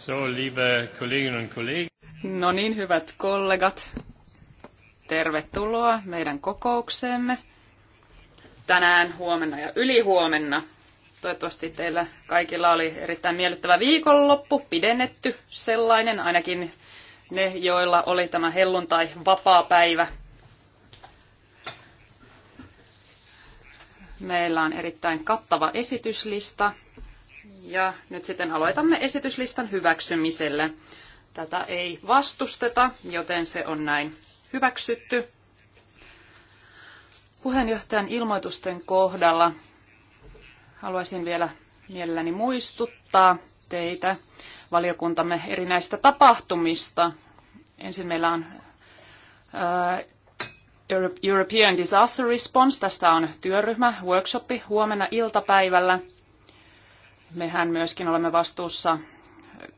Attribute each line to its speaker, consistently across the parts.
Speaker 1: So, liebe Kolleginnen und Kollegen.
Speaker 2: No niin, hyvät kollegat. Tervetuloa meidän kokoukseemme tänään, huomenna ja ylihuomenna. Toivottavasti teillä kaikilla oli erittäin miellyttävä viikonloppu, pidennetty sellainen, ainakin ne, joilla oli tämä helluntai vapaa päivä. Meillä on erittäin kattava esityslista. Ja nyt sitten aloitamme esityslistan hyväksymiselle. Tätä ei vastusteta, joten se on näin hyväksytty. Puheenjohtajan ilmoitusten kohdalla haluaisin vielä mielelläni muistuttaa teitä valiokuntamme erinäistä tapahtumista. Ensin meillä on äh, European Disaster Response. Tästä on työryhmä, workshopi huomenna iltapäivällä Mehän myöskin olemme vastuussa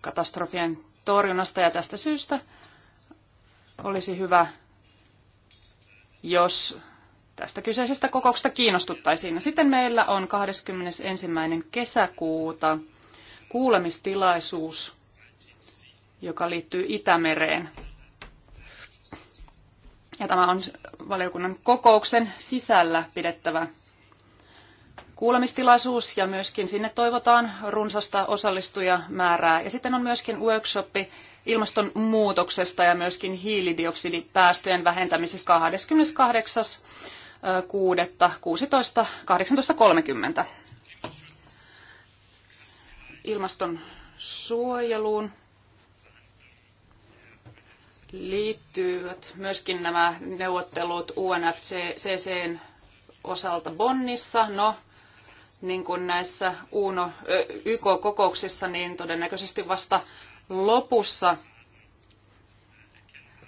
Speaker 2: katastrofien torjunnasta ja tästä syystä olisi hyvä, jos tästä kyseisestä kokouksesta kiinnostuttaisiin. Sitten meillä on 21. kesäkuuta kuulemistilaisuus, joka liittyy Itämereen. Ja tämä on valiokunnan kokouksen sisällä pidettävä kuulemistilaisuus ja myöskin sinne toivotaan runsasta osallistujamäärää. Ja sitten on myöskin workshoppi ilmastonmuutoksesta ja myöskin hiilidioksidipäästöjen vähentämisestä 28. 6.16. 18.30. Ilmaston suojeluun liittyvät myöskin nämä neuvottelut UNFCCn osalta Bonnissa. No, niin kuin näissä UNO, YK-kokouksissa, niin todennäköisesti vasta lopussa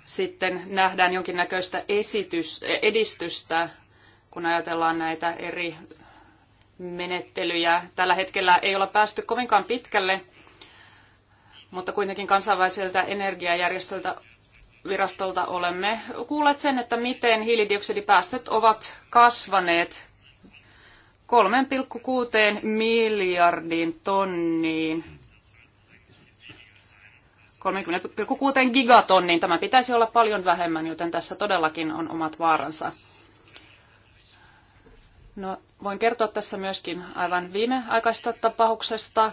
Speaker 2: sitten nähdään jonkinnäköistä esitys, e, edistystä, kun ajatellaan näitä eri menettelyjä. Tällä hetkellä ei olla päästy kovinkaan pitkälle, mutta kuitenkin kansainväliseltä energiajärjestöltä virastolta olemme kuulleet sen, että miten hiilidioksidipäästöt ovat kasvaneet 3,6 miljardiin tonniin. 30,6 gigatonniin. Tämä pitäisi olla paljon vähemmän, joten tässä todellakin on omat vaaransa. No, voin kertoa tässä myöskin aivan viimeaikaista tapauksesta.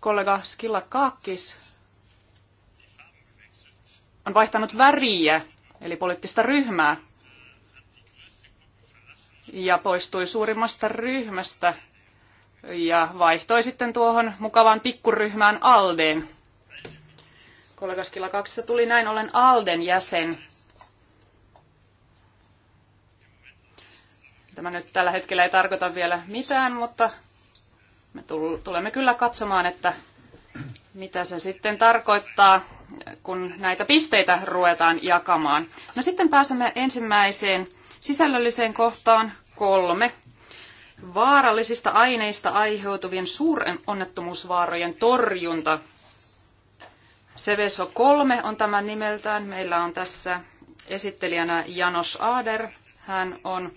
Speaker 2: Kollega Skilla Kaakkis on vaihtanut väriä, eli poliittista ryhmää ja poistui suurimmasta ryhmästä ja vaihtoi sitten tuohon mukavaan pikkuryhmään Aldeen. Kollegaskilla kaksista tuli näin ollen Alden jäsen. Tämä nyt tällä hetkellä ei tarkoita vielä mitään, mutta me tulemme kyllä katsomaan, että mitä se sitten tarkoittaa, kun näitä pisteitä ruvetaan jakamaan. No sitten pääsemme ensimmäiseen sisällölliseen kohtaan kolme. Vaarallisista aineista aiheutuvien suuren onnettomuusvaarojen torjunta. Seveso 3 on tämä nimeltään. Meillä on tässä esittelijänä Janos Aader. Hän on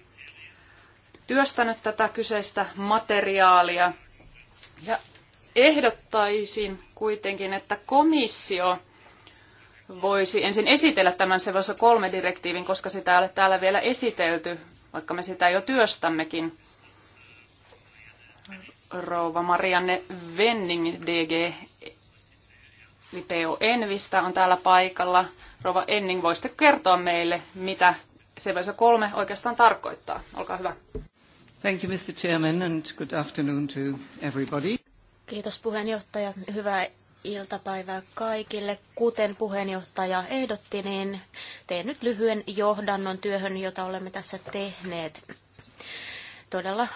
Speaker 2: työstänyt tätä kyseistä materiaalia ja ehdottaisin kuitenkin, että komissio voisi ensin esitellä tämän Sevossa kolme direktiivin, koska sitä ei ole täällä vielä esitelty, vaikka me sitä jo työstämmekin. Rouva Marianne Venning, DG Lipeo Envistä on täällä paikalla. Rouva Enning, voisitte kertoa meille, mitä Sevossa kolme oikeastaan tarkoittaa. Olkaa hyvä.
Speaker 1: Thank you, Mr. Chairman, and good
Speaker 3: afternoon to everybody. Kiitos puheenjohtaja. Hyvää iltapäivää kaikille. Kuten puheenjohtaja ehdotti, niin teen nyt lyhyen johdannon työhön, jota olemme tässä tehneet. Todella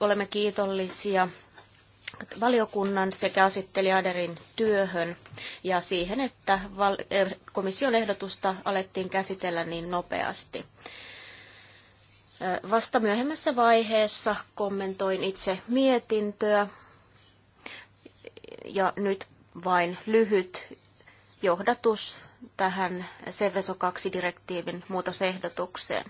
Speaker 3: olemme kiitollisia valiokunnan sekä asittelijaderin työhön ja siihen, että eh, komission ehdotusta alettiin käsitellä niin nopeasti. Eh, vasta myöhemmässä vaiheessa kommentoin itse mietintöä ja nyt vain lyhyt johdatus tähän Seveso 2-direktiivin muutosehdotukseen.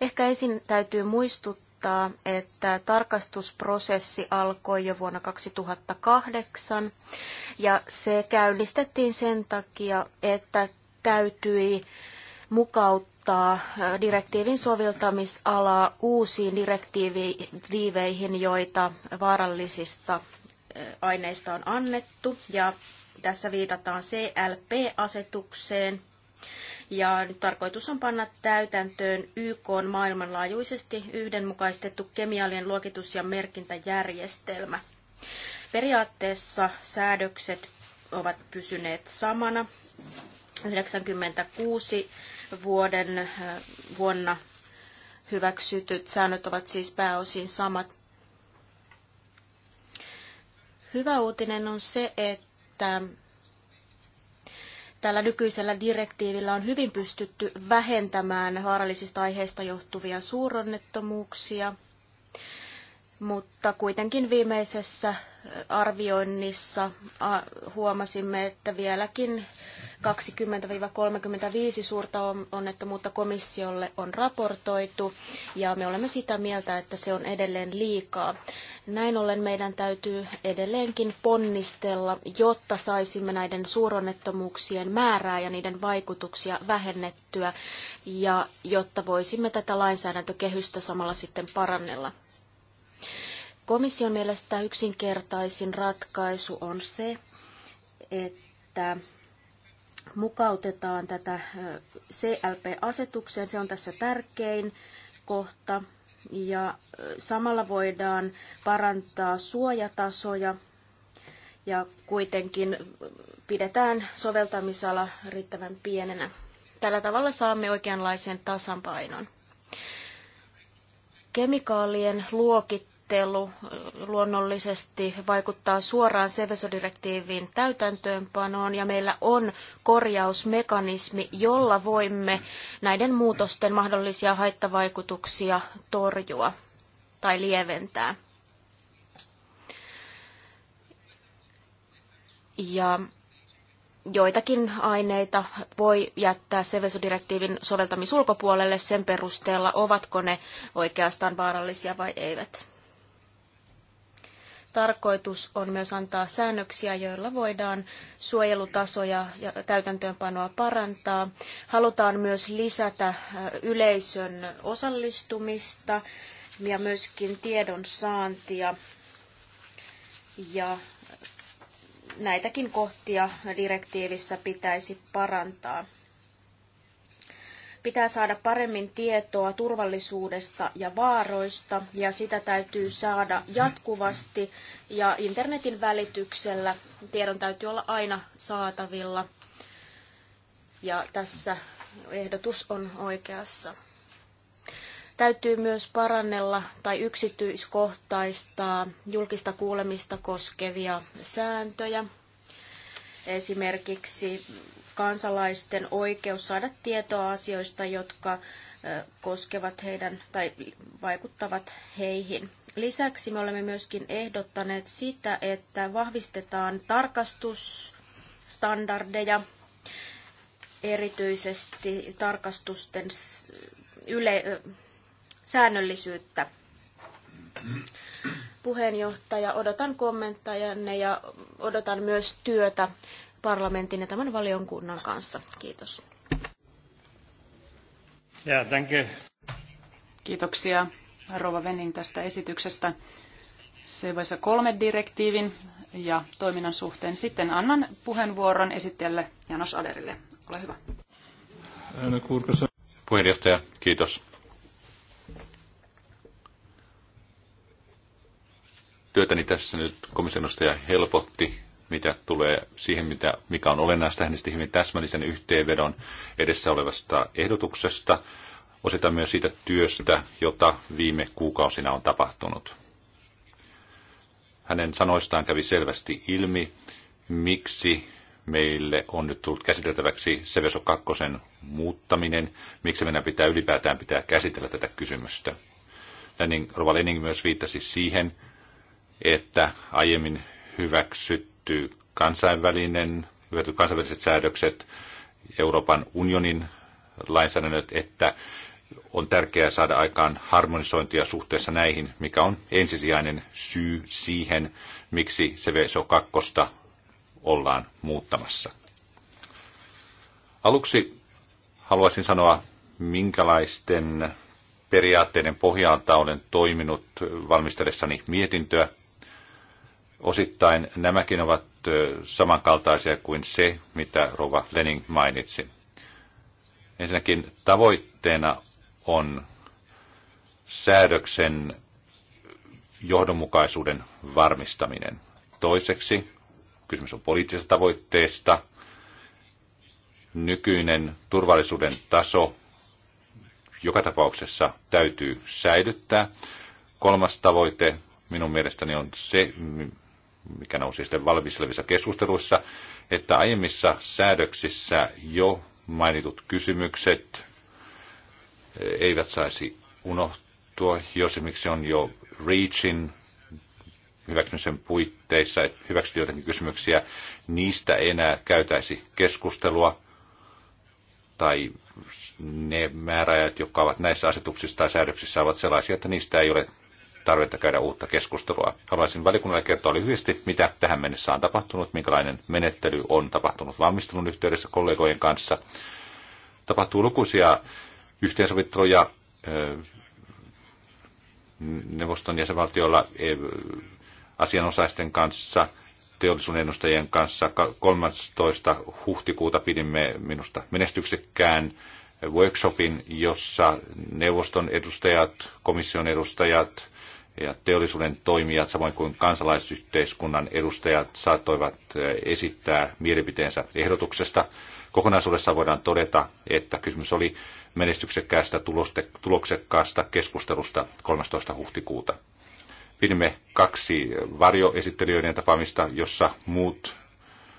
Speaker 3: Ehkä ensin täytyy muistuttaa, että tarkastusprosessi alkoi jo vuonna 2008 ja se käynnistettiin sen takia, että täytyi mukauttaa äh, direktiivin soveltamisalaa uusiin direktiiveihin, joita vaarallisista aineista on annettu ja tässä viitataan CLP-asetukseen. Ja nyt tarkoitus on panna täytäntöön YK on maailmanlaajuisesti yhdenmukaistettu kemiallinen luokitus- ja merkintäjärjestelmä. Periaatteessa säädökset ovat pysyneet samana. 96 vuoden äh, vuonna hyväksytyt säännöt ovat siis pääosin samat Hyvä uutinen on se, että tällä nykyisellä direktiivillä on hyvin pystytty vähentämään vaarallisista aiheista johtuvia suuronnettomuuksia, mutta kuitenkin viimeisessä arvioinnissa huomasimme, että vieläkin 20-35 suurta onnettomuutta komissiolle on raportoitu ja me olemme sitä mieltä, että se on edelleen liikaa. Näin ollen meidän täytyy edelleenkin ponnistella, jotta saisimme näiden suuronnettomuuksien määrää ja niiden vaikutuksia vähennettyä ja jotta voisimme tätä lainsäädäntökehystä samalla sitten parannella. Komission mielestä yksinkertaisin ratkaisu on se, että mukautetaan tätä CLP-asetukseen. Se on tässä tärkein kohta. Ja samalla voidaan parantaa suojatasoja ja kuitenkin pidetään soveltamisala riittävän pienenä. Tällä tavalla saamme oikeanlaisen tasapainon. Kemikaalien luokit Hinnoittelu luonnollisesti vaikuttaa suoraan Sevesodirektiivin täytäntöönpanoon ja meillä on korjausmekanismi, jolla voimme näiden muutosten mahdollisia haittavaikutuksia torjua tai lieventää. Ja joitakin aineita voi jättää Seveso-direktiivin soveltamisulkopuolelle sen perusteella, ovatko ne oikeastaan vaarallisia vai eivät. Tarkoitus on myös antaa säännöksiä, joilla voidaan suojelutasoja ja täytäntöönpanoa parantaa. Halutaan myös lisätä äh, yleisön osallistumista ja myöskin tiedon saantia. Ja näitäkin kohtia direktiivissä pitäisi parantaa. Pitää saada paremmin tietoa turvallisuudesta ja vaaroista ja sitä täytyy saada jatkuvasti ja internetin välityksellä tiedon täytyy olla aina saatavilla. Ja tässä ehdotus on oikeassa. Täytyy myös parannella tai yksityiskohtaistaa julkista kuulemista koskevia sääntöjä. Esimerkiksi kansalaisten oikeus saada tietoa asioista, jotka koskevat heidän tai vaikuttavat heihin. Lisäksi me olemme myöskin ehdottaneet sitä, että vahvistetaan tarkastusstandardeja, erityisesti tarkastusten yle, säännöllisyyttä. Puheenjohtaja, odotan kommenttajanne ja odotan myös työtä parlamentin ja tämän valiokunnan kanssa. Kiitos.
Speaker 1: Ja, danke.
Speaker 3: Kiitoksia Rova Venning tästä esityksestä.
Speaker 2: Sevaisa kolme direktiivin ja toiminnan suhteen. Sitten annan puheenvuoron esittäjälle Janos Aderille. Ole hyvä.
Speaker 1: Puheenjohtaja, kiitos. Työtäni tässä nyt komissionostaja helpotti mitä tulee siihen, mitä, mikä on olennaista hänestä hyvin täsmällisen yhteenvedon edessä olevasta ehdotuksesta, osittain myös siitä työstä, jota viime kuukausina on tapahtunut. Hänen sanoistaan kävi selvästi ilmi, miksi meille on nyt tullut käsiteltäväksi Seveso 2 muuttaminen, miksi meidän pitää ylipäätään pitää käsitellä tätä kysymystä. Lenin, Rova Lenin myös viittasi siihen, että aiemmin hyväksyt liittyy kansainvälinen, kansainväliset säädökset, Euroopan unionin lainsäädännöt, että on tärkeää saada aikaan harmonisointia suhteessa näihin, mikä on ensisijainen syy siihen, miksi CVSO 2 ollaan muuttamassa. Aluksi haluaisin sanoa, minkälaisten periaatteiden pohjalta olen toiminut valmistellessani mietintöä Osittain nämäkin ovat samankaltaisia kuin se, mitä Rova Lenin mainitsi. Ensinnäkin tavoitteena on säädöksen johdonmukaisuuden varmistaminen. Toiseksi kysymys on poliittisesta tavoitteesta. Nykyinen turvallisuuden taso joka tapauksessa täytyy säilyttää. Kolmas tavoite minun mielestäni on se, mikä nousi sitten valmistelevissa keskusteluissa, että aiemmissa säädöksissä jo mainitut kysymykset eivät saisi unohtua, jos esimerkiksi on jo REACHin hyväksymisen puitteissa hyväksytty jotakin kysymyksiä, niistä ei enää käytäisi keskustelua tai ne määräajat, jotka ovat näissä asetuksissa tai säädöksissä, ovat sellaisia, että niistä ei ole tarvetta käydä uutta keskustelua. Haluaisin valikunnalle kertoa lyhyesti, mitä tähän mennessä on tapahtunut, minkälainen menettely on tapahtunut valmistelun yhteydessä kollegojen kanssa. Tapahtuu lukuisia yhteensovitteluja neuvoston jäsenvaltioilla e, asianosaisten kanssa, teollisuuden ennustajien kanssa. 13. huhtikuuta pidimme minusta menestyksekkään workshopin, jossa neuvoston edustajat, komission edustajat, ja teollisuuden toimijat, samoin kuin kansalaisyhteiskunnan edustajat saattoivat eh, esittää mielipiteensä ehdotuksesta. Kokonaisuudessaan voidaan todeta, että kysymys oli menestyksekkäästä tuloksekkaasta keskustelusta 13. huhtikuuta. Pidimme kaksi varjoesittelijöiden tapaamista, jossa muut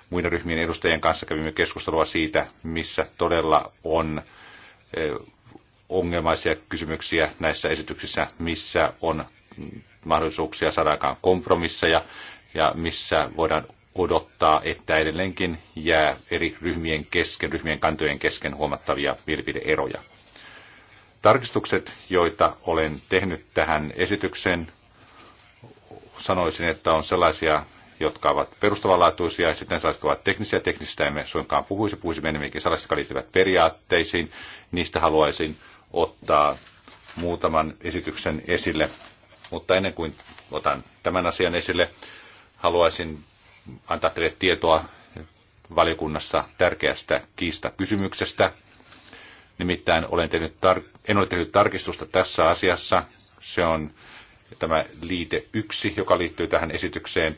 Speaker 1: muiden ryhmien edustajien kanssa kävimme keskustelua siitä, missä todella on eh, ongelmaisia kysymyksiä näissä esityksissä, missä on mahdollisuuksia saada aikaan kompromisseja ja missä voidaan odottaa, että edelleenkin jää eri ryhmien kesken, ryhmien kantojen kesken huomattavia mielipideeroja. Tarkistukset, joita olen tehnyt tähän esitykseen, sanoisin, että on sellaisia, jotka ovat perustavanlaatuisia ja sitten sellaiset, jotka ovat teknisiä. Teknisistä emme suinkaan puhuisi, puhuisi enemmänkin sellaiset, jotka liittyvät periaatteisiin. Niistä haluaisin ottaa muutaman esityksen esille. Mutta ennen kuin otan tämän asian esille, haluaisin antaa teille tietoa valiokunnassa tärkeästä kiistakysymyksestä. Nimittäin olen tehnyt tar- en ole tehnyt tarkistusta tässä asiassa. Se on tämä liite yksi, joka liittyy tähän esitykseen.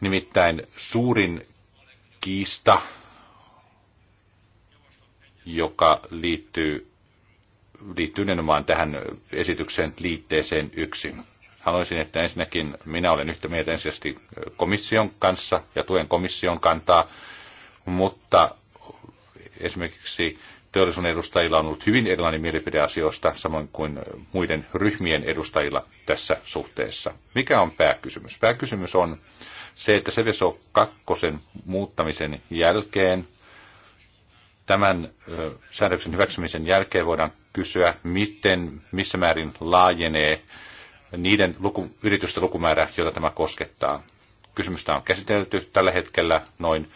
Speaker 1: Nimittäin suurin kiista, joka liittyy liittyy nimenomaan tähän esitykseen liitteeseen yksi. Haluaisin, että ensinnäkin minä olen yhtä mieltä ensisijaisesti komission kanssa ja tuen komission kantaa, mutta esimerkiksi teollisuuden edustajilla on ollut hyvin erilainen mielipide asioista, samoin kuin muiden ryhmien edustajilla tässä suhteessa. Mikä on pääkysymys? Pääkysymys on se, että Seveso kakkosen muuttamisen jälkeen Tämän säädöksen hyväksymisen jälkeen voidaan kysyä, miten, missä määrin laajenee niiden luku, yritysten lukumäärä, jota tämä koskettaa. Kysymystä on käsitelty tällä hetkellä noin,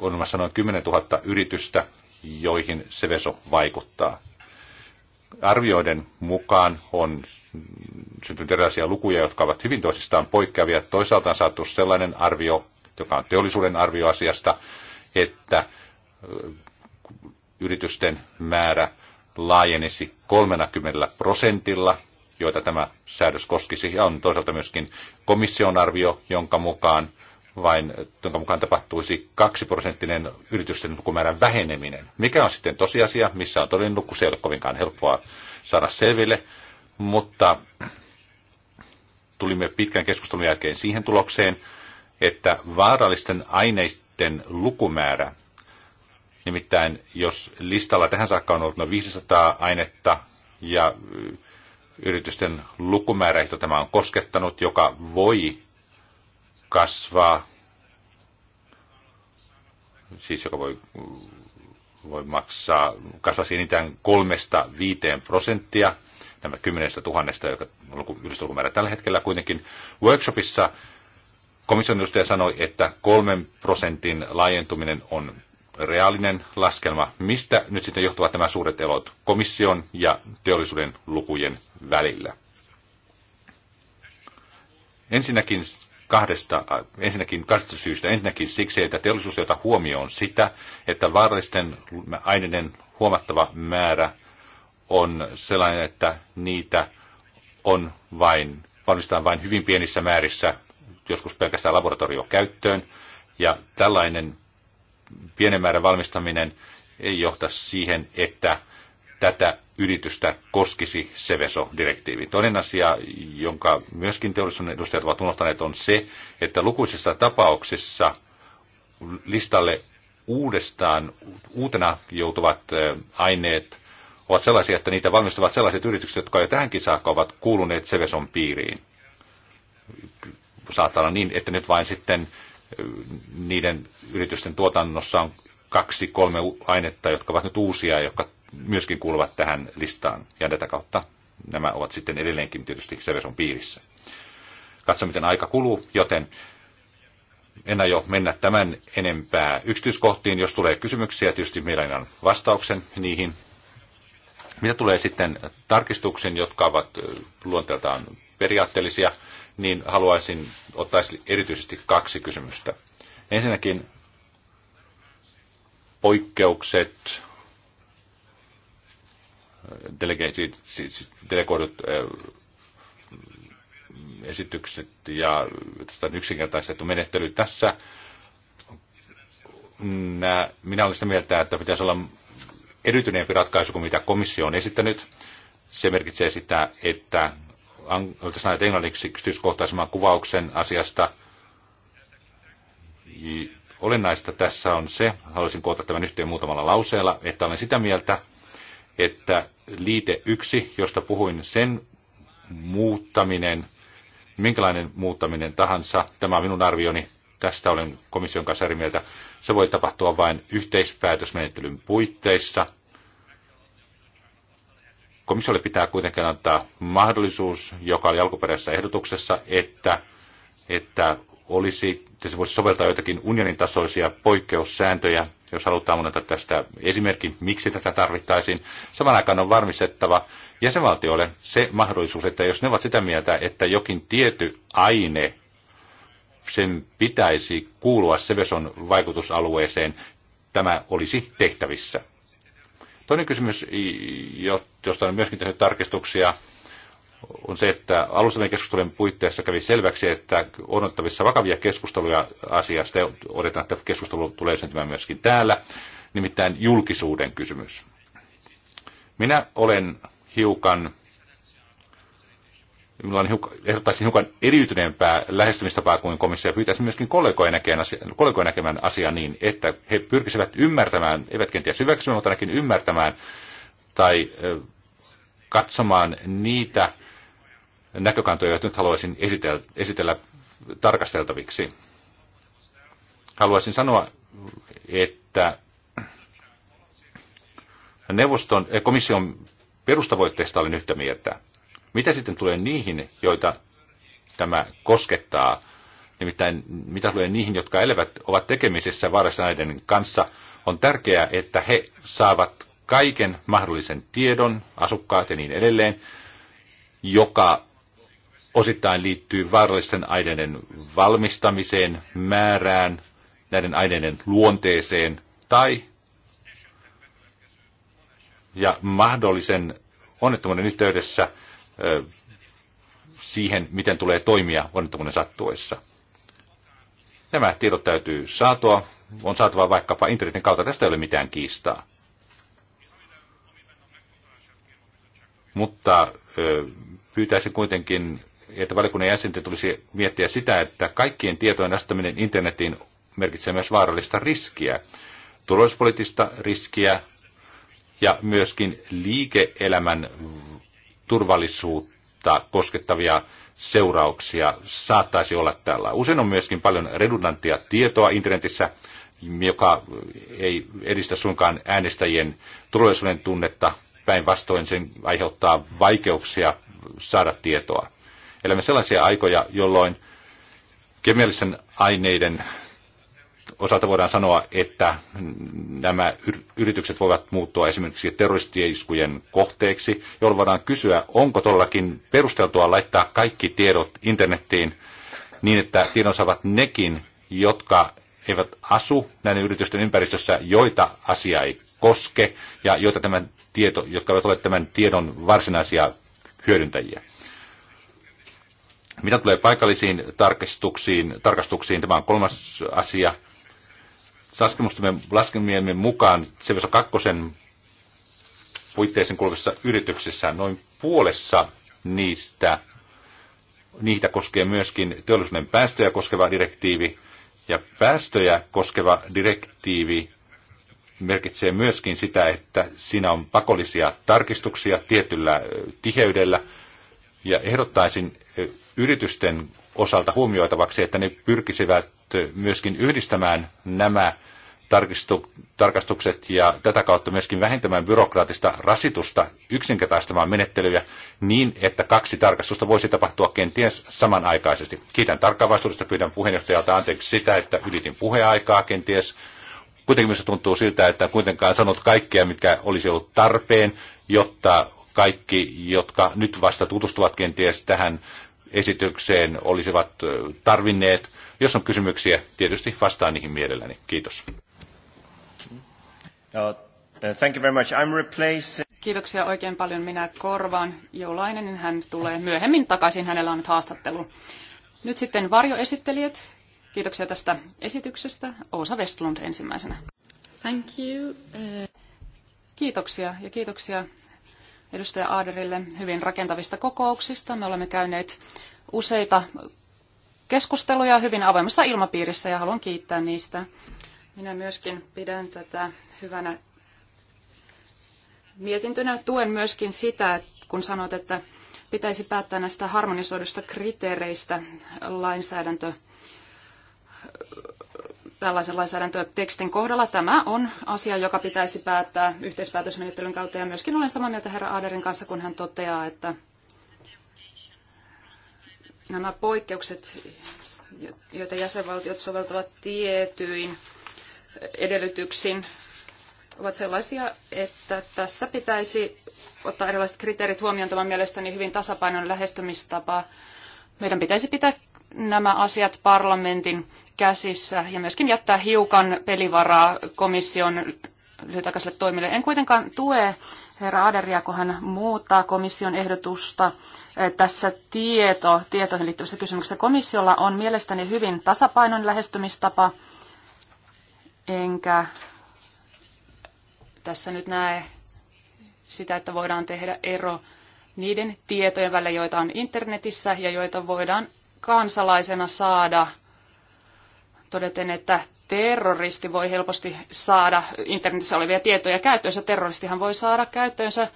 Speaker 1: on mä noin 10 000 yritystä, joihin Seveso vaikuttaa. Arvioiden mukaan on syntynyt erilaisia lukuja, jotka ovat hyvin toisistaan poikkeavia. Toisaalta on saatu sellainen arvio, joka on teollisuuden arvio asiasta, että yritysten määrä laajenisi 30 prosentilla, joita tämä säädös koskisi, ja on toisaalta myöskin komission arvio, jonka mukaan vain, jonka mukaan tapahtuisi 2 prosenttinen yritysten lukumäärän väheneminen. Mikä on sitten tosiasia, missä on todennut, kun se ei ole kovinkaan helppoa saada selville, mutta tulimme pitkän keskustelun jälkeen siihen tulokseen, että vaarallisten aineiden lukumäärä Nimittäin jos listalla tähän saakka on ollut noin 500 ainetta ja yritysten lukumäärä, jota tämä on koskettanut, joka voi kasvaa, siis joka voi, voi maksaa, kasvaa siis enintään kolmesta viiteen prosenttia, nämä kymmenestä tuhannesta, joka on lukumäärä tällä hetkellä kuitenkin. Workshopissa komission edustaja sanoi, että kolmen prosentin laajentuminen on reaalinen laskelma. Mistä nyt sitten johtuvat nämä suuret elot komission ja teollisuuden lukujen välillä? Ensinnäkin kahdesta, äh, ensinnäkin kahdesta syystä. Ensinnäkin siksi, että teollisuus ei ota huomioon sitä, että vaarallisten aineiden huomattava määrä on sellainen, että niitä on vain, valmistetaan vain hyvin pienissä määrissä, joskus pelkästään laboratoriokäyttöön. Ja tällainen pienen määrän valmistaminen ei johta siihen, että tätä yritystä koskisi Seveso-direktiivi. Toinen asia, jonka myöskin teollisuuden edustajat ovat unohtaneet, on se, että lukuisissa tapauksissa listalle uudestaan uutena joutuvat aineet ovat sellaisia, että niitä valmistavat sellaiset yritykset, jotka jo tähänkin saakka ovat kuuluneet Seveson piiriin. Saattaa olla niin, että nyt vain sitten niiden yritysten tuotannossa on kaksi, kolme ainetta, jotka ovat nyt uusia, jotka myöskin kuuluvat tähän listaan. Ja tätä kautta nämä ovat sitten edelleenkin tietysti Seveson piirissä. Katso, miten aika kuluu, joten en aio mennä tämän enempää yksityiskohtiin. Jos tulee kysymyksiä, tietysti mielellään vastauksen niihin. Mitä tulee sitten tarkistuksiin, jotka ovat luonteeltaan periaatteellisia – niin haluaisin ottaa erityisesti kaksi kysymystä. Ensinnäkin poikkeukset, siis delegoidut esitykset ja tästä yksinkertaistettu menettely tässä. Minä olen sitä mieltä, että pitäisi olla erityinen ratkaisu kuin mitä komissio on esittänyt. Se merkitsee sitä, että sanoit englanniksi yksityiskohtaisemman kuvauksen asiasta. Olennaista tässä on se, haluaisin koota tämän yhteen muutamalla lauseella, että olen sitä mieltä, että liite yksi, josta puhuin, sen muuttaminen, minkälainen muuttaminen tahansa, tämä on minun arvioni, tästä olen komission kanssa eri mieltä, se voi tapahtua vain yhteispäätösmenettelyn puitteissa – Komissiolle pitää kuitenkin antaa mahdollisuus, joka oli alkuperäisessä ehdotuksessa, että, että olisi, että se voisi soveltaa jotakin unionin tasoisia poikkeussääntöjä, jos halutaan monelta tästä esimerkin, miksi tätä tarvittaisiin. Saman aikaan on varmistettava jäsenvaltioille se mahdollisuus, että jos ne ovat sitä mieltä, että jokin tietty aine, sen pitäisi kuulua Seveson vaikutusalueeseen, tämä olisi tehtävissä. Toinen kysymys, josta on myöskin tehnyt tarkistuksia, on se, että alustavien keskustelujen puitteissa kävi selväksi, että odottavissa vakavia keskusteluja asiasta, ja odotetaan, että keskustelu tulee syntymään myöskin täällä, nimittäin julkisuuden kysymys. Minä olen hiukan Minulla on ehdottaisin hiukan eriytyneempää lähestymistapaa kuin komissio. pyytäisi myöskin kollegoja näkemään, asia, kollegoja näkemään asiaa niin, että he pyrkisivät ymmärtämään, eivät kenties hyväksymään, mutta ainakin ymmärtämään tai katsomaan niitä näkökantoja, joita nyt haluaisin esitellä, esitellä tarkasteltaviksi. Haluaisin sanoa, että neuvoston, komission perustavoitteista olen yhtä mieltä. Mitä sitten tulee niihin, joita tämä koskettaa, nimittäin mitä tulee niihin, jotka elävät, ovat tekemisissä varsinaiden näiden kanssa, on tärkeää, että he saavat kaiken mahdollisen tiedon, asukkaat ja niin edelleen, joka osittain liittyy vaarallisten aineiden valmistamiseen, määrään, näiden aineiden luonteeseen tai ja mahdollisen onnettomuuden yhteydessä siihen, miten tulee toimia onnettomuuden sattuessa. Nämä tiedot täytyy saatua, on saatava vaikkapa internetin kautta, tästä ei ole mitään kiistaa. Mutta pyytäisin kuitenkin, että valiokunnan jäsenten tulisi miettiä sitä, että kaikkien tietojen astaminen internetiin merkitsee myös vaarallista riskiä, turvallisuuspoliittista riskiä ja myöskin liike-elämän turvallisuutta koskettavia seurauksia saattaisi olla tällä. Usein on myöskin paljon redundanttia tietoa internetissä, joka ei edistä suinkaan äänestäjien turvallisuuden tunnetta. Päinvastoin sen aiheuttaa vaikeuksia saada tietoa. Elämme sellaisia aikoja, jolloin kemiallisten aineiden osalta voidaan sanoa, että nämä yritykset voivat muuttua esimerkiksi terroristiiskujen kohteeksi, jolloin voidaan kysyä, onko todellakin perusteltua laittaa kaikki tiedot internettiin niin, että tiedon saavat nekin, jotka eivät asu näiden yritysten ympäristössä, joita asia ei koske ja joita tämän tieto, jotka eivät ole tämän tiedon varsinaisia hyödyntäjiä. Mitä tulee paikallisiin tarkastuksiin, tarkastuksiin tämä on kolmas asia laskemustamme laskemiemme mukaan Seveso kakkosen puitteisiin kuuluvissa yrityksissä noin puolessa niistä, niitä koskee myöskin teollisuuden päästöjä koskeva direktiivi, ja päästöjä koskeva direktiivi merkitsee myöskin sitä, että siinä on pakollisia tarkistuksia tietyllä tiheydellä, ja ehdottaisin yritysten osalta huomioitavaksi, että ne pyrkisivät myöskin yhdistämään nämä tarkastukset ja tätä kautta myöskin vähentämään byrokraattista rasitusta, yksinkertaistamaan menettelyjä niin, että kaksi tarkastusta voisi tapahtua kenties samanaikaisesti. Kiitän tarkkaavaisuudesta, pyydän puheenjohtajalta anteeksi sitä, että ylitin puheaikaa kenties. Kuitenkin myös tuntuu siltä, että kuitenkaan sanot kaikkea, mikä olisi ollut tarpeen, jotta kaikki, jotka nyt vasta tutustuvat kenties tähän esitykseen, olisivat tarvinneet. Jos on kysymyksiä, tietysti vastaan niihin mielelläni. Kiitos.
Speaker 3: Uh, uh, thank you very much. I'm replacing...
Speaker 2: Kiitoksia oikein paljon. Minä korvaan Joulainen, niin hän tulee myöhemmin takaisin. Hänellä on nyt haastattelu. Nyt sitten varjoesittelijät. Kiitoksia tästä esityksestä. osa Westlund ensimmäisenä. Thank you. Uh- kiitoksia ja kiitoksia edustaja Aaderille hyvin rakentavista kokouksista. Me olemme käyneet useita keskusteluja hyvin avoimessa ilmapiirissä ja haluan kiittää niistä. Minä myöskin pidän tätä hyvänä mietintönä. Tuen myöskin sitä, kun sanot, että pitäisi päättää näistä harmonisoidusta kriteereistä lainsäädäntö tällaisen lainsäädäntötekstin kohdalla. Tämä on asia, joka pitäisi päättää yhteispäätösmenettelyn kautta. Ja myöskin olen samaa mieltä herra Aderin kanssa, kun hän toteaa, että nämä poikkeukset, joita jäsenvaltiot soveltavat tietyin edellytyksiin ovat sellaisia, että tässä pitäisi ottaa erilaiset kriteerit huomioon. Tämä mielestäni hyvin tasapainon lähestymistapa. Meidän pitäisi pitää nämä asiat parlamentin käsissä ja myöskin jättää hiukan pelivaraa komission lyhytaikaiselle toimille. En kuitenkaan tue herra Aderia, kun hän muuttaa komission ehdotusta eh, tässä tieto, tietoihin liittyvässä kysymyksessä. Komissiolla on mielestäni hyvin tasapainon lähestymistapa – enkä tässä nyt näe sitä, että voidaan tehdä ero niiden tietojen välillä, joita on internetissä ja joita voidaan kansalaisena saada todeten, että terroristi voi helposti saada internetissä olevia tietoja käyttöönsä. Terroristihan voi saada käyttöönsä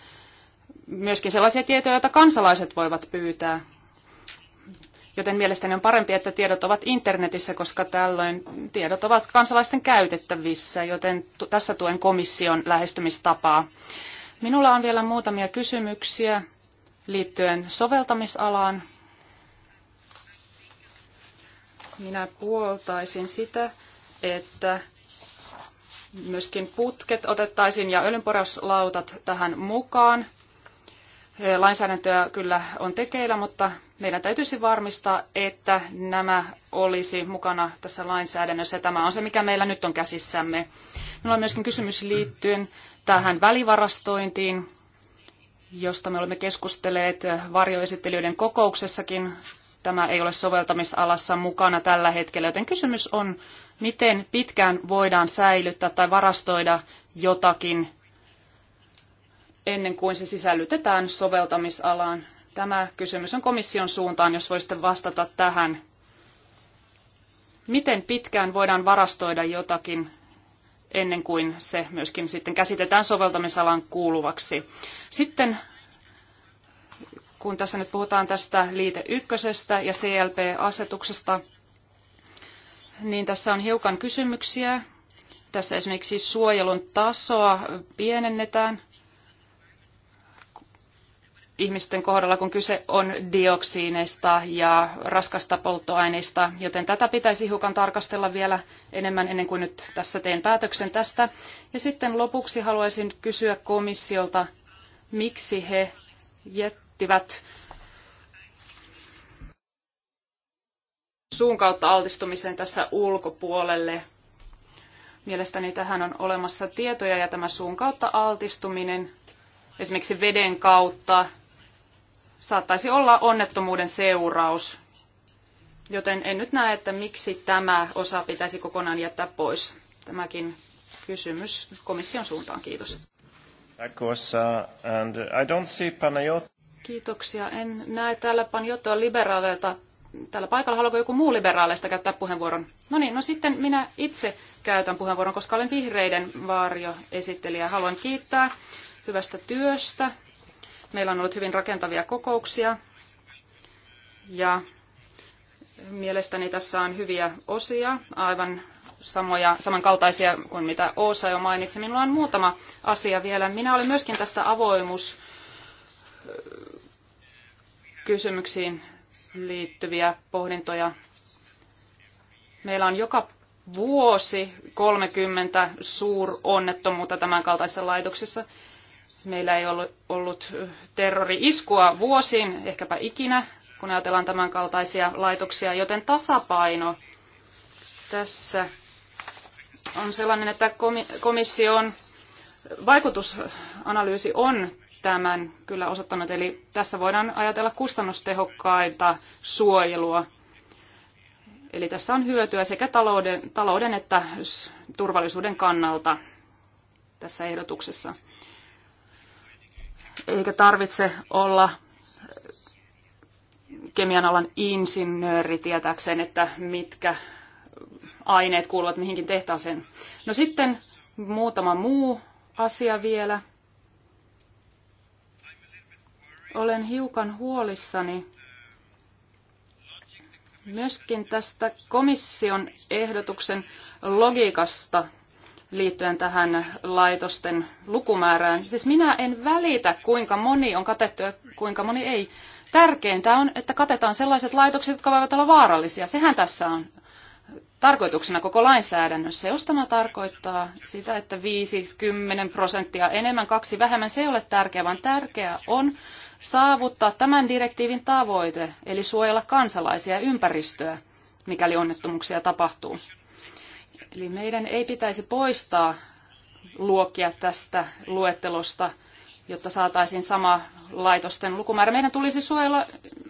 Speaker 2: myöskin sellaisia tietoja, joita kansalaiset voivat pyytää. Joten mielestäni on parempi, että tiedot ovat internetissä, koska tällöin tiedot ovat kansalaisten käytettävissä, joten tässä tuen komission lähestymistapaa. Minulla on vielä muutamia kysymyksiä liittyen soveltamisalaan. Minä puoltaisin sitä, että myöskin putket otettaisiin ja öljynporauslautat tähän mukaan. Lainsäädäntöä kyllä on tekeillä, mutta meidän täytyisi varmistaa, että nämä olisi mukana tässä lainsäädännössä. tämä on se, mikä meillä nyt on käsissämme. Minulla on myöskin kysymys liittyen tähän välivarastointiin, josta me olemme keskustelleet varjoesittelijöiden kokouksessakin. Tämä ei ole soveltamisalassa mukana tällä hetkellä, joten kysymys on, miten pitkään voidaan säilyttää tai varastoida jotakin ennen kuin se sisällytetään soveltamisalaan. Tämä kysymys on komission suuntaan, jos voisitte vastata tähän. Miten pitkään voidaan varastoida jotakin ennen kuin se myöskin sitten käsitetään soveltamisalan kuuluvaksi? Sitten kun tässä nyt puhutaan tästä liite ykkösestä ja CLP-asetuksesta, niin tässä on hiukan kysymyksiä. Tässä esimerkiksi suojelun tasoa pienennetään – ihmisten kohdalla, kun kyse on dioksiineista ja raskasta polttoaineista, joten tätä pitäisi hiukan tarkastella vielä enemmän ennen kuin nyt tässä teen päätöksen tästä. Ja sitten lopuksi haluaisin kysyä komissiolta, miksi he jättivät suun kautta altistumisen tässä ulkopuolelle. Mielestäni tähän on olemassa tietoja ja tämä suun kautta altistuminen esimerkiksi veden kautta saattaisi olla onnettomuuden seuraus. Joten en nyt näe, että miksi tämä osa pitäisi kokonaan jättää pois. Tämäkin kysymys komission suuntaan. Kiitos. Kiitoksia. En näe täällä Panjotoa liberaaleilta tällä paikalla. Haluaako joku muu liberaaleista käyttää puheenvuoron? No niin, no sitten minä itse käytän puheenvuoron, koska olen vihreiden varjoesittelijä. Haluan kiittää hyvästä työstä Meillä on ollut hyvin rakentavia kokouksia ja mielestäni tässä on hyviä osia, aivan samoja, samankaltaisia kuin mitä Oosa jo mainitsi. Minulla on muutama asia vielä. Minä olen myöskin tästä avoimuus kysymyksiin liittyviä pohdintoja. Meillä on joka vuosi 30 suuronnettomuutta tämän kaltaisessa laitoksissa. Meillä ei ollut terrori-iskua vuosiin, ehkäpä ikinä, kun ajatellaan tämän kaltaisia laitoksia, joten tasapaino tässä on sellainen, että komission vaikutusanalyysi on tämän kyllä osoittanut. Eli tässä voidaan ajatella kustannustehokkaita suojelua. Eli tässä on hyötyä sekä talouden, talouden että turvallisuuden kannalta tässä ehdotuksessa eikä tarvitse olla kemian alan insinööri tietääkseen, että mitkä aineet kuuluvat mihinkin tehtaaseen. No sitten muutama muu asia vielä. Olen hiukan huolissani myöskin tästä komission ehdotuksen logiikasta liittyen tähän laitosten lukumäärään. Siis minä en välitä, kuinka moni on katettu ja kuinka moni ei. Tärkeintä on, että katetaan sellaiset laitokset, jotka voivat olla vaarallisia. Sehän tässä on tarkoituksena koko lainsäädännössä. Jos tämä tarkoittaa sitä, että 5-10 prosenttia enemmän, kaksi vähemmän, se ei ole tärkeää, vaan tärkeää on saavuttaa tämän direktiivin tavoite, eli suojella kansalaisia ja ympäristöä, mikäli onnettomuuksia tapahtuu. Eli meidän ei pitäisi poistaa luokkia tästä luettelosta, jotta saataisiin sama laitosten lukumäärä. Meidän tulisi suojella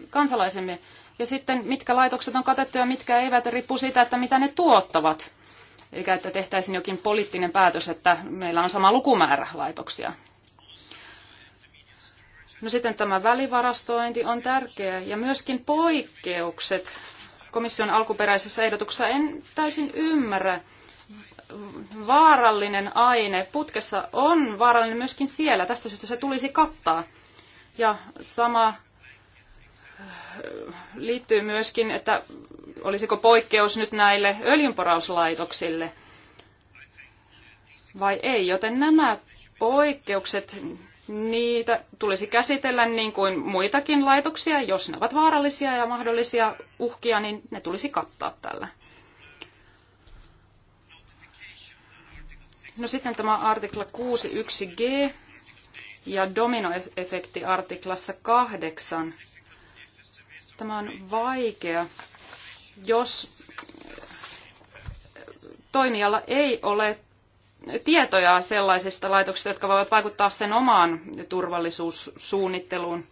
Speaker 2: kansalaisemme. Ja sitten mitkä laitokset on katettu ja mitkä eivät, riippuu siitä, että mitä ne tuottavat. Eli että tehtäisiin jokin poliittinen päätös, että meillä on sama lukumäärä laitoksia. No sitten tämä välivarastointi on tärkeä ja myöskin poikkeukset komission alkuperäisessä ehdotuksessa en täysin ymmärrä. Vaarallinen aine putkessa on vaarallinen myöskin siellä. Tästä syystä se tulisi kattaa. Ja sama äh, liittyy myöskin, että olisiko poikkeus nyt näille öljynporauslaitoksille vai ei. Joten nämä poikkeukset, niitä tulisi käsitellä niin kuin muitakin laitoksia. Jos ne ovat vaarallisia ja mahdollisia uhkia, niin ne tulisi kattaa tällä. No sitten tämä artikla 6.1g ja dominoefekti artiklassa 8. Tämä on vaikea, jos toimijalla ei ole tietoja sellaisista laitoksista, jotka voivat vaikuttaa sen omaan turvallisuussuunnitteluun.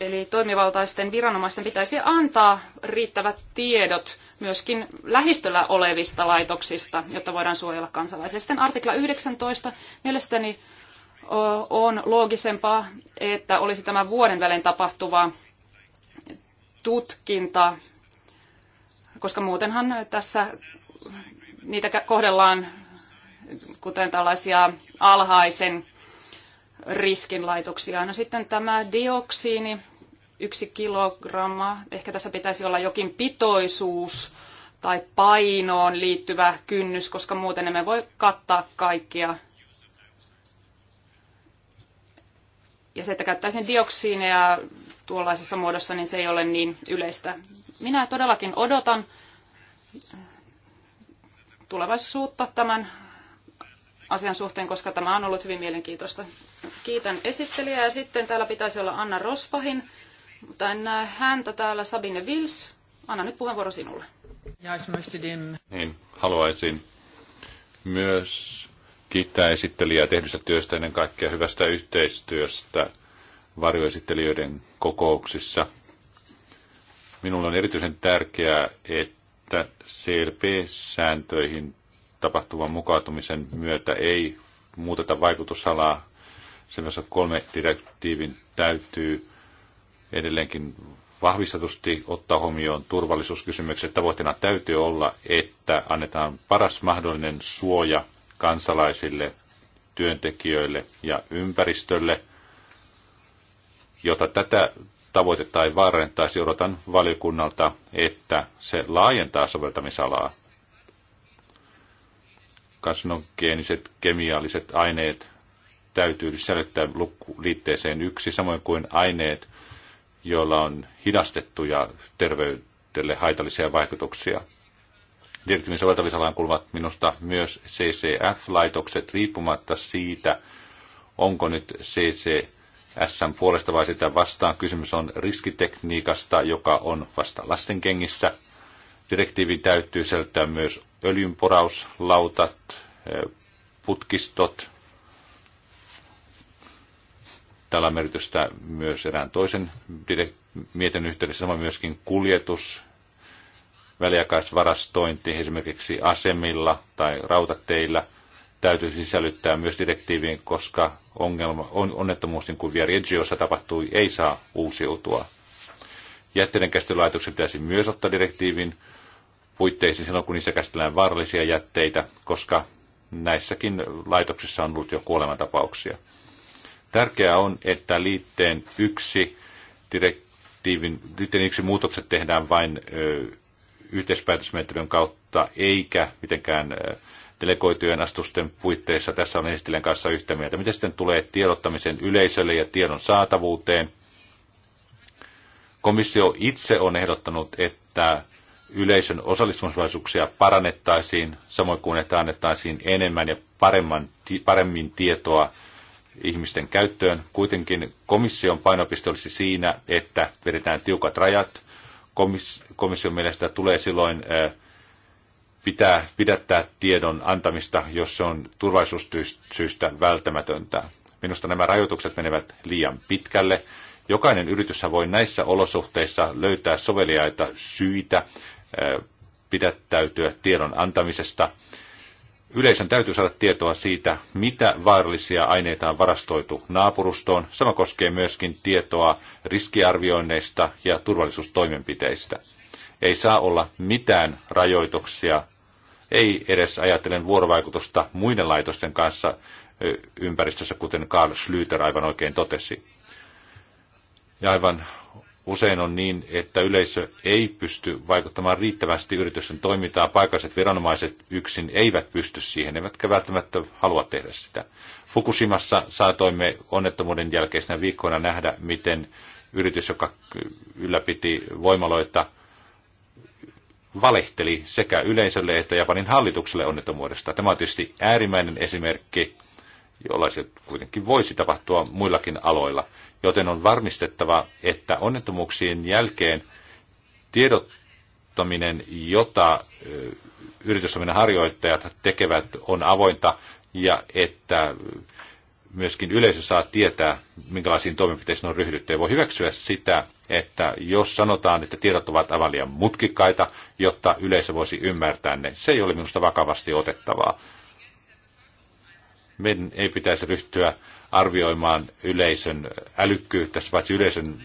Speaker 2: Eli toimivaltaisten viranomaisten pitäisi antaa riittävät tiedot myöskin lähistöllä olevista laitoksista, jotta voidaan suojella kansalaisia. Sitten artikla 19 mielestäni on loogisempaa, että olisi tämä vuoden välein tapahtuva tutkinta, koska muutenhan tässä niitä kohdellaan kuten tällaisia alhaisen riskin laitoksia. No sitten tämä dioksiini, yksi kilogramma, ehkä tässä pitäisi olla jokin pitoisuus tai painoon liittyvä kynnys, koska muuten emme voi kattaa kaikkia. Ja se, että käyttäisin dioksiineja tuollaisessa muodossa, niin se ei ole niin yleistä. Minä todellakin odotan tulevaisuutta tämän asian suhteen, koska tämä on ollut hyvin mielenkiintoista. Kiitän esittelijää ja sitten täällä pitäisi olla Anna Rospahin, mutta en näe häntä täällä Sabine Vils. Anna nyt puheenvuoro sinulle.
Speaker 1: Niin, haluaisin myös kiittää esittelijää tehdystä työstä ennen kaikkea hyvästä yhteistyöstä varjoesittelijöiden kokouksissa. Minulla on erityisen tärkeää, että että CLP-sääntöihin tapahtuvan mukautumisen myötä ei muuteta vaikutusalaa. Sen verran kolme direktiivin täytyy edelleenkin vahvistetusti ottaa huomioon turvallisuuskysymykset. Tavoitteena täytyy olla, että annetaan paras mahdollinen suoja kansalaisille, työntekijöille ja ympäristölle, jota tätä tavoite tai vaarantaisi, odotan valiokunnalta, että se laajentaa soveltamisalaa. Kasinogeeniset kemialliset aineet täytyy sisällyttää liitteeseen yksi, samoin kuin aineet, joilla on hidastettuja terveydelle haitallisia vaikutuksia. Direktiivin soveltamisalaan kuuluvat minusta myös CCF-laitokset riippumatta siitä, onko nyt CCF SM puolesta vai sitä vastaan. Kysymys on riskitekniikasta, joka on vasta lastenkengissä. Direktiivi täytyy selittää myös öljynporauslautat, eh, putkistot. Tällä merkitystä myös erään toisen mietin yhteydessä, sama myöskin kuljetus, väliaikaisvarastointi esimerkiksi asemilla tai rautateillä – täytyy sisällyttää myös direktiiviin, koska ongelma, on, onnettomuus, niin kuin Viareggiossa tapahtui, ei saa uusiutua. Jätteiden käsittelylaitoksen pitäisi myös ottaa direktiivin puitteisiin silloin, kun niissä käsitellään vaarallisia jätteitä, koska näissäkin laitoksissa on ollut jo kuolemantapauksia. Tärkeää on, että liitteen yksi direktiivin, liitteen yksi muutokset tehdään vain ö, yhteispäätösmenettelyn kautta, eikä mitenkään ö, delegoitujen astusten puitteissa. Tässä on Estilän kanssa yhtä mieltä. Miten sitten tulee tiedottamisen yleisölle ja tiedon saatavuuteen? Komissio itse on ehdottanut, että yleisön osallistumisvaisuuksia parannettaisiin, samoin kuin että annettaisiin enemmän ja paremman, paremmin tietoa ihmisten käyttöön. Kuitenkin komission painopiste olisi siinä, että vedetään tiukat rajat. komission mielestä tulee silloin äh, pitää pidättää tiedon antamista, jos se on turvallisuussyistä välttämätöntä. Minusta nämä rajoitukset menevät liian pitkälle. Jokainen yritys voi näissä olosuhteissa löytää soveliaita syitä pidättäytyä tiedon antamisesta. Yleisön täytyy saada tietoa siitä, mitä vaarallisia aineita on varastoitu naapurustoon. Sama koskee myöskin tietoa riskiarvioinneista ja turvallisuustoimenpiteistä. Ei saa olla mitään rajoituksia, ei edes ajatellen vuorovaikutusta muiden laitosten kanssa ympäristössä, kuten Karl Schlüter aivan oikein totesi. Ja aivan usein on niin, että yleisö ei pysty vaikuttamaan riittävästi yritysten toimintaa Paikalliset viranomaiset yksin eivät pysty siihen, eivätkä välttämättä halua tehdä sitä. Fukushimassa saatoimme onnettomuuden jälkeisenä viikkoina nähdä, miten yritys, joka ylläpiti voimaloita, valehteli sekä yleisölle että Japanin hallitukselle onnettomuudesta. Tämä on tietysti äärimmäinen esimerkki, jolla se kuitenkin voisi tapahtua muillakin aloilla, joten on varmistettava, että onnettomuuksien jälkeen tiedottaminen, jota yritystoiminnan harjoittajat tekevät, on avointa ja että myöskin yleisö saa tietää, minkälaisiin toimenpiteisiin on ryhdytty. Ja voi hyväksyä sitä, että jos sanotaan, että tiedot ovat aivan liian mutkikkaita, jotta yleisö voisi ymmärtää ne, se ei ole minusta vakavasti otettavaa. Meidän ei pitäisi ryhtyä arvioimaan yleisön älykkyyttä, paitsi yleisön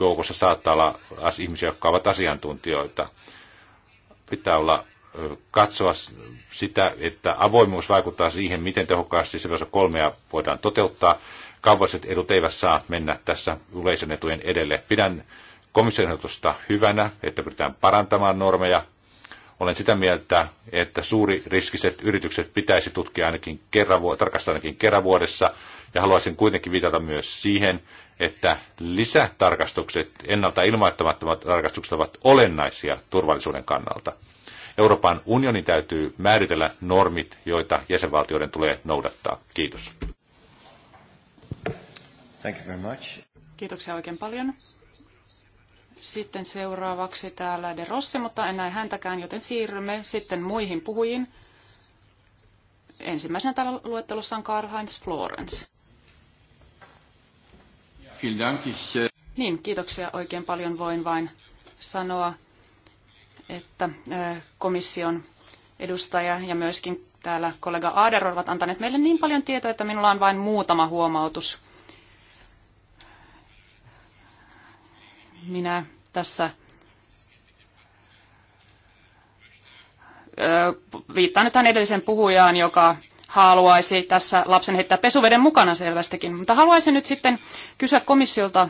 Speaker 1: joukossa saattaa olla ihmisiä, jotka ovat asiantuntijoita. Pitää olla katsoa sitä, että avoimuus vaikuttaa siihen, miten tehokkaasti Seveso kolmea voidaan toteuttaa. Kaupalliset edut eivät saa mennä tässä yleisen etujen edelle. Pidän komission ehdotusta hyvänä, että pyritään parantamaan normeja. Olen sitä mieltä, että suuri riskiset yritykset pitäisi tutkia ainakin kerran, tarkastaa ainakin kerran vuodessa, ja haluaisin kuitenkin viitata myös siihen, että lisätarkastukset, ennalta ilmoittamattomat tarkastukset ovat olennaisia turvallisuuden kannalta. Euroopan unionin täytyy määritellä normit, joita jäsenvaltioiden tulee noudattaa. Kiitos.
Speaker 2: Thank you very much. Kiitoksia oikein paljon. Sitten seuraavaksi täällä De Rossi, mutta en näe häntäkään, joten siirrymme sitten muihin puhujiin. Ensimmäisenä täällä luettelossa on Karl-Heinz Florence.
Speaker 1: Äh,
Speaker 2: niin, kiitoksia oikein paljon. Voin vain sanoa, että komission edustaja ja myöskin täällä kollega Aader ovat antaneet meille niin paljon tietoa, että minulla on vain muutama huomautus. Minä tässä viittaan nyt edelliseen puhujaan, joka haluaisi tässä lapsen heittää pesuveden mukana selvästikin. Mutta haluaisin nyt sitten kysyä komissiolta,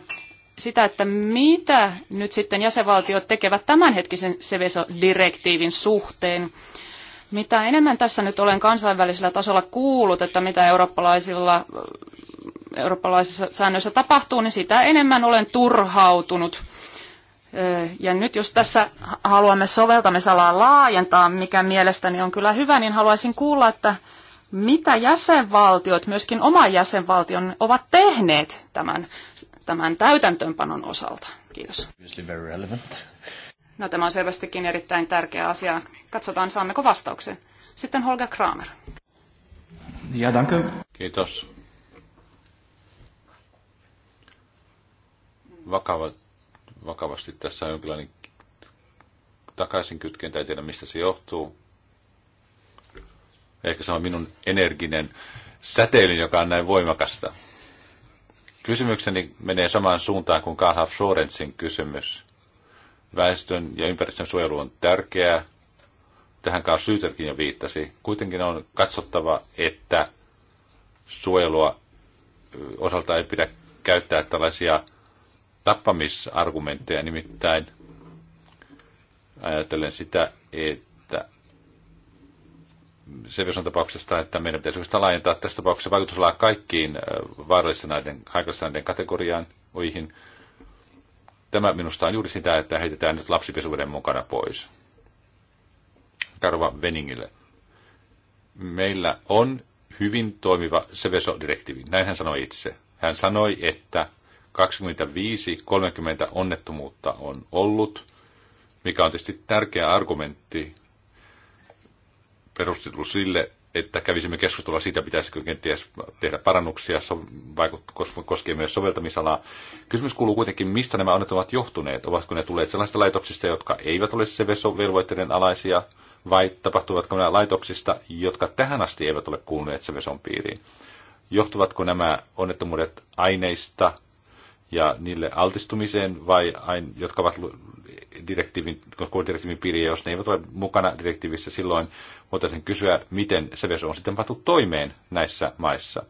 Speaker 2: sitä, että mitä nyt sitten jäsenvaltiot tekevät tämänhetkisen Seveso-direktiivin suhteen. Mitä enemmän tässä nyt olen kansainvälisellä tasolla kuullut, että mitä eurooppalaisilla, eurooppalaisissa säännöissä tapahtuu, niin sitä enemmän olen turhautunut. Ja nyt jos tässä haluamme soveltamisalaa laajentaa, mikä mielestäni on kyllä hyvä, niin haluaisin kuulla, että mitä jäsenvaltiot, myöskin oma jäsenvaltion, ovat tehneet tämän tämän täytäntöönpanon osalta? Kiitos. No tämä on selvästikin erittäin tärkeä asia. Katsotaan, saammeko vastauksen. Sitten Holger Kramer.
Speaker 1: Ja, danke. Kiitos. Vakava, vakavasti tässä on jonkinlainen kytkentä, en tiedä mistä se johtuu. Ehkä se on minun energinen säteily, joka on näin voimakasta. Kysymykseni menee samaan suuntaan kuin Kahaf Sorensin kysymys. Väestön ja ympäristön suojelu on tärkeää. Tähän Karl Syyterkin jo viittasi. Kuitenkin on katsottava, että suojelua osalta ei pidä käyttää tällaisia tappamisargumentteja, nimittäin ajatellen sitä, että Severson tapauksesta, että meidän pitäisi oikeastaan laajentaa tässä tapauksessa vaikutusalaa kaikkiin äh, vaarallisten näiden, näiden kategoriaan, oihin. Tämä minusta on juuri sitä, että heitetään nyt lapsipesuveden mukana pois. Karva Veningille. Meillä on hyvin toimiva Seveso-direktiivi. Näin hän sanoi itse. Hän sanoi, että 25-30 onnettomuutta on ollut, mikä on tietysti tärkeä argumentti perustelu sille, että kävisimme keskustelua siitä, pitäisikö kenties tehdä parannuksia, koskien myös soveltamisalaa. Kysymys kuuluu kuitenkin, mistä nämä onnet ovat johtuneet? Ovatko ne tulleet sellaisista laitoksista, jotka eivät ole SEVESO-velvoitteiden alaisia, vai tapahtuvatko nämä laitoksista, jotka tähän asti eivät ole kuuluneet seveson piiriin? Johtuvatko nämä onnettomuudet aineista, ja niille altistumiseen, vai aina, jotka ovat direktiivin, direktiivin piiriä, jos ne eivät ole mukana direktiivissä, silloin voitaisiin kysyä, miten se on sitten pantu toimeen näissä maissa.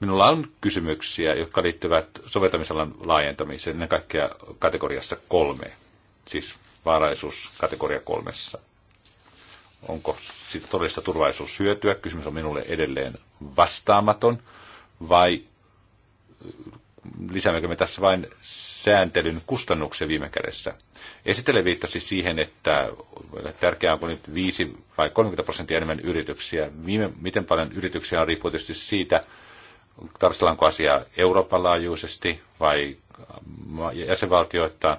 Speaker 1: Minulla on kysymyksiä, jotka liittyvät soveltamisalan laajentamiseen, ennen kaikkea kategoriassa kolme, siis vaaraisuus kategoria kolmessa. Onko siitä todellista turvallisuushyötyä? Kysymys on minulle edelleen vastaamaton. Vai lisäämmekö me tässä vain sääntelyn kustannuksia viime kädessä. Esittele viittasi siihen, että tärkeää onko nyt 5 vai 30 prosenttia enemmän yrityksiä. miten paljon yrityksiä on riippuu tietysti siitä, tarkastellaanko asiaa Euroopan laajuisesti vai jäsenvaltioita.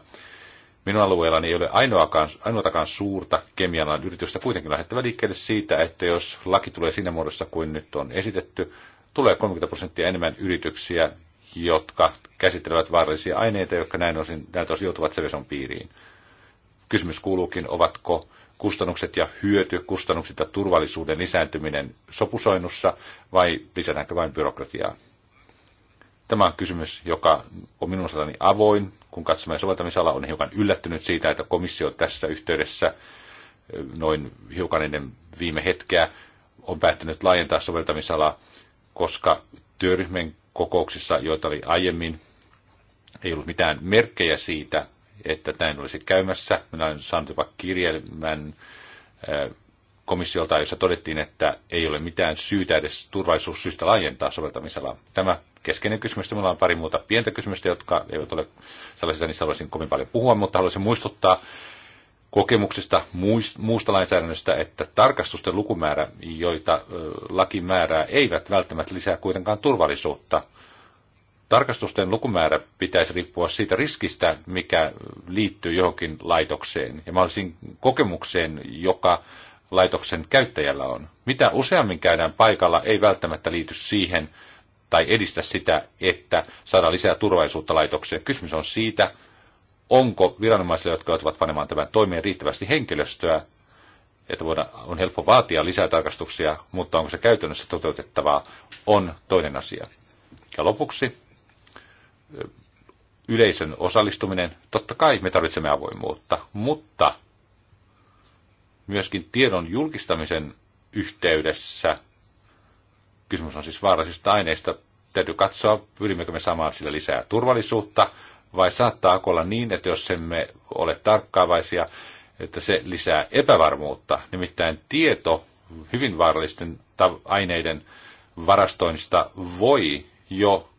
Speaker 1: Minun alueellani ei ole ainoakaan, ainoatakaan suurta kemialan yritystä kuitenkin lähettävä liikkeelle siitä, että jos laki tulee siinä muodossa kuin nyt on esitetty, tulee 30 prosenttia enemmän yrityksiä, jotka käsittelevät vaarallisia aineita, jotka näin osin, näiltä osin joutuvat seveson piiriin. Kysymys kuuluukin, ovatko kustannukset ja hyöty, kustannukset ja turvallisuuden lisääntyminen sopusoinnussa vai lisätäänkö vain byrokratiaa? Tämä on kysymys, joka on minun osaltani avoin. Kun katsomme soveltamisala, on hiukan yllättynyt siitä, että komissio tässä yhteydessä noin hiukan ennen viime hetkeä on päättänyt laajentaa soveltamisalaa, koska työryhmän kokouksissa, joita oli aiemmin. Ei ollut mitään merkkejä siitä, että näin olisi käymässä. Minä olen saanut jopa kirjelmän äh, komissiolta, jossa todettiin, että ei ole mitään syytä edes turvallisuussyistä laajentaa soveltamisella. Tämä keskeinen kysymys, minulla on pari muuta pientä kysymystä, jotka eivät ole sellaisia, niistä haluaisin kovin paljon puhua, mutta haluaisin muistuttaa, kokemuksista muusta lainsäädännöstä, että tarkastusten lukumäärä, joita laki määrää, eivät välttämättä lisää kuitenkaan turvallisuutta. Tarkastusten lukumäärä pitäisi riippua siitä riskistä, mikä liittyy johonkin laitokseen ja mahdollisiin kokemukseen, joka laitoksen käyttäjällä on. Mitä useammin käydään paikalla, ei välttämättä liity siihen tai edistä sitä, että saadaan lisää turvallisuutta laitokseen. Kysymys on siitä, onko viranomaisille, jotka ovat panemaan tämän toimeen riittävästi henkilöstöä, että voidaan, on helppo vaatia lisää tarkastuksia, mutta onko se käytännössä toteutettavaa, on toinen asia. Ja lopuksi yleisön osallistuminen. Totta kai me tarvitsemme avoimuutta, mutta myöskin tiedon julkistamisen yhteydessä, kysymys on siis vaarallisista aineista, täytyy katsoa, pyrimmekö me saamaan sillä lisää turvallisuutta, vai saattaa olla niin, että jos emme ole tarkkaavaisia, että se lisää epävarmuutta, nimittäin tieto hyvin vaarallisten aineiden varastoinnista voi jo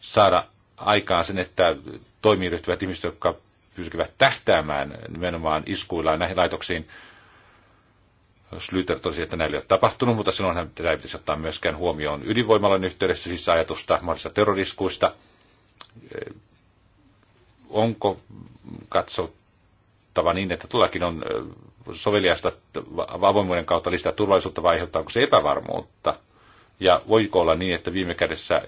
Speaker 1: saada aikaan sen, että toimiin ryhtyvät ihmiset, jotka pyrkivät tähtäämään nimenomaan iskuillaan näihin laitoksiin, Slyter tosi, että näillä ei ole tapahtunut, mutta silloinhan tätä ei pitäisi ottaa myöskään huomioon ydinvoimalan yhteydessä, siis ajatusta mahdollisista terroriskuista onko katsottava niin, että tullakin on soveliasta avoimuuden kautta lisätä turvallisuutta vai aiheuttaako se epävarmuutta? Ja voiko olla niin, että viime kädessä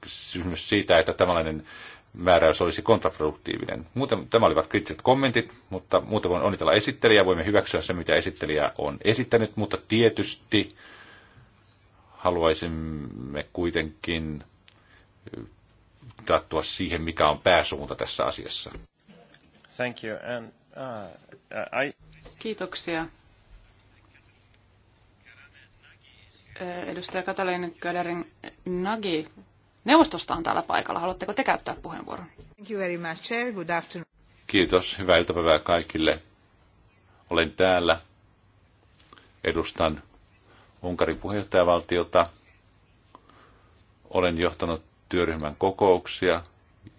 Speaker 1: kysymys siitä, että tämänlainen määräys olisi kontraproduktiivinen. Muuten tämä olivat kriittiset kommentit, mutta muuten voin onnitella esittelijää. Voimme hyväksyä se, mitä esittelijä on esittänyt, mutta tietysti haluaisimme kuitenkin tarttua siihen, mikä on pääsuunta tässä asiassa.
Speaker 2: Thank you. And, uh, I... Kiitoksia. Äh, edustaja Katalin Kölerin Nagi neuvostosta on täällä paikalla. Haluatteko te käyttää puheenvuoron?
Speaker 1: Thank you very much, Chair. Good afternoon. Kiitos. Hyvää iltapäivää kaikille. Olen täällä. Edustan Unkarin puheenjohtajavaltiota. Olen johtanut työryhmän kokouksia.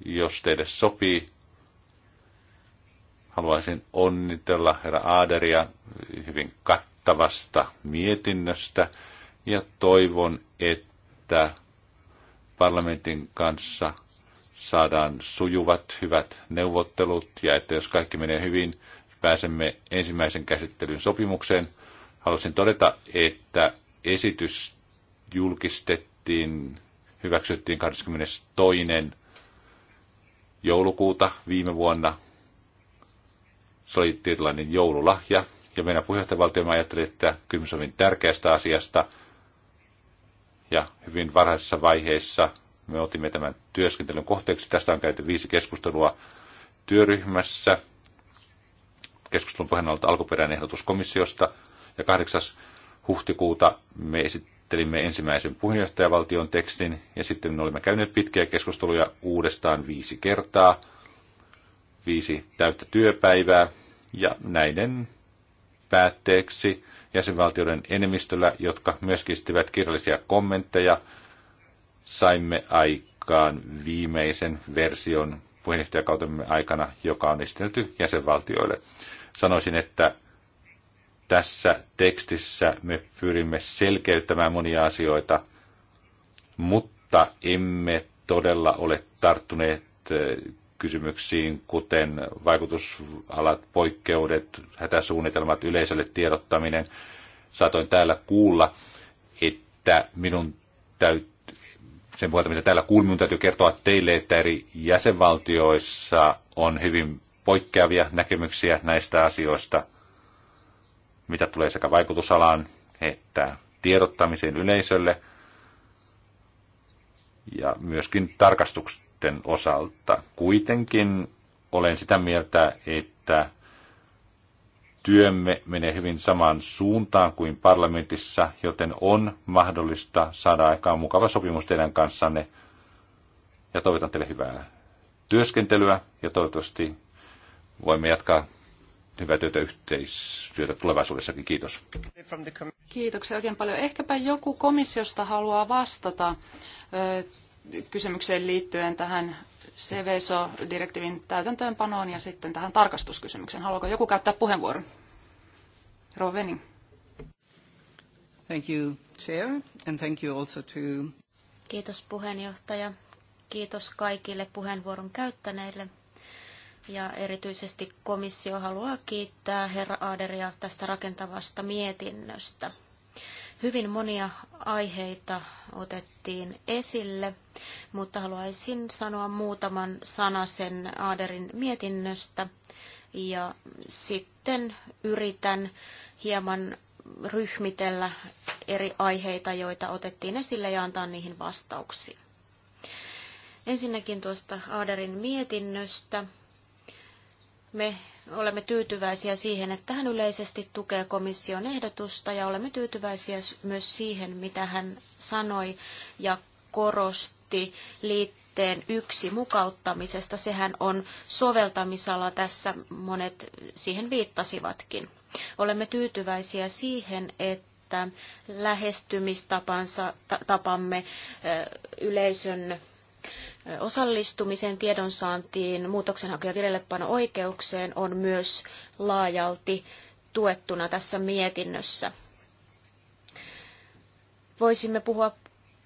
Speaker 1: Jos teille sopii, haluaisin onnitella herra Aaderia hyvin kattavasta mietinnöstä ja toivon, että parlamentin kanssa saadaan sujuvat, hyvät neuvottelut ja että jos kaikki menee hyvin, pääsemme ensimmäisen käsittelyn sopimukseen. Haluaisin todeta, että esitys julkistettiin hyväksyttiin 22. joulukuuta viime vuonna. Se oli tietynlainen joululahja, ja meidän puheenjohtajavaltiomme ajatteli, että kysymys on hyvin tärkeästä asiasta, ja hyvin varhaisessa vaiheessa me otimme tämän työskentelyn kohteeksi. Tästä on käyty viisi keskustelua työryhmässä. Keskustelun pohjana on ollut alkuperäinen ehdotus komissiosta, ja 8. huhtikuuta me esit käsittelimme ensimmäisen puheenjohtajavaltion tekstin ja sitten me olimme käyneet pitkiä keskusteluja uudestaan viisi kertaa, viisi täyttä työpäivää ja näiden päätteeksi jäsenvaltioiden enemmistöllä, jotka myöskin esittivät kirjallisia kommentteja, saimme aikaan viimeisen version puheenjohtajakautemme aikana, joka on esitelty jäsenvaltioille. Sanoisin, että tässä tekstissä me pyrimme selkeyttämään monia asioita, mutta emme todella ole tarttuneet kysymyksiin, kuten vaikutusalat, poikkeudet, hätäsuunnitelmat, yleisölle tiedottaminen. Saatoin täällä kuulla, että minun täytyy sen puolta, mitä täällä kuulin, minun täytyy kertoa teille, että eri jäsenvaltioissa on hyvin poikkeavia näkemyksiä näistä asioista mitä tulee sekä vaikutusalaan että tiedottamiseen yleisölle ja myöskin tarkastusten osalta. Kuitenkin olen sitä mieltä, että työmme menee hyvin samaan suuntaan kuin parlamentissa, joten on mahdollista saada aikaan mukava sopimus teidän kanssanne. Ja toivotan teille hyvää työskentelyä ja toivottavasti voimme jatkaa hyvää työtä yhteistyötä tulevaisuudessakin. Kiitos.
Speaker 2: Kiitoksia oikein paljon. Ehkäpä joku komissiosta haluaa vastata kysymykseen liittyen tähän CVSO-direktiivin täytäntöönpanoon ja sitten tähän tarkastuskysymykseen. Haluaako joku käyttää puheenvuoron? Roveni.
Speaker 1: Thank you, Chair, and thank you also to...
Speaker 3: Kiitos puheenjohtaja. Kiitos kaikille puheenvuoron käyttäneille. Ja erityisesti komissio haluaa kiittää herra Aderia tästä rakentavasta mietinnöstä. Hyvin monia aiheita otettiin esille, mutta haluaisin sanoa muutaman sanasen Aderin mietinnöstä ja sitten yritän hieman ryhmitellä eri aiheita, joita otettiin esille ja antaa niihin vastauksia. Ensinnäkin tuosta Aderin mietinnöstä me olemme tyytyväisiä siihen, että hän yleisesti tukee komission ehdotusta ja olemme tyytyväisiä myös siihen, mitä hän sanoi ja korosti liitteen yksi mukauttamisesta. Sehän on soveltamisala tässä, monet siihen viittasivatkin. Olemme tyytyväisiä siihen, että lähestymistapamme yleisön osallistumisen tiedonsaantiin, ja vireillepano oikeukseen on myös laajalti tuettuna tässä mietinnössä. Voisimme puhua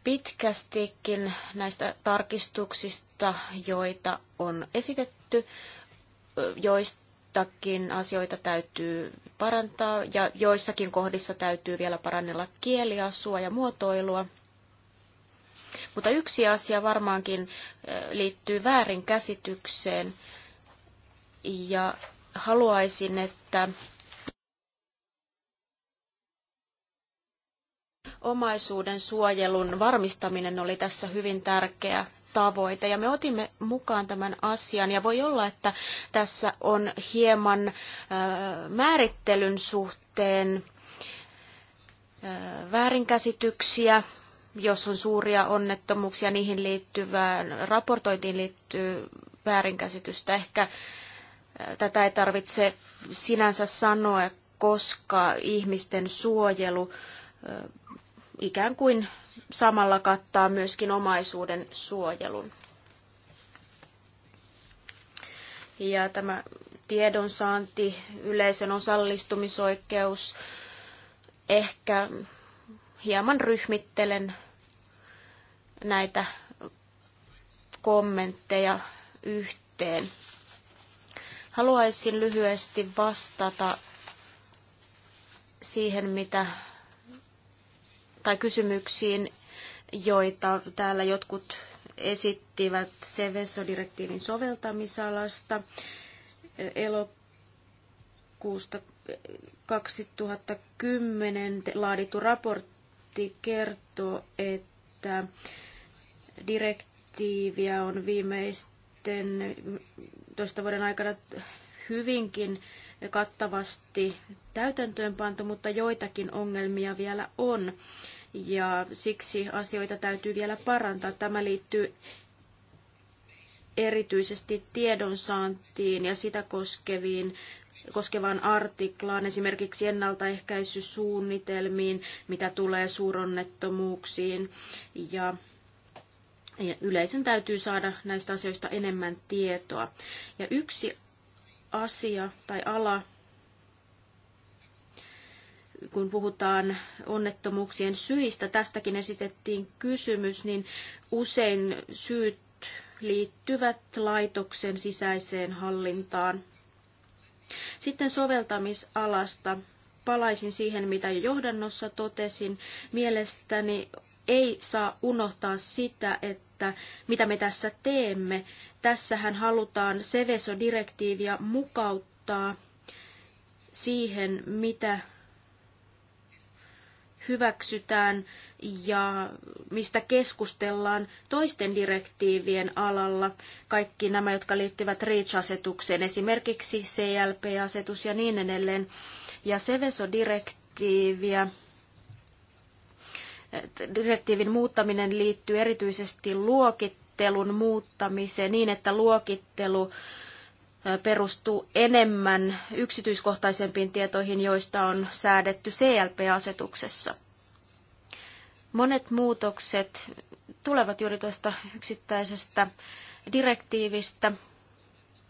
Speaker 3: pitkästikin näistä tarkistuksista, joita on esitetty, joistakin asioita täytyy parantaa ja joissakin kohdissa täytyy vielä parannella kieliasua ja muotoilua. Mutta yksi asia varmaankin eh, liittyy väärinkäsitykseen ja haluaisin, että omaisuuden suojelun varmistaminen oli tässä hyvin tärkeä tavoite ja me otimme mukaan tämän asian ja voi olla, että tässä on hieman eh, määrittelyn suhteen eh, väärinkäsityksiä jos on suuria onnettomuuksia, niihin liittyvään raportointiin liittyy väärinkäsitystä. Ehkä äh, tätä ei tarvitse sinänsä sanoa, koska ihmisten suojelu äh, ikään kuin samalla kattaa myöskin omaisuuden suojelun. Ja tämä tiedonsaanti, yleisön osallistumisoikeus, ehkä hieman ryhmittelen näitä kommentteja yhteen. Haluaisin lyhyesti vastata siihen, mitä tai kysymyksiin, joita täällä jotkut esittivät CVSO-direktiivin soveltamisalasta elokuusta 2010 laadittu raportti kertoo, että tätä direktiiviä on viimeisten toista vuoden aikana hyvinkin kattavasti täytäntöönpanto, mutta joitakin ongelmia vielä on. Ja siksi asioita täytyy vielä parantaa. Tämä liittyy erityisesti tiedonsaantiin ja sitä koskeviin koskevaan artiklaan, esimerkiksi ennaltaehkäisysuunnitelmiin, mitä tulee suuronnettomuuksiin. Ja yleisön täytyy saada näistä asioista enemmän tietoa. Ja yksi asia tai ala, kun puhutaan onnettomuuksien syistä, tästäkin esitettiin kysymys, niin usein syyt liittyvät laitoksen sisäiseen hallintaan. Sitten soveltamisalasta. Palaisin siihen, mitä jo johdannossa totesin. Mielestäni ei saa unohtaa sitä, että mitä me tässä teemme. Tässähän halutaan Seveso-direktiiviä mukauttaa siihen, mitä hyväksytään ja mistä keskustellaan toisten direktiivien alalla. Kaikki nämä, jotka liittyvät REACH-asetukseen, esimerkiksi CLP-asetus ja niin edelleen. Ja Seveso-direktiiviä direktiivin muuttaminen liittyy erityisesti luokittelun muuttamiseen niin, että luokittelu perustuu enemmän yksityiskohtaisempiin tietoihin, joista on säädetty CLP-asetuksessa. Monet muutokset tulevat juuri tuosta yksittäisestä direktiivistä,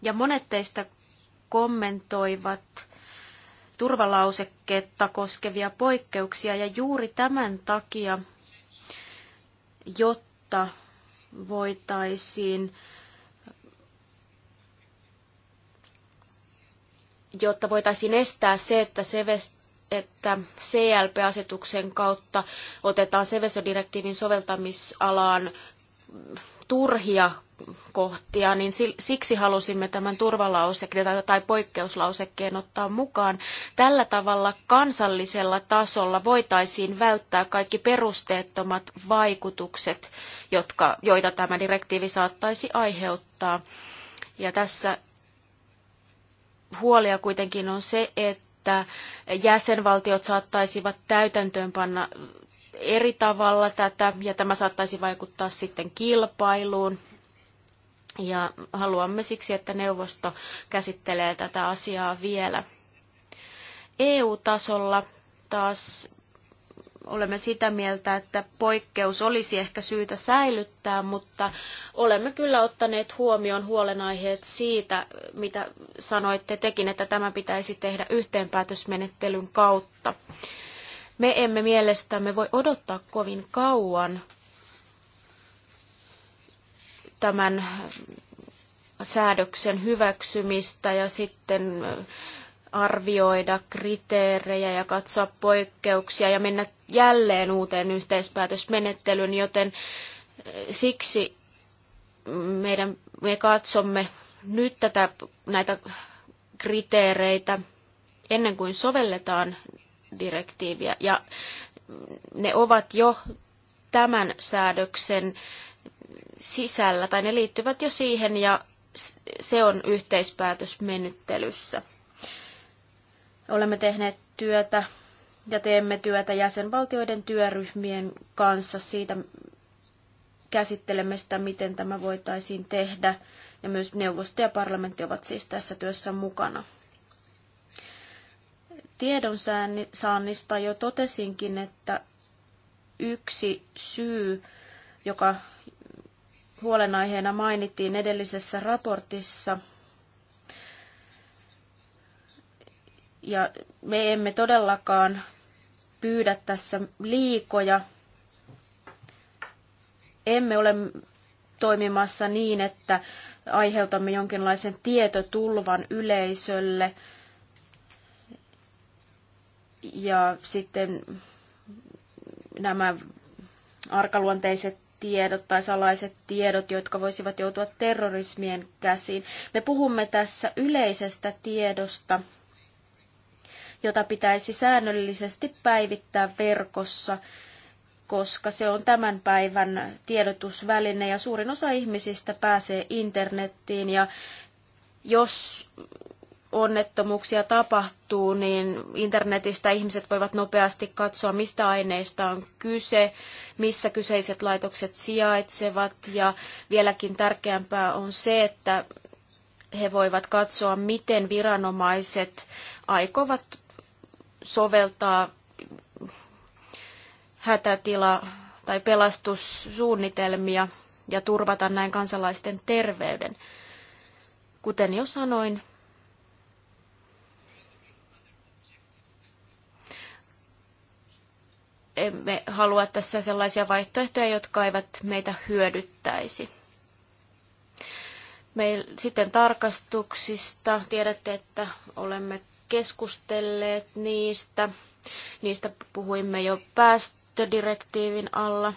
Speaker 3: ja monet teistä kommentoivat turvalausekkeetta koskevia poikkeuksia, ja juuri tämän takia, jotta voitaisiin jotta voitaisiin estää se, että CVS että CLP-asetuksen kautta otetaan sevesodirektiivin direktiivin soveltamisalaan turhia kohtia, niin siksi halusimme tämän turvalausekkeen tai poikkeuslausekkeen ottaa mukaan. Tällä tavalla kansallisella tasolla voitaisiin välttää kaikki perusteettomat vaikutukset, jotka, joita tämä direktiivi saattaisi aiheuttaa. Ja tässä huolia kuitenkin on se, että jäsenvaltiot saattaisivat täytäntöönpanna eri tavalla tätä, ja tämä saattaisi vaikuttaa sitten kilpailuun. Ja haluamme siksi, että neuvosto käsittelee tätä asiaa vielä. EU-tasolla taas olemme sitä mieltä, että poikkeus olisi ehkä syytä säilyttää, mutta olemme kyllä ottaneet huomioon huolenaiheet siitä, mitä sanoitte tekin, että tämä pitäisi tehdä yhteenpäätösmenettelyn kautta. Me emme mielestämme voi odottaa kovin kauan tämän säädöksen hyväksymistä ja sitten arvioida kriteerejä ja katsoa poikkeuksia ja mennä jälleen uuteen yhteispäätösmenettelyyn, joten eh, siksi meidän, me katsomme nyt tätä, näitä kriteereitä ennen kuin sovelletaan direktiiviä ja ne ovat jo tämän säädöksen sisällä tai ne liittyvät jo siihen ja se on yhteispäätösmenettelyssä. Olemme tehneet työtä ja teemme työtä jäsenvaltioiden työryhmien kanssa siitä, käsittelemme sitä, miten tämä voitaisiin tehdä, ja myös neuvosto ja parlamentti ovat siis tässä työssä mukana. Tiedonsaannista jo totesinkin, että yksi syy, joka huolenaiheena mainittiin edellisessä raportissa, Ja me emme todellakaan pyydä tässä liikoja. Emme ole toimimassa niin, että aiheutamme jonkinlaisen tietotulvan yleisölle ja sitten nämä arkaluonteiset tiedot tai salaiset tiedot, jotka voisivat joutua terrorismien käsiin. Me puhumme tässä yleisestä tiedosta, jota pitäisi säännöllisesti päivittää verkossa, koska se on tämän päivän tiedotusväline ja suurin osa ihmisistä pääsee internettiin ja jos onnettomuuksia tapahtuu, niin internetistä ihmiset voivat nopeasti katsoa, mistä aineista on kyse, missä kyseiset laitokset sijaitsevat ja vieläkin tärkeämpää on se, että he voivat katsoa, miten viranomaiset aikovat soveltaa hätätila- tai pelastussuunnitelmia ja turvata näin kansalaisten terveyden. Kuten jo sanoin, emme halua tässä sellaisia vaihtoehtoja, jotka eivät meitä hyödyttäisi. Meil, sitten tarkastuksista. Tiedätte, että olemme keskustelleet niistä. Niistä puhuimme jo päästödirektiivin alla.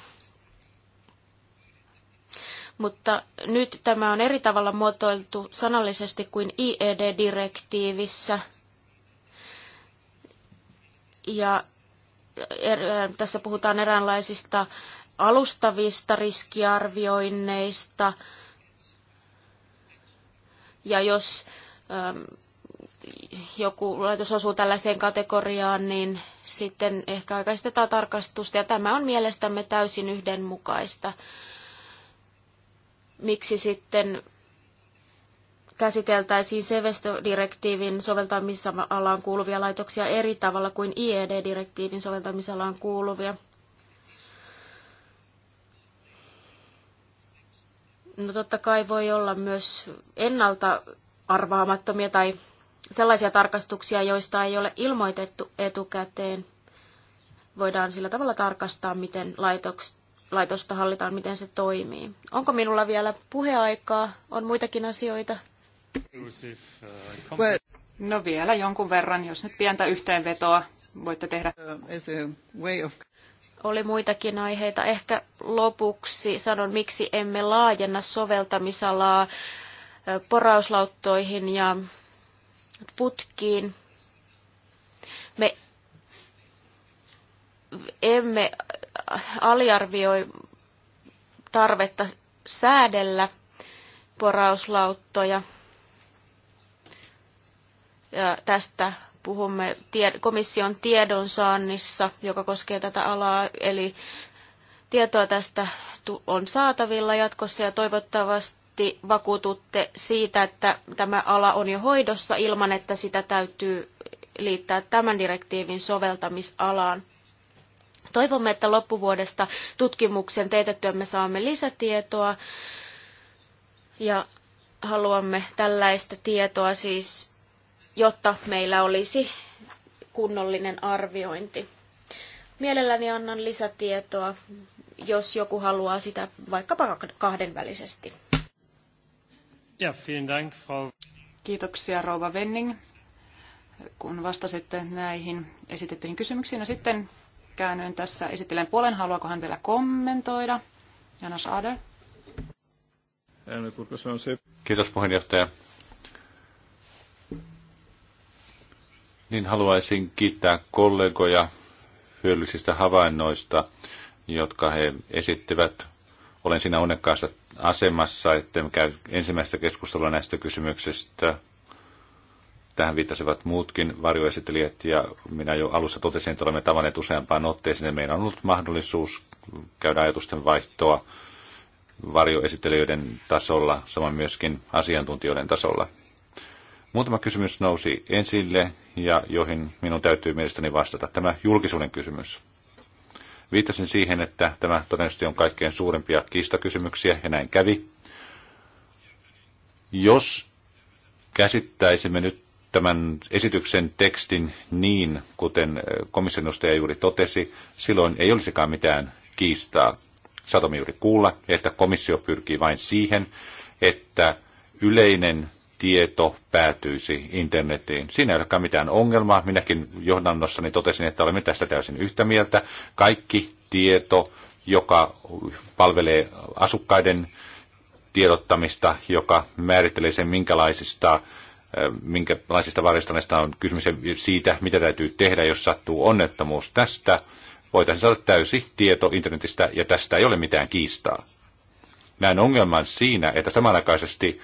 Speaker 3: Mutta nyt tämä on eri tavalla muotoiltu sanallisesti kuin IED-direktiivissä. Ja tässä puhutaan eräänlaisista alustavista riskiarvioinneista. Ja jos ähm, joku laitos osuu tällaiseen kategoriaan, niin sitten ehkä aikaistetaan tarkastusta. Ja tämä on mielestämme täysin yhdenmukaista. Miksi sitten käsiteltäisiin Sevesto-direktiivin soveltamisalaan kuuluvia laitoksia eri tavalla kuin IED-direktiivin soveltamisalaan kuuluvia? No totta kai voi olla myös ennalta arvaamattomia tai sellaisia tarkastuksia, joista ei ole ilmoitettu etukäteen. Voidaan sillä tavalla tarkastaa, miten laitoks, laitosta hallitaan, miten se toimii. Onko minulla vielä puheaikaa? On muitakin asioita?
Speaker 2: No vielä jonkun verran, jos nyt pientä yhteenvetoa voitte tehdä.
Speaker 1: Uh,
Speaker 3: Oli muitakin aiheita. Ehkä lopuksi sanon, miksi emme laajenna soveltamisalaa uh, porauslauttoihin ja putkiin. Me emme aliarvioi tarvetta säädellä porauslauttoja. Ja tästä puhumme komission tiedonsaannissa, joka koskee tätä alaa, eli tietoa tästä on saatavilla jatkossa ja toivottavasti varmasti vakuututte siitä, että tämä ala on jo hoidossa ilman, että sitä täytyy liittää tämän direktiivin soveltamisalaan. Toivomme, että loppuvuodesta tutkimuksen teetettyämme saamme lisätietoa ja haluamme tällaista tietoa siis, jotta meillä olisi kunnollinen arviointi. Mielelläni annan lisätietoa, jos joku haluaa sitä vaikkapa kahdenvälisesti. Ja, vielen Dank, Frau.
Speaker 2: Kiitoksia, Rouva Venning, kun vastasitte näihin esitettyihin kysymyksiin. No sitten käännyn tässä esittelen puolen. Haluaako hän vielä kommentoida? Jana Saader.
Speaker 1: Kiitos puheenjohtaja. Niin haluaisin kiittää kollegoja hyödyllisistä havainnoista, jotka he esittivät. Olen siinä onnekkaassa asemassa, että käy ensimmäistä keskustelua näistä kysymyksistä. Tähän viittasivat muutkin varjoesittelijät ja minä jo alussa totesin, että olemme tavanneet useampaan otteeseen ja meillä on ollut mahdollisuus käydä ajatusten vaihtoa varjoesittelijöiden tasolla, samoin myöskin asiantuntijoiden tasolla. Muutama kysymys nousi esille ja joihin minun täytyy mielestäni vastata. Tämä julkisuuden kysymys. Viittasin siihen, että tämä todennäköisesti on kaikkein suurimpia kiistakysymyksiä, ja näin kävi. Jos käsittäisimme nyt tämän esityksen tekstin niin, kuten komission juuri totesi, silloin ei olisikaan mitään kiistaa. Saatamme juuri kuulla, että komissio pyrkii vain siihen, että yleinen tieto päätyisi internetiin. Siinä ei olekaan mitään ongelmaa. Minäkin johdannossani totesin, että olemme tästä täysin yhtä mieltä. Kaikki tieto, joka palvelee asukkaiden tiedottamista, joka määrittelee sen, minkälaisista, äh, minkälaisista varjostaneista on kysymys siitä, mitä täytyy tehdä, jos sattuu onnettomuus tästä. Voitaisiin saada täysi tieto internetistä ja tästä ei ole mitään kiistaa. Näen ongelman siinä, että samanaikaisesti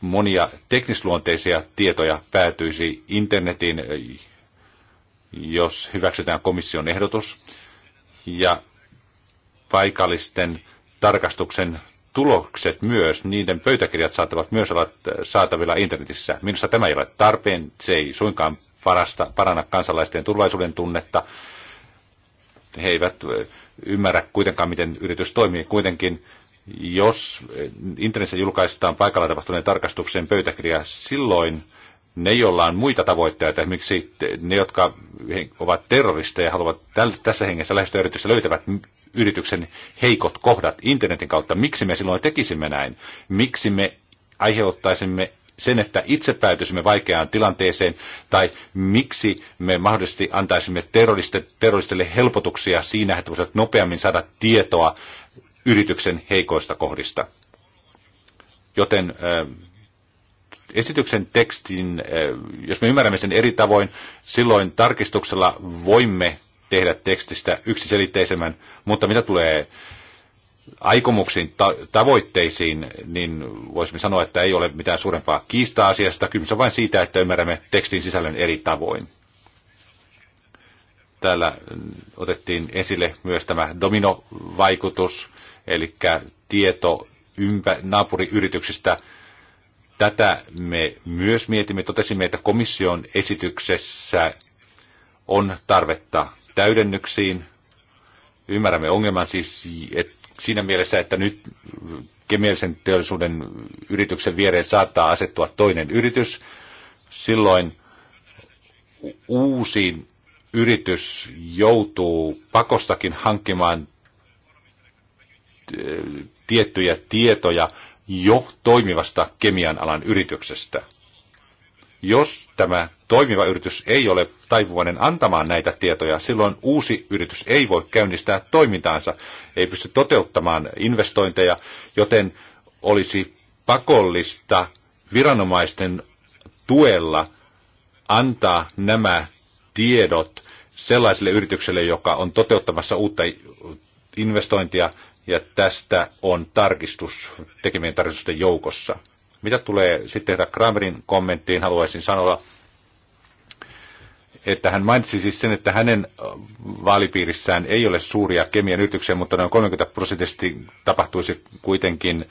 Speaker 1: monia teknisluonteisia tietoja päätyisi internetiin, jos hyväksytään komission ehdotus, ja paikallisten tarkastuksen tulokset myös, niiden pöytäkirjat saattavat myös olla saatavilla internetissä. Minusta tämä ei ole tarpeen, se ei suinkaan parasta, paranna kansalaisten turvallisuuden tunnetta. He eivät ymmärrä kuitenkaan, miten yritys toimii. Kuitenkin jos eh, internetissä julkaistaan paikalla tapahtuneen tarkastuksen pöytäkirja, silloin ne, joilla on muita tavoitteita, esimerkiksi ne, jotka ovat terroristeja ja haluavat tässä hengessä lähestyä yritystä, löytävät yrityksen heikot kohdat internetin kautta. Miksi me silloin tekisimme näin? Miksi me aiheuttaisimme sen, että itse päätyisimme vaikeaan tilanteeseen, tai miksi me mahdollisesti antaisimme terroristeille terroristille helpotuksia siinä, että voisivat nopeammin saada tietoa yrityksen heikoista kohdista. Joten esityksen tekstin, jos me ymmärrämme sen eri tavoin, silloin tarkistuksella voimme tehdä tekstistä yksiselitteisemmän, mutta mitä tulee aikomuksiin, ta- tavoitteisiin, niin voisimme sanoa, että ei ole mitään suurempaa kiistaa asiasta. Kyllä se vain siitä, että ymmärrämme tekstin sisällön eri tavoin. Täällä otettiin esille myös tämä dominovaikutus, eli tieto ympä, naapuriyrityksistä. Tätä me myös mietimme. Totesimme, että komission esityksessä on tarvetta täydennyksiin. Ymmärrämme ongelman siis et, siinä mielessä, että nyt kemiallisen teollisuuden yrityksen viereen saattaa asettua toinen yritys. Silloin uusi yritys joutuu pakostakin hankkimaan tiettyjä tietoja jo toimivasta kemian alan yrityksestä. Jos tämä toimiva yritys ei ole taipuvainen antamaan näitä tietoja, silloin uusi yritys ei voi käynnistää toimintaansa, ei pysty toteuttamaan investointeja, joten olisi pakollista viranomaisten tuella antaa nämä tiedot sellaiselle yritykselle, joka on toteuttamassa uutta investointia ja tästä on tarkistus tekemien tarkistusten joukossa. Mitä tulee sitten herra Kramerin kommenttiin, haluaisin sanoa, että hän mainitsi siis sen, että hänen äh, vaalipiirissään ei ole suuria kemian yrityksiä, mutta noin 30 prosenttisesti tapahtuisi kuitenkin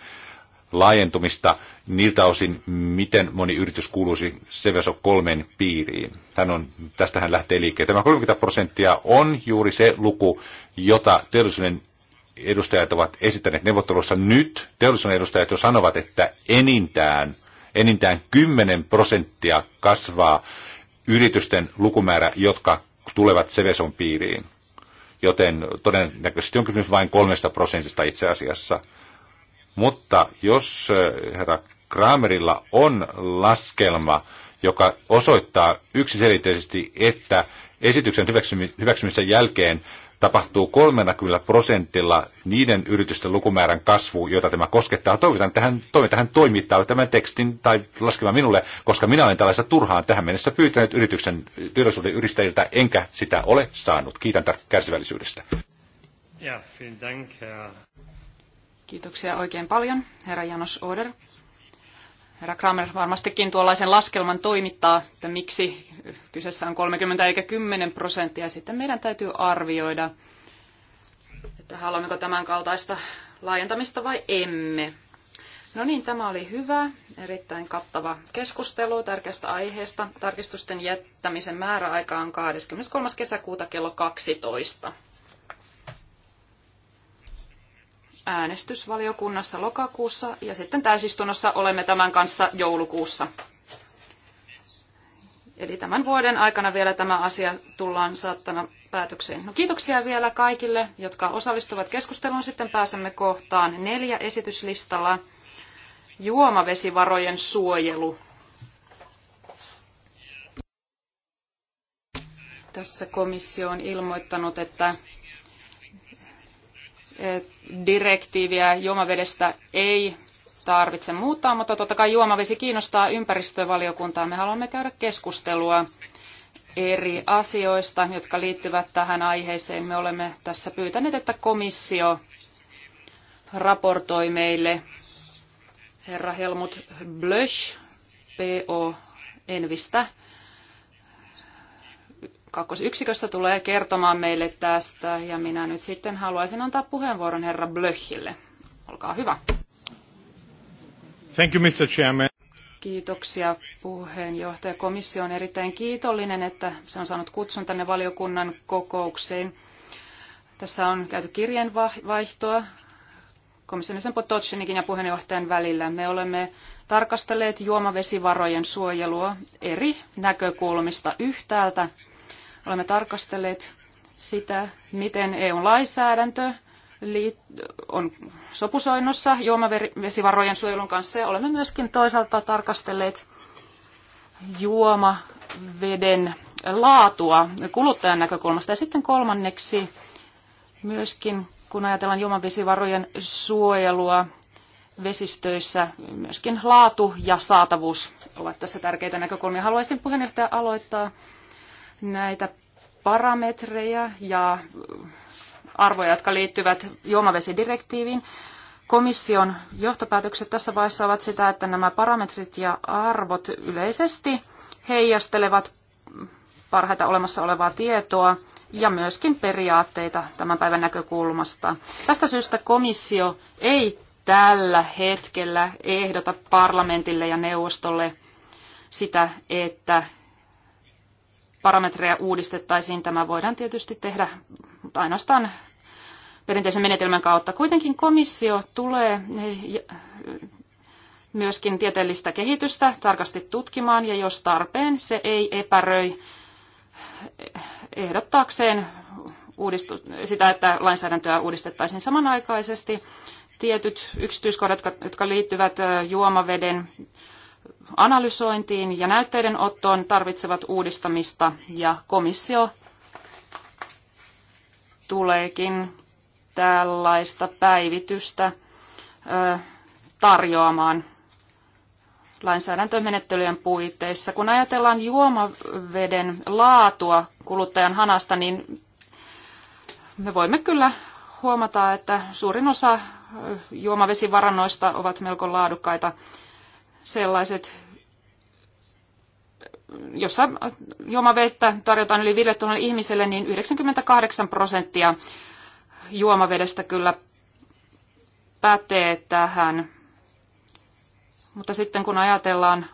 Speaker 1: laajentumista niiltä osin, miten moni yritys kuuluisi Seveso kolmen piiriin. Hän on, tästä hän lähtee liikkeelle. Tämä 30 prosenttia on juuri se luku, jota teollisuuden edustajat ovat esittäneet neuvottelussa nyt, teollisuuden edustajat jo sanovat, että enintään, enintään 10 prosenttia kasvaa yritysten lukumäärä, jotka tulevat Seveson piiriin. Joten todennäköisesti on kysymys vain kolmesta prosentista itse asiassa. Mutta jos eh, herra Kramerilla on laskelma, joka osoittaa yksiselitteisesti, että esityksen hyväksymisen jälkeen tapahtuu 30 prosentilla niiden yritysten lukumäärän kasvu, jota tämä koskettaa. Toivotan tähän, toivon tähän toimittaa tämän tekstin tai laskemaan minulle, koska minä olen tällaista turhaan tähän mennessä pyytänyt yrityksen työllisyyden yrittäjiltä, enkä sitä ole saanut. Kiitän kärsivällisyydestä.
Speaker 2: Ja, Kiitoksia oikein paljon, herra Janos Oder herra Kramer varmastikin tuollaisen laskelman toimittaa, että miksi kyseessä on 30 eikä 10 prosenttia. Sitten meidän täytyy arvioida, että haluammeko tämän kaltaista laajentamista vai emme. No niin, tämä oli hyvä, erittäin kattava keskustelu tärkeästä aiheesta. Tarkistusten jättämisen määräaika on 23. kesäkuuta kello 12. äänestysvaliokunnassa lokakuussa ja sitten täysistunnossa olemme tämän kanssa joulukuussa. Eli tämän vuoden aikana vielä tämä asia tullaan saattana päätökseen. No, kiitoksia vielä kaikille, jotka osallistuvat keskusteluun. Sitten pääsemme kohtaan neljä esityslistalla. Juomavesivarojen suojelu. Tässä komissio on ilmoittanut, että Eh, direktiiviä juomavedestä ei tarvitse muuttaa, mutta totta kai juomavesi kiinnostaa ympäristövaliokuntaa. Me haluamme käydä keskustelua eri asioista, jotka liittyvät tähän aiheeseen. Me olemme tässä pyytäneet, että komissio raportoi meille herra Helmut Blösch, PO Envistä, kakkosyksiköstä tulee kertomaan meille tästä ja minä nyt sitten haluaisin antaa puheenvuoron herra Blöchille. Olkaa hyvä.
Speaker 1: Thank you, Mr. Chairman.
Speaker 2: Kiitoksia puheenjohtaja. Komissio on erittäin kiitollinen, että se on saanut kutsun tänne valiokunnan kokoukseen. Tässä on käyty kirjeenvaihtoa komissionisen Potocinikin ja puheenjohtajan välillä. Me olemme tarkastelleet juomavesivarojen suojelua eri näkökulmista yhtäältä Olemme tarkastelleet sitä, miten EU-lainsäädäntö on sopusoinnossa juomavesivarojen suojelun kanssa ja olemme myöskin toisaalta tarkastelleet juomaveden laatua kuluttajan näkökulmasta. Ja sitten kolmanneksi myöskin, kun ajatellaan juomavesivarojen suojelua vesistöissä, myöskin laatu ja saatavuus ovat tässä tärkeitä näkökulmia. Haluaisin puheenjohtaja aloittaa näitä parametreja ja arvoja, jotka liittyvät juomavesidirektiiviin. Komission johtopäätökset tässä vaiheessa ovat sitä, että nämä parametrit ja arvot yleisesti heijastelevat parhaita olemassa olevaa tietoa ja myöskin periaatteita tämän päivän näkökulmasta. Tästä syystä komissio ei tällä hetkellä ehdota parlamentille ja neuvostolle sitä, että parametreja uudistettaisiin. Tämä voidaan tietysti tehdä, ainoastaan perinteisen menetelmän kautta. Kuitenkin komissio tulee eh, eh, myöskin tieteellistä kehitystä tarkasti tutkimaan, ja jos tarpeen, se ei epäröi eh, ehdottaakseen uudistu, sitä, että lainsäädäntöä uudistettaisiin samanaikaisesti. Tietyt yksityiskohdat, jotka liittyvät juomaveden analysointiin ja näytteiden ottoon tarvitsevat uudistamista ja komissio tuleekin tällaista päivitystä tarjoamaan lainsäädäntömenettelyjen puitteissa. Kun ajatellaan juomaveden laatua kuluttajan hanasta, niin me voimme kyllä huomata, että suurin osa juomavesivarannoista ovat melko laadukkaita sellaiset, jossa juomavettä tarjotaan yli 5000 ihmiselle, niin 98 prosenttia juomavedestä kyllä pätee tähän. Mutta sitten kun ajatellaan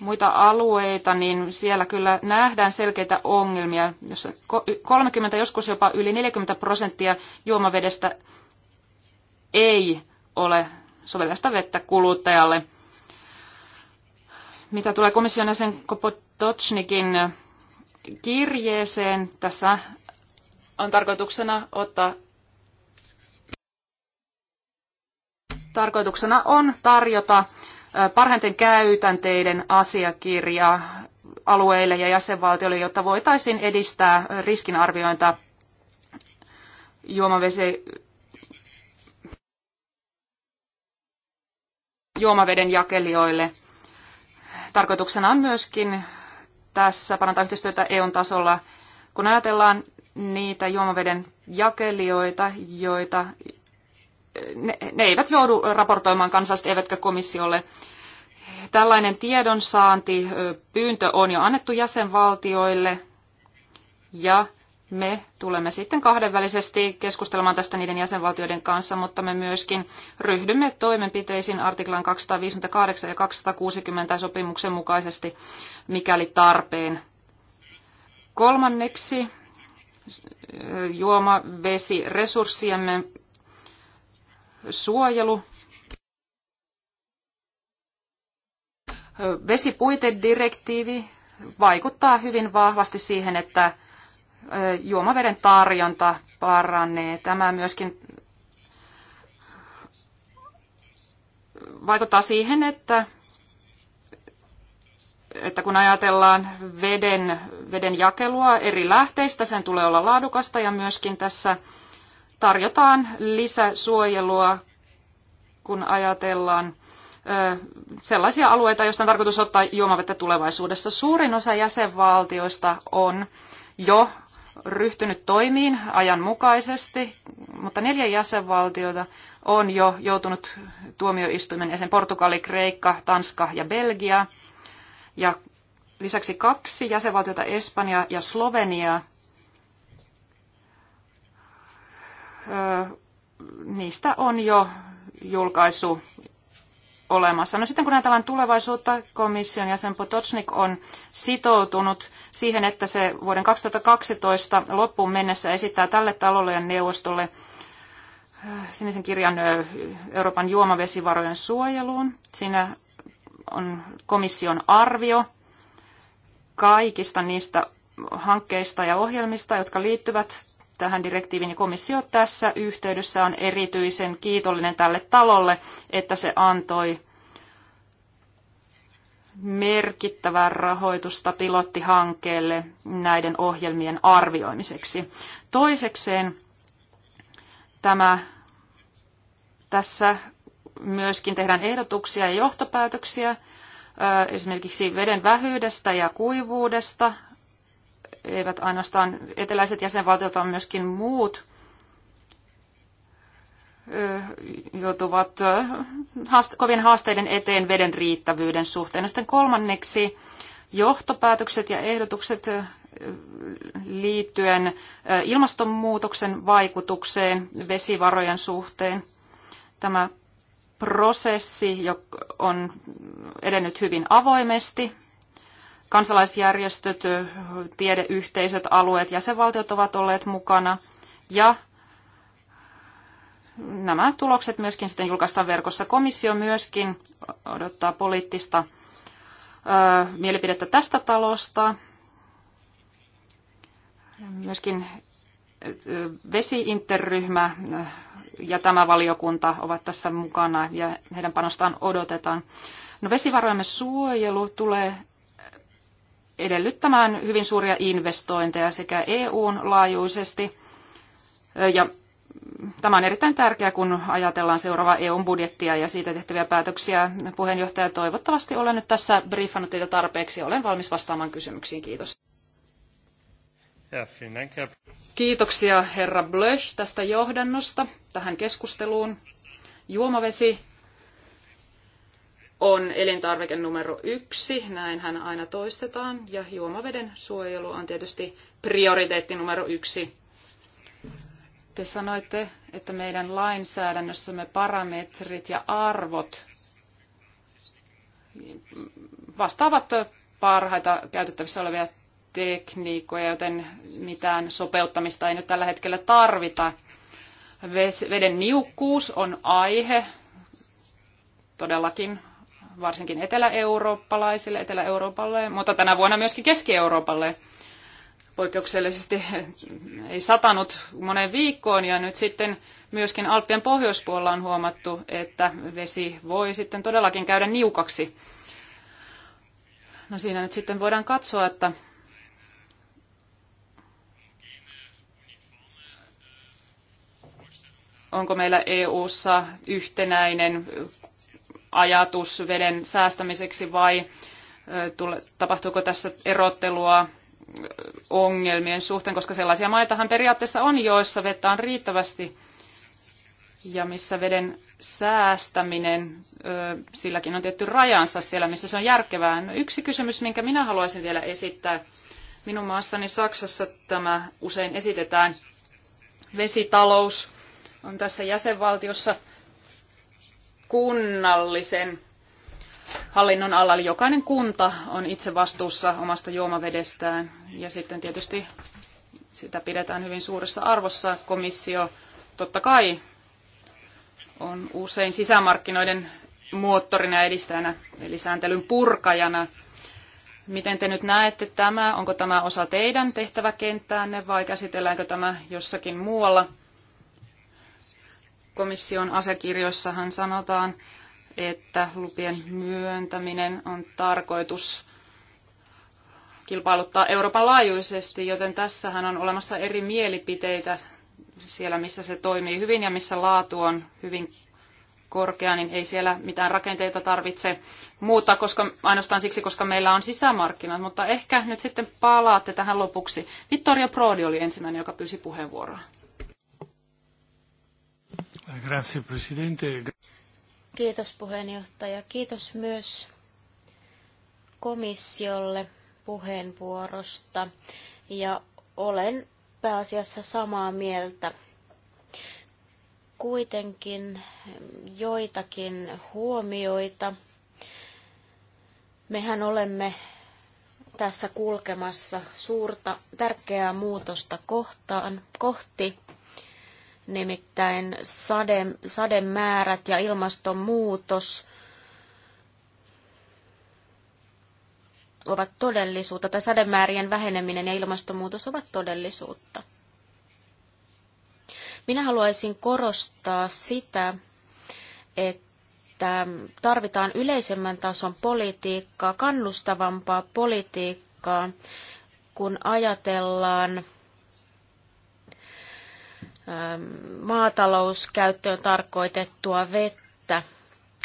Speaker 2: muita alueita, niin siellä kyllä nähdään selkeitä ongelmia, jossa 30, joskus jopa yli 40 prosenttia juomavedestä ei ole sovellasta vettä kuluttajalle. Mitä tulee komission jäsen Kopotocnikin kirjeeseen, tässä on tarkoituksena ottaa Tarkoituksena on tarjota parhaiten käytänteiden asiakirja alueille ja jäsenvaltioille, jotta voitaisiin edistää riskinarviointa juomavesi, juomaveden jakelijoille. Tarkoituksena on myöskin tässä parantaa yhteistyötä EUn tasolla, kun ajatellaan niitä juomaveden jakelijoita, joita ne, ne eivät joudu raportoimaan kansallisesti eivätkä komissiolle. Tällainen tiedonsaanti pyyntö on jo annettu jäsenvaltioille ja me tulemme sitten kahdenvälisesti keskustelemaan tästä niiden jäsenvaltioiden kanssa, mutta me myöskin ryhdymme toimenpiteisiin artiklan 258 ja 260 sopimuksen mukaisesti, mikäli tarpeen. Kolmanneksi juomavesiresurssiemme suojelu. Vesipuitedirektiivi vaikuttaa hyvin vahvasti siihen, että juomaveden tarjonta paranee. Tämä myöskin vaikuttaa siihen, että, että kun ajatellaan veden, veden jakelua eri lähteistä, sen tulee olla laadukasta ja myöskin tässä tarjotaan lisäsuojelua, kun ajatellaan sellaisia alueita, joista on tarkoitus ottaa juomavettä tulevaisuudessa. Suurin osa jäsenvaltioista on jo ryhtynyt toimiin ajanmukaisesti, mutta neljä jäsenvaltiota on jo joutunut tuomioistuimen jäsen Portugali, Kreikka, Tanska ja Belgia. Ja lisäksi kaksi jäsenvaltiota Espanja ja Slovenia. Öö, niistä on jo julkaisu olemassa. No sitten kun ajatellaan tulevaisuutta, komission jäsen Potocnik on sitoutunut siihen, että se vuoden 2012 loppuun mennessä esittää tälle talolle ja neuvostolle äh, sinisen kirjan Euroopan juomavesivarojen suojeluun. Siinä on komission arvio kaikista niistä hankkeista ja ohjelmista, jotka liittyvät tähän direktiiviin, niin komissio tässä yhteydessä on erityisen kiitollinen tälle talolle, että se antoi merkittävää rahoitusta pilottihankkeelle näiden ohjelmien arvioimiseksi. Toisekseen tämä, tässä myöskin tehdään ehdotuksia ja johtopäätöksiä esimerkiksi veden vähyydestä ja kuivuudesta, eivät ainoastaan eteläiset jäsenvaltiot, vaan myöskin muut joutuvat kovien haasteiden eteen veden riittävyyden suhteen. No sitten kolmanneksi johtopäätökset ja ehdotukset liittyen ilmastonmuutoksen vaikutukseen vesivarojen suhteen. Tämä prosessi on edennyt hyvin avoimesti kansalaisjärjestöt, tiedeyhteisöt, alueet, jäsenvaltiot ovat olleet mukana. Ja nämä tulokset myöskin sitten julkaistaan verkossa. Komissio myöskin odottaa poliittista ö, mielipidettä tästä talosta. Myöskin vesiinterryhmä ja tämä valiokunta ovat tässä mukana ja heidän panostaan odotetaan. No, vesivarojamme suojelu tulee edellyttämään hyvin suuria investointeja sekä EUn laajuisesti. Ja tämä on erittäin tärkeää, kun ajatellaan seuraavaa EUn budjettia ja siitä tehtäviä päätöksiä. Puheenjohtaja, toivottavasti olen nyt tässä briefannut teitä tarpeeksi. Olen valmis vastaamaan kysymyksiin. Kiitos. Kiitoksia herra Blöch tästä johdannosta tähän keskusteluun. Juomavesi on elintarvike numero yksi, näin hän aina toistetaan, ja juomaveden suojelu on tietysti prioriteetti numero yksi. Te sanoitte, että meidän lainsäädännössämme parametrit ja arvot vastaavat parhaita käytettävissä olevia tekniikoja, joten mitään sopeuttamista ei nyt tällä hetkellä tarvita. Veden niukkuus on aihe todellakin varsinkin etelä-eurooppalaisille, etelä-euroopalle, mutta tänä vuonna myöskin keski-euroopalle. Poikkeuksellisesti ei satanut moneen viikkoon ja nyt sitten myöskin Alppien pohjoispuolella on huomattu, että vesi voi sitten todellakin käydä niukaksi. No siinä nyt sitten voidaan katsoa, että onko meillä EU:ssa yhtenäinen ajatus veden säästämiseksi vai tapahtuuko tässä erottelua ongelmien suhteen, koska sellaisia maitahan periaatteessa on, joissa vettä on riittävästi ja missä veden säästäminen, silläkin on tietty rajansa siellä, missä se on järkevää. No yksi kysymys, minkä minä haluaisin vielä esittää. Minun maassani Saksassa tämä usein esitetään. Vesitalous on tässä jäsenvaltiossa – kunnallisen hallinnon Eli Jokainen kunta on itse vastuussa omasta juomavedestään ja sitten tietysti sitä pidetään hyvin suuressa arvossa. Komissio totta kai on usein sisämarkkinoiden moottorina edistäjänä, eli sääntelyn purkajana. Miten te nyt näette tämä? Onko tämä osa teidän tehtäväkenttäänne vai käsitelläänkö tämä jossakin muualla? komission asiakirjoissahan sanotaan, että lupien myöntäminen on tarkoitus kilpailuttaa Euroopan laajuisesti, joten tässähän on olemassa eri mielipiteitä siellä, missä se toimii hyvin ja missä laatu on hyvin korkea, niin ei siellä mitään rakenteita tarvitse muuttaa, koska, ainoastaan siksi, koska meillä on sisämarkkinat. Mutta ehkä nyt sitten palaatte tähän lopuksi. Vittorio Prodi oli ensimmäinen, joka pyysi puheenvuoroa.
Speaker 1: Grazie, presidente.
Speaker 3: Kiitos puheenjohtaja. Kiitos myös komissiolle puheenvuorosta ja olen pääasiassa samaa mieltä. Kuitenkin joitakin huomioita. Mehän olemme tässä kulkemassa suurta tärkeää muutosta kohtaan, kohti nimittäin sade, sademäärät ja ilmastonmuutos ovat todellisuutta, tai sademäärien väheneminen ja ilmastonmuutos ovat todellisuutta. Minä haluaisin korostaa sitä, että tarvitaan yleisemmän tason politiikkaa, kannustavampaa politiikkaa, kun ajatellaan Ähm, maatalouskäyttöön tarkoitettua vettä,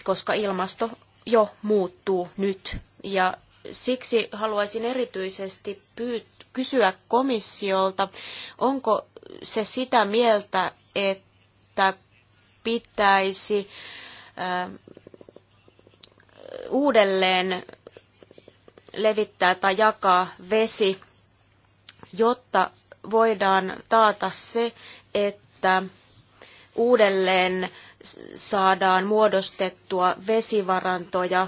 Speaker 3: koska ilmasto jo muuttuu nyt. Ja siksi haluaisin erityisesti pyyt- kysyä komissiolta, onko se sitä mieltä, että pitäisi ähm, uudelleen levittää tai jakaa vesi, jotta voidaan taata se, että uudelleen saadaan muodostettua vesivarantoja,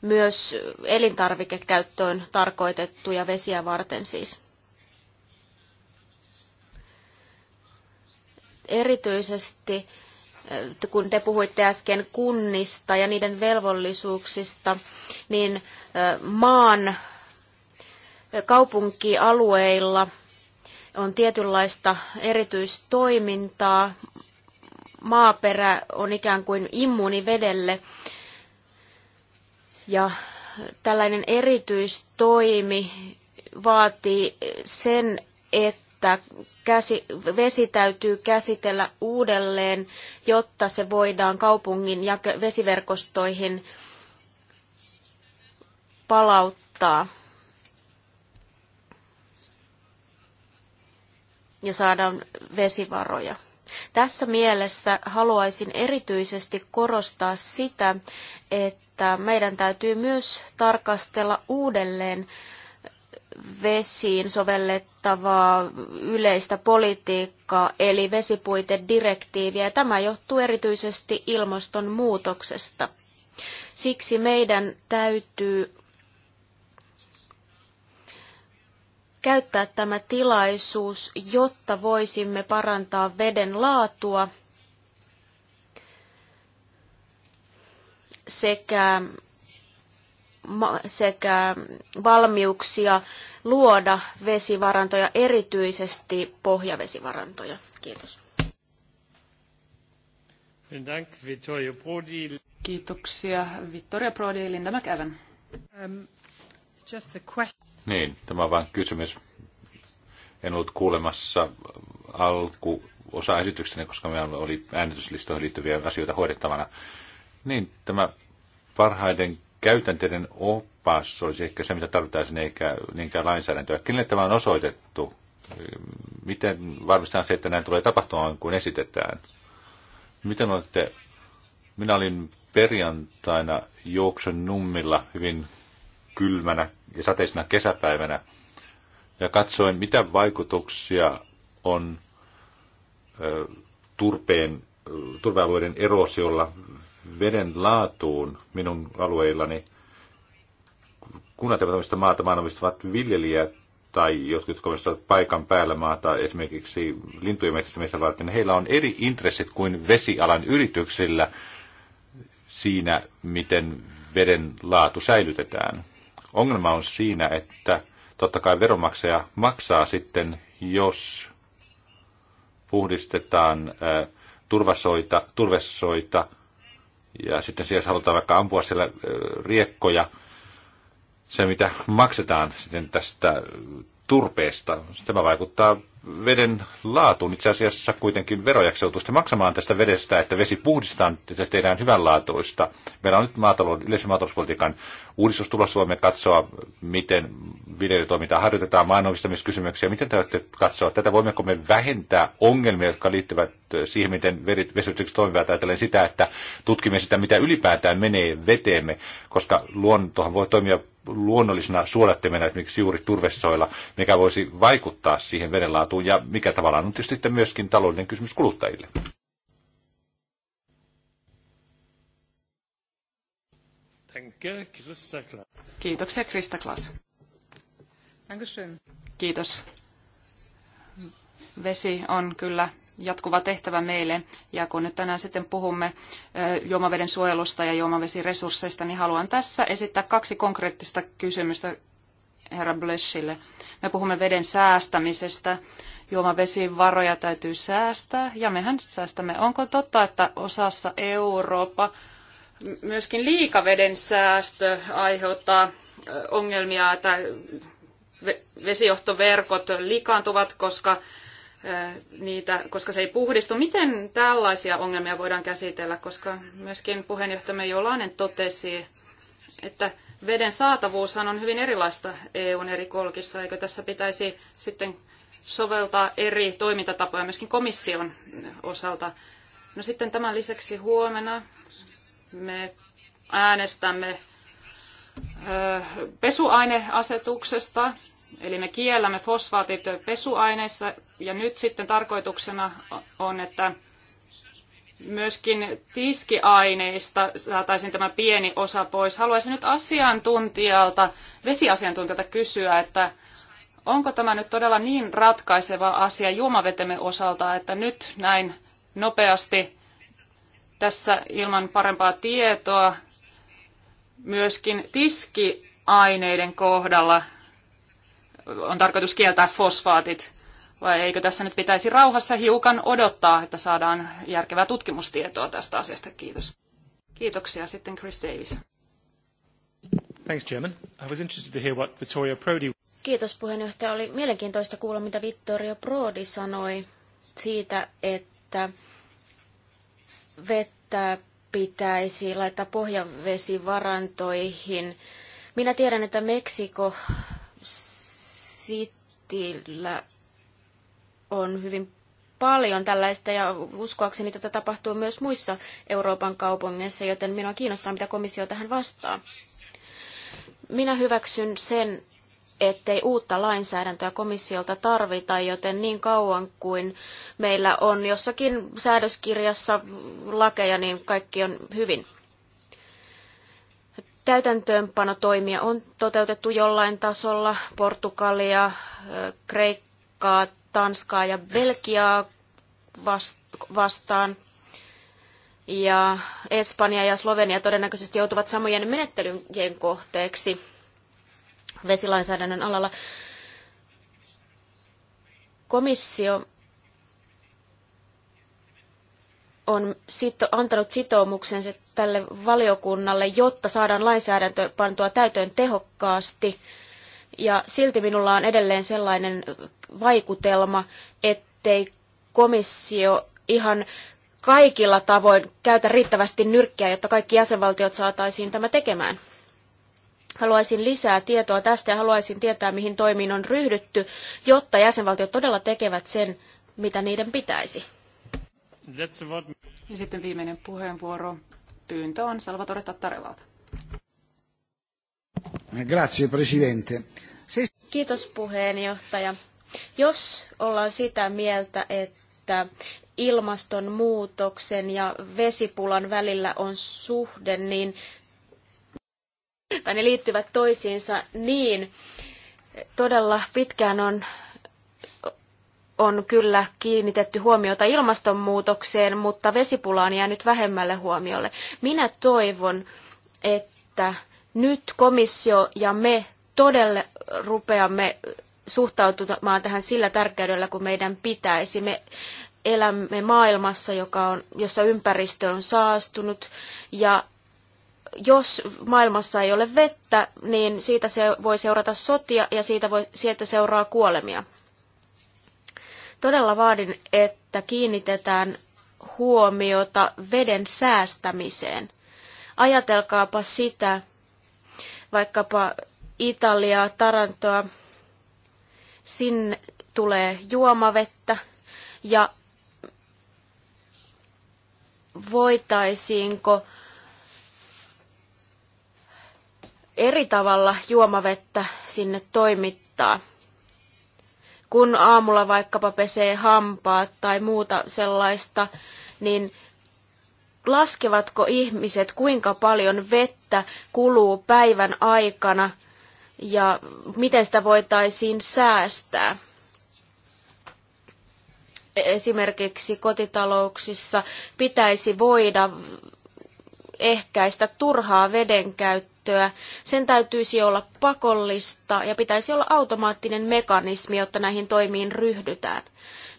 Speaker 3: myös elintarvikekäyttöön tarkoitettuja vesiä varten siis. Erityisesti eh, kun te puhuitte äsken kunnista ja niiden velvollisuuksista, niin eh, maan kaupunkialueilla – on tietynlaista erityistoimintaa. Maaperä on ikään kuin immuuni vedelle. Ja tällainen erityistoimi vaatii sen, että käsi, vesi täytyy käsitellä uudelleen, jotta se voidaan kaupungin ja vesiverkostoihin palauttaa. ja saadaan vesivaroja. Tässä mielessä haluaisin erityisesti korostaa sitä, että meidän täytyy myös tarkastella uudelleen vesiin sovellettavaa yleistä politiikkaa, eli vesipuitedirektiiviä. Tämä johtuu erityisesti ilmastonmuutoksesta. Siksi meidän täytyy käyttää tämä tilaisuus, jotta voisimme parantaa veden laatua sekä, sekä valmiuksia luoda vesivarantoja, erityisesti pohjavesivarantoja. Kiitos.
Speaker 2: Kiitoksia Vittoria Prodi ja Linda McEwan. Um, just a question.
Speaker 1: Niin, tämä on vain kysymys. En ollut kuulemassa alku osa esityksestä, koska meillä oli äänityslistoihin liittyviä asioita hoidettavana. Niin, tämä parhaiden käytänteiden oppaas olisi ehkä se, mitä tarvitaan, eikä niinkään lainsäädäntöä. Kenelle tämä on osoitettu? Miten varmistetaan se, että näin tulee tapahtumaan, kun esitetään? Miten olette... Minä olin perjantaina Juoksen nummilla hyvin kylmänä ja sateisena kesäpäivänä ja katsoin, mitä vaikutuksia on turpeen, turvealueiden erosiolla veden laatuun minun alueillani. Kunnat eivät omista maata, maan omistavat viljelijät tai jotkut, jotka omistavat paikan päällä maata esimerkiksi lintujen metsästämistä varten, heillä on eri intressit kuin vesialan yrityksillä siinä, miten veden laatu säilytetään. Ongelma on siinä, että totta kai veronmaksaja maksaa sitten, jos puhdistetaan turvasoita, turvesoita ja sitten siellä halutaan vaikka ampua siellä riekkoja. Se, mitä maksetaan sitten tästä turpeesta, tämä vaikuttaa veden laatuun. Itse asiassa kuitenkin verojaksi joutuu maksamaan tästä vedestä, että vesi puhdistetaan että tehdään hyvänlaatuista. Meillä on nyt maatalouden, yleisen maatalouspolitiikan uudistus tulossa. Voimme katsoa, miten viljelytoimintaa harjoitetaan, maanomistamiskysymyksiä. Miten te olette katsoa tätä? Voimmeko me vähentää ongelmia, jotka liittyvät siihen, miten vesiyritykset toimivat? Ajatellen sitä, että tutkimme sitä, mitä ylipäätään menee veteemme, koska luontohan voi toimia luonnollisena suodattimena esimerkiksi juuri turvesoilla, mikä voisi vaikuttaa siihen vedenlaatuun tapahtuu ja mikä tavallaan on tietysti sitten myöskin taloudellinen kysymys kuluttajille.
Speaker 2: Kiitoksia, Krista Klaas. Kiitos. Vesi on kyllä jatkuva tehtävä meille. Ja kun nyt tänään sitten puhumme juomaveden suojelusta ja juomavesiresursseista, niin haluan tässä esittää kaksi konkreettista kysymystä herra Blessille. Me puhumme veden säästämisestä, juomavesiin varoja täytyy säästää ja mehän säästämme. Onko totta, että osassa Eurooppa myöskin liikaveden säästö aiheuttaa ongelmia, että vesijohtoverkot likaantuvat, koska niitä, koska se ei puhdistu. Miten tällaisia ongelmia voidaan käsitellä, koska myöskin puheenjohtajamme Jolainen totesi, että veden saatavuushan on hyvin erilaista EUn eri kolkissa. Eikö tässä pitäisi sitten soveltaa eri toimintatapoja myöskin komission osalta? No sitten tämän lisäksi huomenna me äänestämme pesuaineasetuksesta, eli me kiellämme fosfaatit pesuaineissa, ja nyt sitten tarkoituksena on, että myöskin tiskiaineista saataisiin tämä pieni osa pois. Haluaisin nyt asiantuntijalta, vesiasiantuntijalta kysyä, että onko tämä nyt todella niin ratkaiseva asia juomavetemme osalta, että nyt näin nopeasti tässä ilman parempaa tietoa myöskin tiskiaineiden kohdalla on tarkoitus kieltää fosfaatit. Vai eikö tässä nyt pitäisi rauhassa hiukan odottaa, että saadaan järkevää tutkimustietoa tästä asiasta? Kiitos. Kiitoksia. Sitten Chris Davis.
Speaker 1: Thanks, Chairman. I was interested to hear what Victoria Prodi...
Speaker 3: Kiitos puheenjohtaja. Oli mielenkiintoista kuulla, mitä Vittorio Prodi sanoi siitä, että vettä pitäisi laittaa pohjavesivarantoihin. Minä tiedän, että Meksiko Cityllä on hyvin paljon tällaista ja uskoakseni tätä tapahtuu myös muissa Euroopan kaupungeissa, joten minua kiinnostaa, mitä komissio tähän vastaa. Minä hyväksyn sen, ettei uutta lainsäädäntöä komissiolta tarvita, joten niin kauan kuin meillä on jossakin säädöskirjassa lakeja, niin kaikki on hyvin. Täytäntöönpanotoimia on toteutettu jollain tasolla. Portugalia, Kreikkaa Tanskaa ja Belgiaa vastaan. Ja Espanja ja Slovenia todennäköisesti joutuvat samojen menettelyjen kohteeksi vesilainsäädännön alalla. Komissio on sito, antanut sitoumuksen tälle valiokunnalle, jotta saadaan lainsäädäntö pantua täytöön tehokkaasti – ja silti minulla on edelleen sellainen vaikutelma, ettei komissio ihan kaikilla tavoin käytä riittävästi nyrkkiä, jotta kaikki jäsenvaltiot saataisiin tämä tekemään. Haluaisin lisää tietoa tästä ja haluaisin tietää, mihin toimiin on ryhdytty, jotta jäsenvaltiot todella tekevät sen, mitä niiden pitäisi.
Speaker 2: Ja sitten viimeinen puheenvuoro. Pyyntö on Salvatore
Speaker 3: Tattarelalta. Grazie, Presidente. Kiitos puheenjohtaja. Jos ollaan sitä mieltä, että ilmastonmuutoksen ja vesipulan välillä on suhde, niin tai ne liittyvät toisiinsa, niin todella pitkään on, on kyllä kiinnitetty huomiota ilmastonmuutokseen, mutta vesipula on jäänyt vähemmälle huomiolle. Minä toivon, että nyt komissio ja me todella rupeamme suhtautumaan tähän sillä tärkeydellä, kun meidän pitäisi. Me elämme maailmassa, joka on, jossa ympäristö on saastunut ja jos maailmassa ei ole vettä, niin siitä se voi seurata sotia ja siitä voi, sieltä seuraa kuolemia. Todella vaadin, että kiinnitetään huomiota veden säästämiseen. Ajatelkaapa sitä, vaikkapa Italiaa, Tarantoa. Sinne tulee juomavettä ja voitaisiinko eri tavalla juomavettä sinne toimittaa. Kun aamulla vaikkapa pesee hampaat tai muuta sellaista, niin laskevatko ihmiset, kuinka paljon vettä kuluu päivän aikana – ja miten sitä voitaisiin säästää. Esimerkiksi kotitalouksissa pitäisi voida ehkäistä turhaa vedenkäyttöä. Sen täytyisi olla pakollista ja pitäisi olla automaattinen mekanismi, jotta näihin toimiin ryhdytään.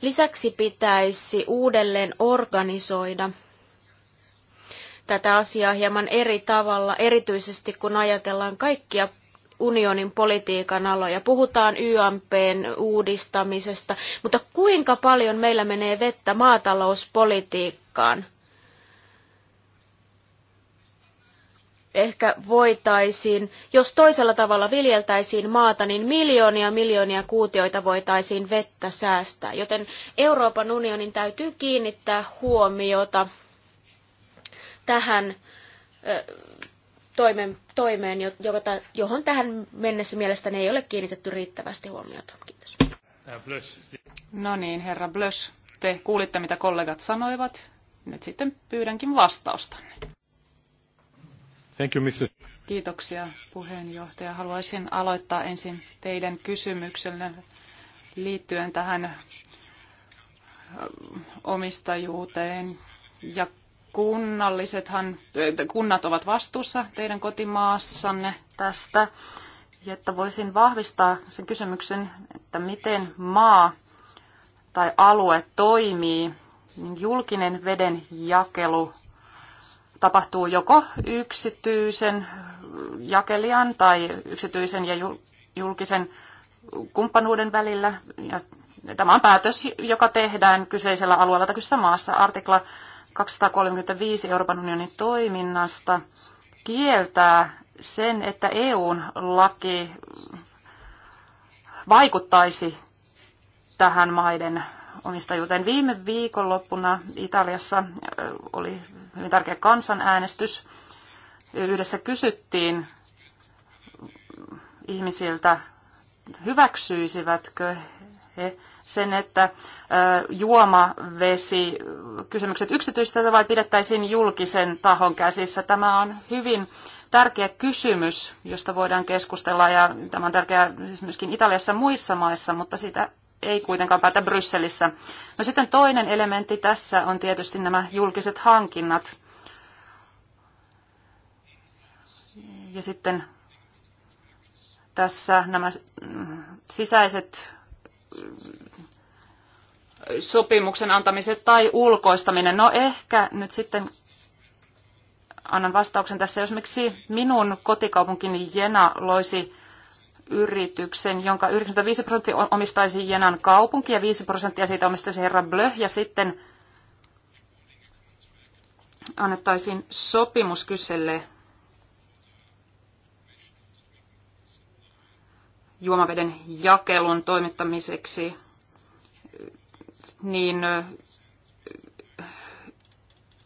Speaker 3: Lisäksi pitäisi uudelleen organisoida tätä asiaa hieman eri tavalla, erityisesti kun ajatellaan kaikkia unionin politiikan aloja. Puhutaan YMPn uudistamisesta, mutta kuinka paljon meillä menee vettä maatalouspolitiikkaan? Ehkä voitaisiin, jos toisella tavalla viljeltäisiin maata, niin miljoonia miljoonia kuutioita voitaisiin vettä säästää. Joten Euroopan unionin täytyy kiinnittää huomiota tähän toimeen, toimeen johon tähän mennessä mielestäni ei ole kiinnitetty riittävästi huomiota. Kiitos.
Speaker 2: No niin, herra Blösch, te kuulitte mitä kollegat sanoivat. Nyt sitten pyydänkin vastaustanne.
Speaker 1: Thank you, Mr.
Speaker 2: Kiitoksia puheenjohtaja. Haluaisin aloittaa ensin teidän kysymyksenne liittyen tähän omistajuuteen ja kunnallisethan, kunnat ovat vastuussa teidän kotimaassanne tästä, jotta voisin vahvistaa sen kysymyksen, että miten maa tai alue toimii, niin julkinen veden jakelu tapahtuu joko yksityisen jakelijan tai yksityisen ja julkisen kumppanuuden välillä. Ja tämä on päätös, joka tehdään kyseisellä alueella tai kyseisessä maassa. Artikla 235 Euroopan unionin toiminnasta kieltää sen, että EUn laki vaikuttaisi tähän maiden omistajuuteen. Viime viikonloppuna Italiassa oli hyvin tärkeä kansanäänestys. Yhdessä kysyttiin ihmisiltä, hyväksyisivätkö he sen, että juomavesi kysymykset yksityistä vai pidettäisiin julkisen tahon käsissä. Tämä on hyvin tärkeä kysymys, josta voidaan keskustella ja tämä on tärkeää siis myöskin Italiassa ja muissa maissa, mutta sitä ei kuitenkaan päätä Brysselissä. No sitten toinen elementti tässä on tietysti nämä julkiset hankinnat. Ja sitten tässä nämä sisäiset sopimuksen antamiset tai ulkoistaminen. No ehkä nyt sitten annan vastauksen tässä, jos miksi minun kotikaupunkini Jena loisi yrityksen, jonka 95 prosenttia omistaisi Jenan kaupunki ja 5 prosenttia siitä omistaisi herra Blöh ja sitten annettaisiin sopimus kyselle juomaveden jakelun toimittamiseksi niin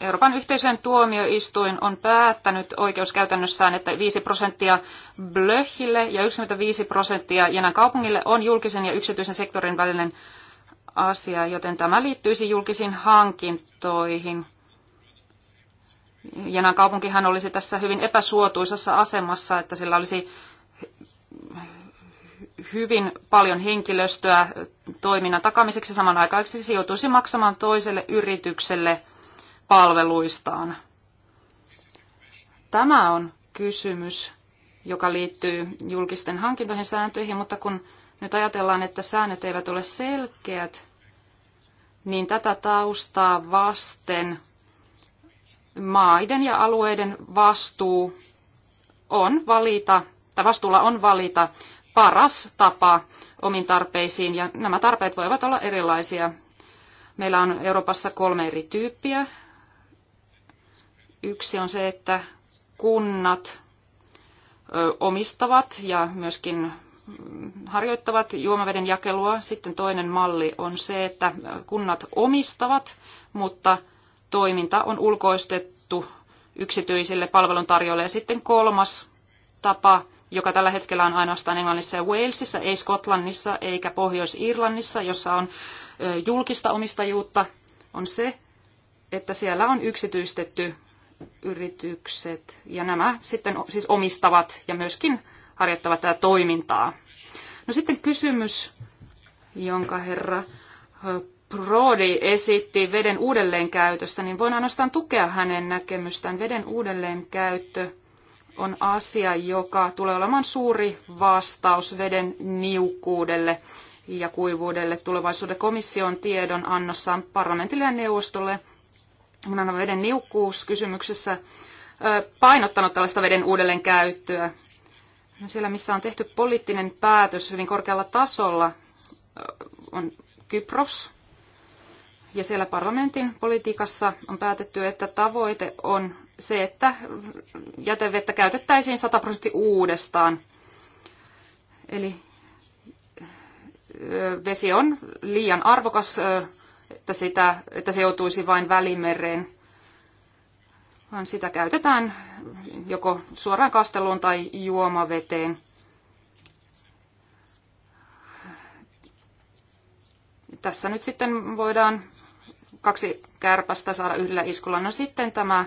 Speaker 2: Euroopan yhteisön tuomioistuin on päättänyt oikeuskäytännössään, että 5 prosenttia Blöchille ja 95 prosenttia Jenan kaupungille on julkisen ja yksityisen sektorin välinen asia, joten tämä liittyisi julkisiin hankintoihin. Jenan kaupunkihan olisi tässä hyvin epäsuotuisassa asemassa, että sillä olisi hyvin paljon henkilöstöä toiminnan takamiseksi samanaikaisesti se joutuisi maksamaan toiselle yritykselle palveluistaan. Tämä on kysymys, joka liittyy julkisten hankintojen sääntöihin, mutta kun nyt ajatellaan, että säännöt eivät ole selkeät, niin tätä taustaa vasten maiden ja alueiden vastuu on valita, tai vastuulla on valita, paras tapa omiin tarpeisiin, ja nämä tarpeet voivat olla erilaisia. Meillä on Euroopassa kolme eri tyyppiä. Yksi on se, että kunnat omistavat ja myöskin mm, harjoittavat juomaveden jakelua. Sitten toinen malli on se, että kunnat omistavat, mutta toiminta on ulkoistettu yksityisille palveluntarjoajille. Ja sitten kolmas tapa joka tällä hetkellä on ainoastaan Englannissa ja Walesissa, ei Skotlannissa eikä Pohjois-Irlannissa, jossa on julkista omistajuutta, on se, että siellä on yksityistetty yritykset ja nämä sitten siis omistavat ja myöskin harjoittavat tätä toimintaa. No sitten kysymys, jonka herra Prodi esitti veden uudelleenkäytöstä, niin voin ainoastaan tukea hänen näkemystään. Veden uudelleenkäyttö on asia, joka tulee olemaan suuri vastaus veden niukkuudelle ja kuivuudelle tulevaisuuden komission tiedon annossaan parlamentille ja neuvostolle. on veden niukkuus kysymyksessä painottanut tällaista veden uudelleenkäyttöä. No, siellä, missä on tehty poliittinen päätös hyvin korkealla tasolla, on Kypros. Ja siellä parlamentin politiikassa on päätetty, että tavoite on se, että jätevettä käytettäisiin 100 prosenttia uudestaan. Eli vesi on liian arvokas, että, sitä, että se joutuisi vain välimereen, vaan sitä käytetään joko suoraan kasteluun tai juomaveteen. Tässä nyt sitten voidaan kaksi kärpästä saada yhdellä iskulla. No sitten tämä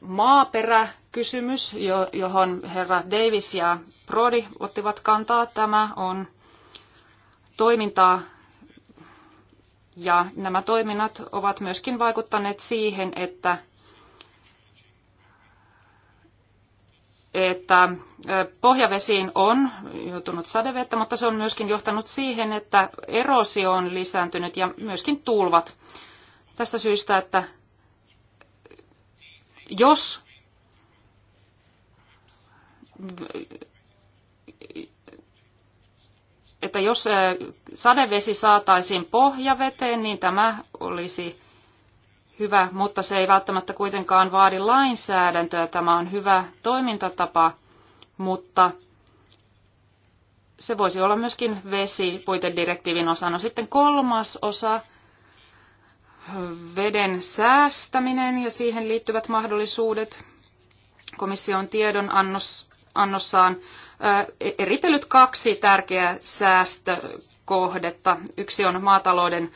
Speaker 2: maaperäkysymys, johon herra Davis ja Prodi ottivat kantaa. Tämä on toimintaa ja nämä toiminnat ovat myöskin vaikuttaneet siihen, että, että pohjavesiin on joutunut sadevettä, mutta se on myöskin johtanut siihen, että erosio on lisääntynyt ja myöskin tulvat. Tästä syystä, että jos että jos sadevesi saataisiin pohjaveteen, niin tämä olisi hyvä, mutta se ei välttämättä kuitenkaan vaadi lainsäädäntöä. Tämä on hyvä toimintatapa, mutta se voisi olla myöskin vesi puitedirektiivin osana. Sitten kolmas osa veden säästäminen ja siihen liittyvät mahdollisuudet. Komission tiedon annossaan e-, eritellyt kaksi tärkeää säästökohdetta. Yksi on maatalouden,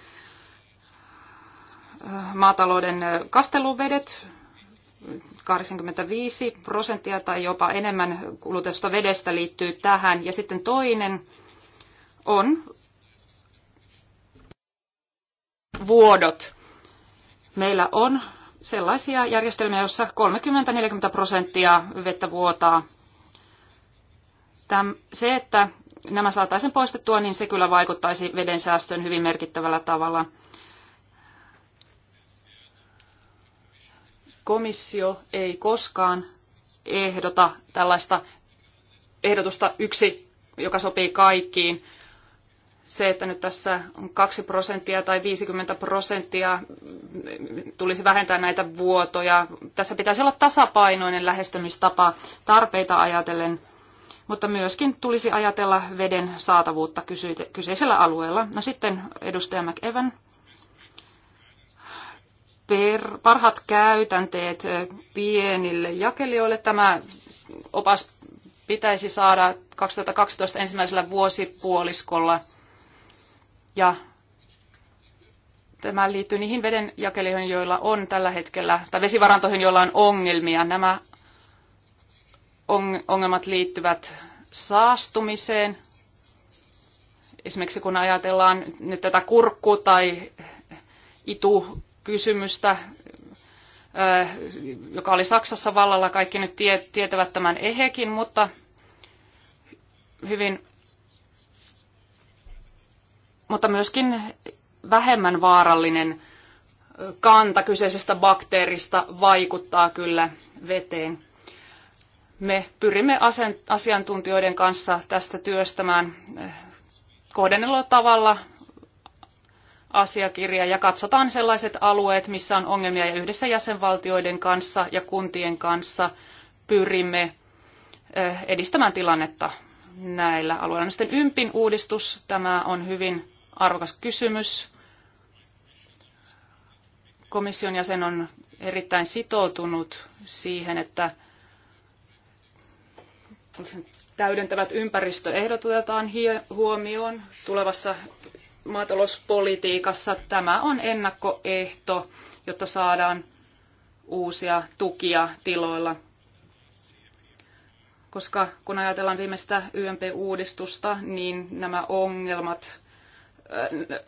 Speaker 2: maatalouden kasteluvedet, 85 prosenttia tai jopa enemmän kulutetusta vedestä liittyy tähän. Ja sitten toinen on vuodot meillä on sellaisia järjestelmiä, joissa 30-40 prosenttia vettä vuotaa. Täm, se, että nämä saataisiin poistettua, niin se kyllä vaikuttaisi veden säästöön hyvin merkittävällä tavalla. Komissio ei koskaan ehdota tällaista ehdotusta yksi, joka sopii kaikkiin se, että nyt tässä on 2 prosenttia tai 50 prosenttia tulisi vähentää näitä vuotoja. Tässä pitäisi olla tasapainoinen lähestymistapa tarpeita ajatellen, mutta myöskin tulisi ajatella veden saatavuutta kyseisellä alueella. No sitten edustaja McEvan. Per, parhat käytänteet pienille jakelijoille. Tämä opas pitäisi saada 2012 ensimmäisellä vuosipuoliskolla – ja tämä liittyy niihin vedenjakelijoihin, joilla on tällä hetkellä, tai vesivarantoihin, joilla on ongelmia. Nämä ongelmat liittyvät saastumiseen. Esimerkiksi kun ajatellaan nyt tätä kurkku- tai itukysymystä, kysymystä joka oli Saksassa vallalla, kaikki nyt tietävät tämän ehekin, mutta hyvin mutta myöskin vähemmän vaarallinen kanta kyseisestä bakteerista vaikuttaa kyllä veteen. Me pyrimme asiantuntijoiden kanssa tästä työstämään eh, kohdennella tavalla asiakirja ja katsotaan sellaiset alueet, missä on ongelmia ja yhdessä jäsenvaltioiden kanssa ja kuntien kanssa pyrimme eh, edistämään tilannetta näillä alueilla. No sitten ympin uudistus, tämä on hyvin arvokas kysymys. Komission jäsen on erittäin sitoutunut siihen, että täydentävät ympäristöehdot otetaan huomioon tulevassa maatalouspolitiikassa. Tämä on ennakkoehto, jotta saadaan uusia tukia tiloilla. Koska kun ajatellaan viimeistä YMP-uudistusta, niin nämä ongelmat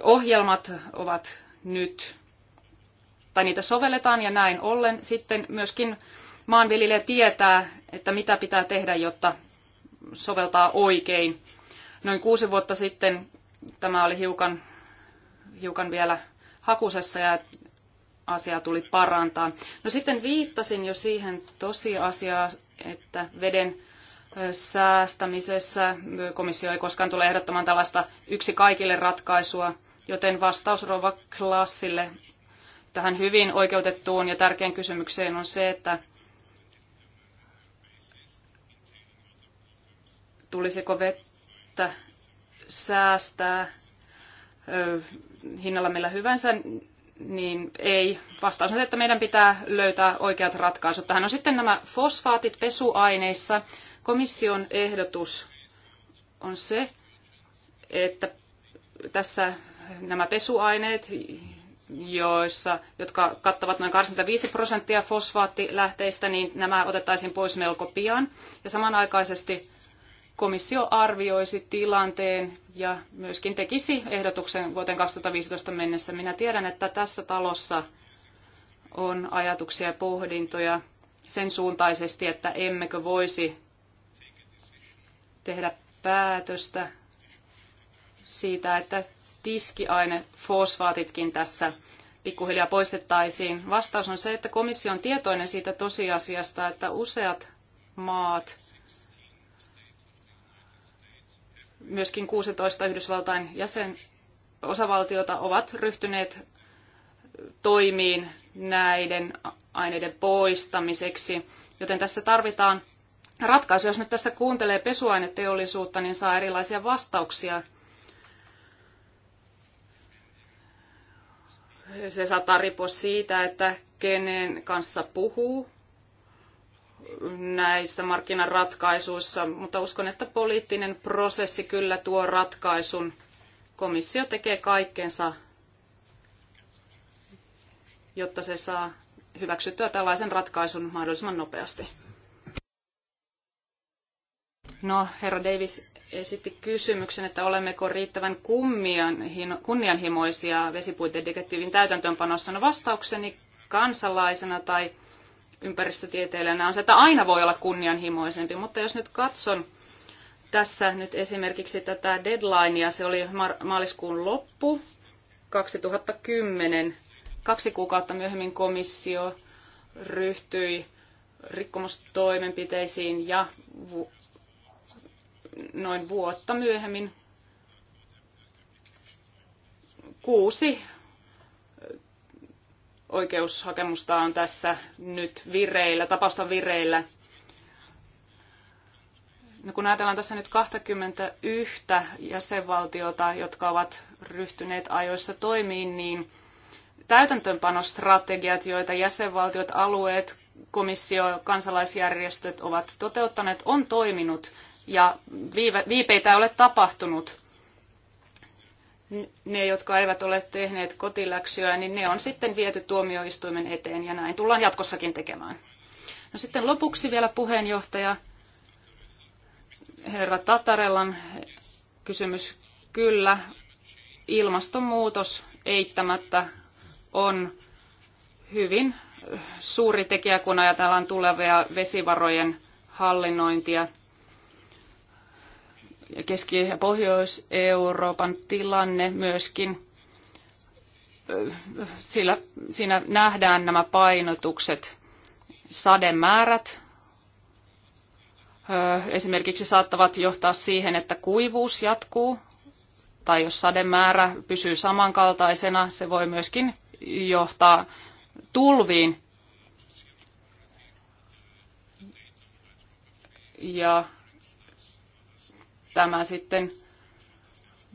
Speaker 2: ohjelmat ovat nyt, tai niitä sovelletaan ja näin ollen sitten myöskin maanviljelijä tietää, että mitä pitää tehdä, jotta soveltaa oikein. Noin kuusi vuotta sitten tämä oli hiukan, hiukan vielä hakusessa ja asiaa tuli parantaa. No sitten viittasin jo siihen tosiasiaan, että veden säästämisessä. Komissio ei koskaan tule ehdottamaan tällaista yksi kaikille ratkaisua, joten vastaus Rova Klassille tähän hyvin oikeutettuun ja tärkeän kysymykseen on se, että tulisiko vettä säästää hinnalla millä hyvänsä, niin ei. Vastaus on, että meidän pitää löytää oikeat ratkaisut. Tähän on sitten nämä fosfaatit pesuaineissa. Komission ehdotus on se, että tässä nämä pesuaineet, joissa, jotka kattavat noin 25 prosenttia fosfaattilähteistä, niin nämä otettaisiin pois melko pian. Ja samanaikaisesti komissio arvioisi tilanteen ja myöskin tekisi ehdotuksen vuoteen 2015 mennessä. Minä tiedän, että tässä talossa on ajatuksia ja pohdintoja sen suuntaisesti, että emmekö voisi tehdä päätöstä siitä, että tiskiaine fosfaatitkin tässä pikkuhiljaa poistettaisiin. Vastaus on se, että komissio on tietoinen siitä tosiasiasta, että useat maat, myöskin 16 Yhdysvaltain jäsen, osavaltiota ovat ryhtyneet toimiin näiden aineiden poistamiseksi, joten tässä tarvitaan ratkaisu. Jos nyt tässä kuuntelee pesuaineteollisuutta, niin saa erilaisia vastauksia. Se saattaa riippua siitä, että kenen kanssa puhuu näistä markkinaratkaisuissa, mutta uskon, että poliittinen prosessi kyllä tuo ratkaisun. Komissio tekee kaikkensa, jotta se saa hyväksyttyä tällaisen ratkaisun mahdollisimman nopeasti. No, herra Davis esitti kysymyksen, että olemmeko riittävän kunnianhimoisia vesipuitedirektiivin täytäntöönpanossa. No vastaukseni kansalaisena tai ympäristötieteilijänä on se, että aina voi olla kunnianhimoisempi, mutta jos nyt katson tässä nyt esimerkiksi tätä deadlinea, se oli maaliskuun loppu 2010. Kaksi kuukautta myöhemmin komissio ryhtyi rikkomustoimenpiteisiin ja noin vuotta myöhemmin kuusi oikeushakemusta on tässä nyt vireillä, tapausta vireillä. No kun ajatellaan tässä nyt 21 jäsenvaltiota, jotka ovat ryhtyneet ajoissa toimiin, niin täytäntöönpanostrategiat, joita jäsenvaltiot, alueet, komissio, kansalaisjärjestöt ovat toteuttaneet, on toiminut ja viipeitä ei ole tapahtunut. Ne, jotka eivät ole tehneet kotiläksyä, niin ne on sitten viety tuomioistuimen eteen ja näin tullaan jatkossakin tekemään. No sitten lopuksi vielä puheenjohtaja herra Tatarellan kysymys. Kyllä, ilmastonmuutos eittämättä on hyvin suuri tekijä, kun ajatellaan tulevia vesivarojen hallinnointia – Keski- ja Pohjois-Euroopan tilanne myöskin. Sillä, siinä nähdään nämä painotukset, sademäärät esimerkiksi saattavat johtaa siihen, että kuivuus jatkuu, tai jos sademäärä pysyy samankaltaisena, se voi myöskin johtaa tulviin. Ja tämä sitten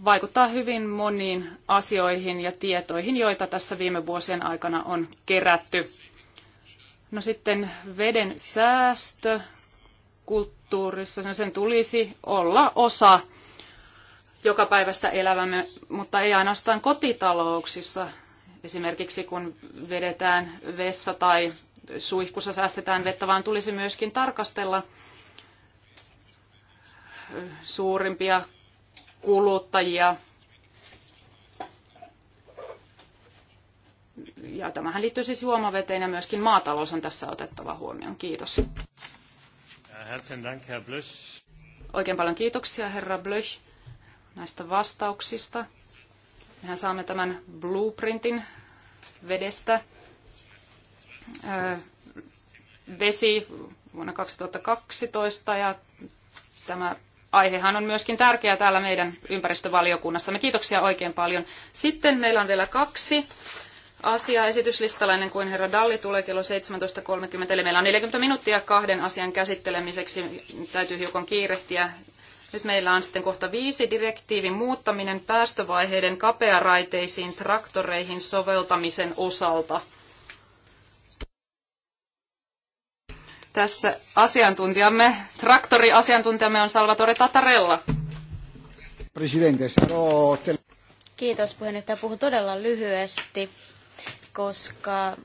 Speaker 2: vaikuttaa hyvin moniin asioihin ja tietoihin, joita tässä viime vuosien aikana on kerätty. No sitten veden säästö kulttuurissa, no sen tulisi olla osa joka päivästä elämämme, mutta ei ainoastaan kotitalouksissa. Esimerkiksi kun vedetään vessa tai suihkussa säästetään vettä, vaan tulisi myöskin tarkastella – suurimpia kuluttajia. Ja tämähän liittyy siis juomaveteen ja myöskin maatalous on tässä otettava huomioon. Kiitos. Oikein paljon kiitoksia, herra Blöch, näistä vastauksista. Mehän saamme tämän blueprintin vedestä. Vesi vuonna 2012 ja tämä aihehan on myöskin tärkeä täällä meidän ympäristövaliokunnassamme. Kiitoksia oikein paljon. Sitten meillä on vielä kaksi asiaa esityslistalainen kuin herra Dalli tulee kello 17.30. Eli meillä on 40 minuuttia kahden asian käsittelemiseksi. Täytyy hiukan kiirehtiä. Nyt meillä on sitten kohta viisi direktiivin muuttaminen päästövaiheiden kapearaiteisiin traktoreihin soveltamisen osalta. Tässä asiantuntijamme, traktoriasiantuntijamme on Salvatore Tatarella.
Speaker 3: Kiitos puheenjohtaja. Puhun todella lyhyesti, koska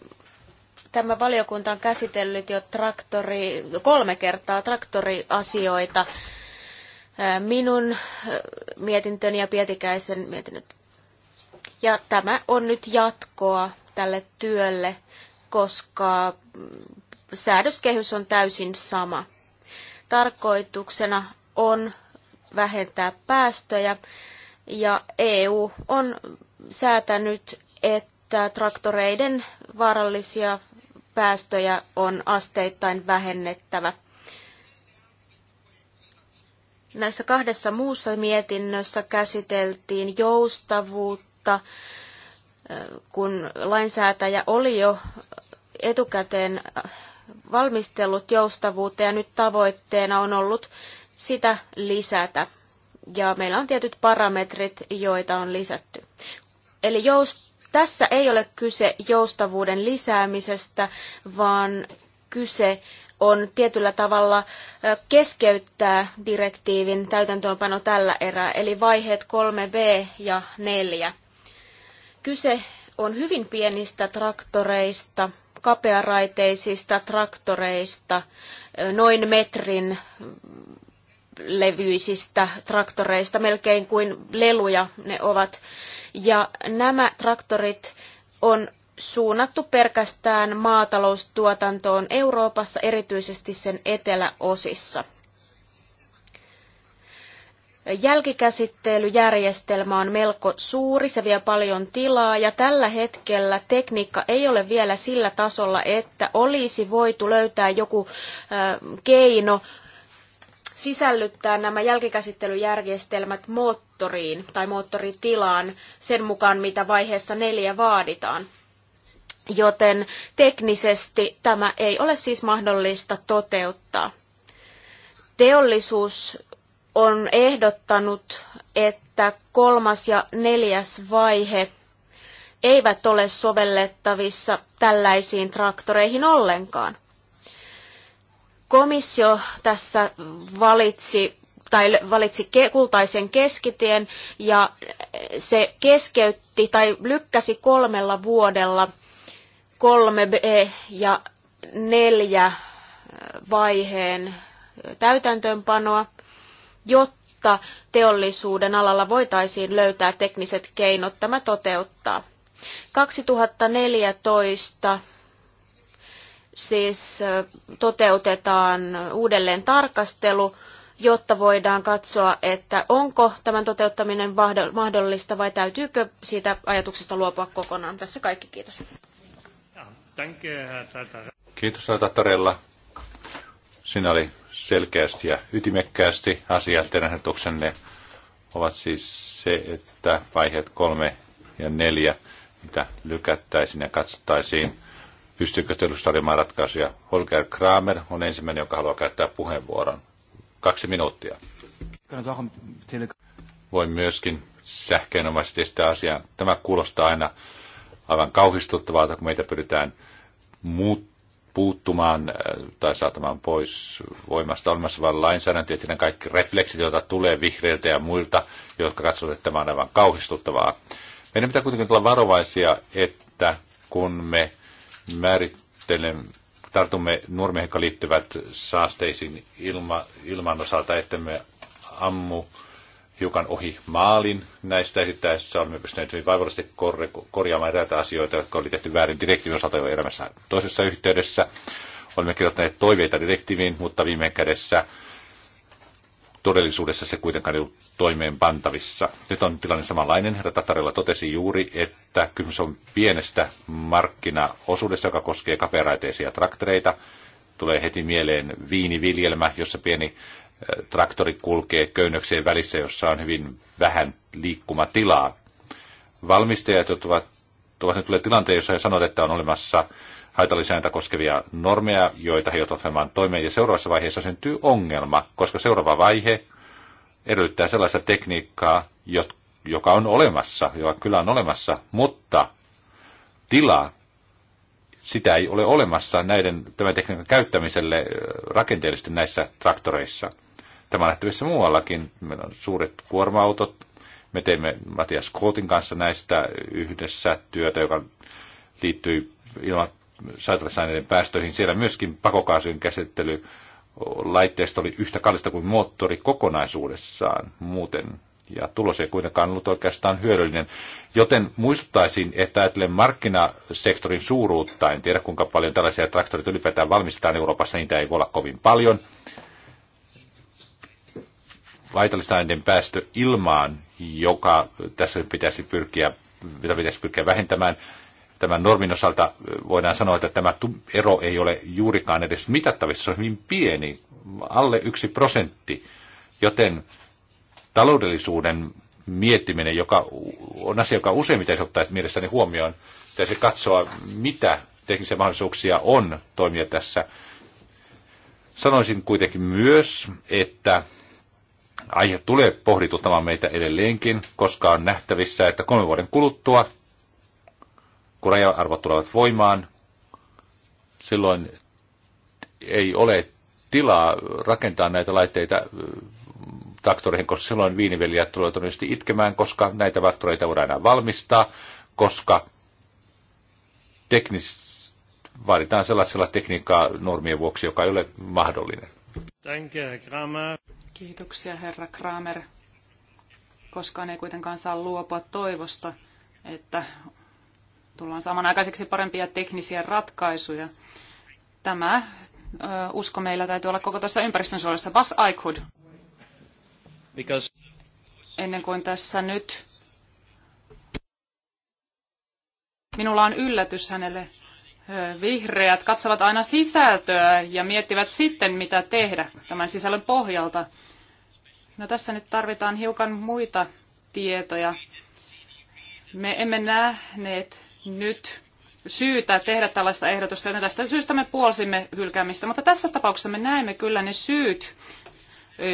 Speaker 3: tämä valiokunta on käsitellyt jo traktori, kolme kertaa traktoriasioita. Minun mietintöni ja Pietikäisen mietinnöt. Ja tämä on nyt jatkoa tälle työlle, koska säädöskehys on täysin sama. Tarkoituksena on vähentää päästöjä ja EU on säätänyt, että traktoreiden vaarallisia päästöjä on asteittain vähennettävä. Näissä kahdessa muussa mietinnössä käsiteltiin joustavuutta, kun lainsäätäjä oli jo etukäteen valmistellut joustavuutta ja nyt tavoitteena on ollut sitä lisätä. Ja meillä on tietyt parametrit, joita on lisätty. Eli joust- tässä ei ole kyse joustavuuden lisäämisestä, vaan kyse on tietyllä tavalla keskeyttää direktiivin täytäntöönpano tällä erää, eli vaiheet 3b ja 4. Kyse on hyvin pienistä traktoreista, kapearaiteisista traktoreista, noin metrin levyisistä traktoreista, melkein kuin leluja ne ovat. Ja nämä traktorit on suunnattu pelkästään maataloustuotantoon Euroopassa, erityisesti sen eteläosissa. Jälkikäsittelyjärjestelmä on melko suuri, se vie paljon tilaa ja tällä hetkellä tekniikka ei ole vielä sillä tasolla, että olisi voitu löytää joku keino sisällyttää nämä jälkikäsittelyjärjestelmät moottoriin tai moottoritilaan sen mukaan, mitä vaiheessa neljä vaaditaan. Joten teknisesti tämä ei ole siis mahdollista toteuttaa. Teollisuus on ehdottanut, että kolmas ja neljäs vaihe eivät ole sovellettavissa tällaisiin traktoreihin ollenkaan. Komissio tässä valitsi tai valitsi kultaisen keskitien ja se keskeytti tai lykkäsi kolmella vuodella 3B ja neljä vaiheen täytäntöönpanoa jotta teollisuuden alalla voitaisiin löytää tekniset keinot tämä toteuttaa. 2014 siis toteutetaan uudelleen tarkastelu, jotta voidaan katsoa, että onko tämän toteuttaminen mahdollista vai täytyykö siitä ajatuksesta luopua kokonaan. Tässä kaikki, kiitos.
Speaker 1: Kiitos Tatarella. Sinä oli selkeästi ja ytimekkäästi asiat. Teidän ovat siis se, että vaiheet kolme ja neljä, mitä lykättäisiin ja katsottaisiin, pystyykö teollisuus tarjoamaan ratkaisuja. Holger Kramer on ensimmäinen, joka haluaa käyttää puheenvuoron. Kaksi minuuttia. Voin myöskin sähköinomaisesti estää asiaa. Tämä kuulostaa aina aivan kauhistuttavalta, kun meitä pyritään muut, puuttumaan äh, tai saatamaan pois voimasta olemassa vain lainsäädäntö että kaikki refleksit, joita tulee vihreiltä ja muilta, jotka katsovat, että tämä on aivan kauhistuttavaa. Meidän pitää kuitenkin olla varovaisia, että kun me määrittelemme, tartumme nurmeen, liittyvät saasteisiin ilma, ilman osalta, että me ammu hiukan ohi maalin näistä esittäessä. Olemme pystyneet hyvin vaivallisesti korjaamaan eräitä asioita, jotka oli tehty väärin direktiivin osalta jo elämässä toisessa yhteydessä. Olemme kirjoittaneet toiveita direktiiviin, mutta viime kädessä todellisuudessa se kuitenkaan ei ollut toimeenpantavissa. Nyt on tilanne samanlainen. Ratatarilla totesi juuri, että kysymys on pienestä markkinaosuudesta, joka koskee kaperaiteisia traktoreita. Tulee heti mieleen viiniviljelmä, jossa pieni traktori kulkee köynnöksien välissä, jossa on hyvin vähän liikkumatilaa. Valmistajat ovat, ovat nyt tulleet tilanteen, jossa he sanovat, että on olemassa haitallisia koskevia normeja, joita he joutuvat olemaan toimeen, ja seuraavassa vaiheessa syntyy ongelma, koska seuraava vaihe edellyttää sellaista tekniikkaa, joka on olemassa, joka kyllä on olemassa, mutta tilaa sitä ei ole olemassa näiden, tämän tekniikan käyttämiselle äh, rakenteellisesti näissä traktoreissa. Tämä on nähtävissä muuallakin. Meillä on suuret kuorma-autot. Me teemme Matias Kootin kanssa näistä yhdessä työtä, joka liittyy ilman saitarasaineiden päästöihin. Siellä myöskin pakokaasujen käsittely laitteesta, oli yhtä kallista kuin moottori kokonaisuudessaan muuten. Ja tulos ei kuitenkaan ollut oikeastaan hyödyllinen. Joten muistuttaisin, että ajatellen markkinasektorin suuruutta, en tiedä kuinka paljon tällaisia traktoreita ylipäätään valmistetaan Euroopassa, niitä ei voi olla kovin paljon haitallista aineiden päästö ilmaan, joka tässä pitäisi pyrkiä, mitä pitäisi pyrkiä vähentämään. Tämän normin osalta voidaan sanoa, että tämä ero ei ole juurikaan edes mitattavissa, se on hyvin pieni, alle yksi prosentti. Joten taloudellisuuden miettiminen, joka on asia, joka useimmiten ottaa mielestäni huomioon, pitäisi katsoa, mitä teknisiä mahdollisuuksia on toimia tässä. Sanoisin kuitenkin myös, että aihe tulee pohdituttamaan meitä edelleenkin, koska on nähtävissä, että kolmen vuoden kuluttua, kun raja-arvot tulevat voimaan, silloin ei ole tilaa rakentaa näitä laitteita traktoreihin, koska silloin viiniveliä tulee todennäköisesti itkemään, koska näitä traktoreita voidaan enää valmistaa, koska teknis, vaaditaan sellaisella tekniikkaa normien vuoksi, joka ei ole mahdollinen.
Speaker 2: Danke, Kiitoksia, herra Kramer. Koskaan ei kuitenkaan saa luopua toivosta, että tullaan samanaikaiseksi parempia teknisiä ratkaisuja. Tämä ö, usko meillä täytyy olla koko tässä ympäristönsuojelussa. Bas Aikud. Because... Ennen kuin tässä nyt... Minulla on yllätys hänelle. Vihreät katsovat aina sisältöä ja miettivät sitten, mitä tehdä tämän sisällön pohjalta. No tässä nyt tarvitaan hiukan muita tietoja. Me emme nähneet nyt syytä tehdä tällaista ehdotusta, ja tästä syystä me puolsimme hylkäämistä. Mutta tässä tapauksessa me näemme kyllä ne syyt,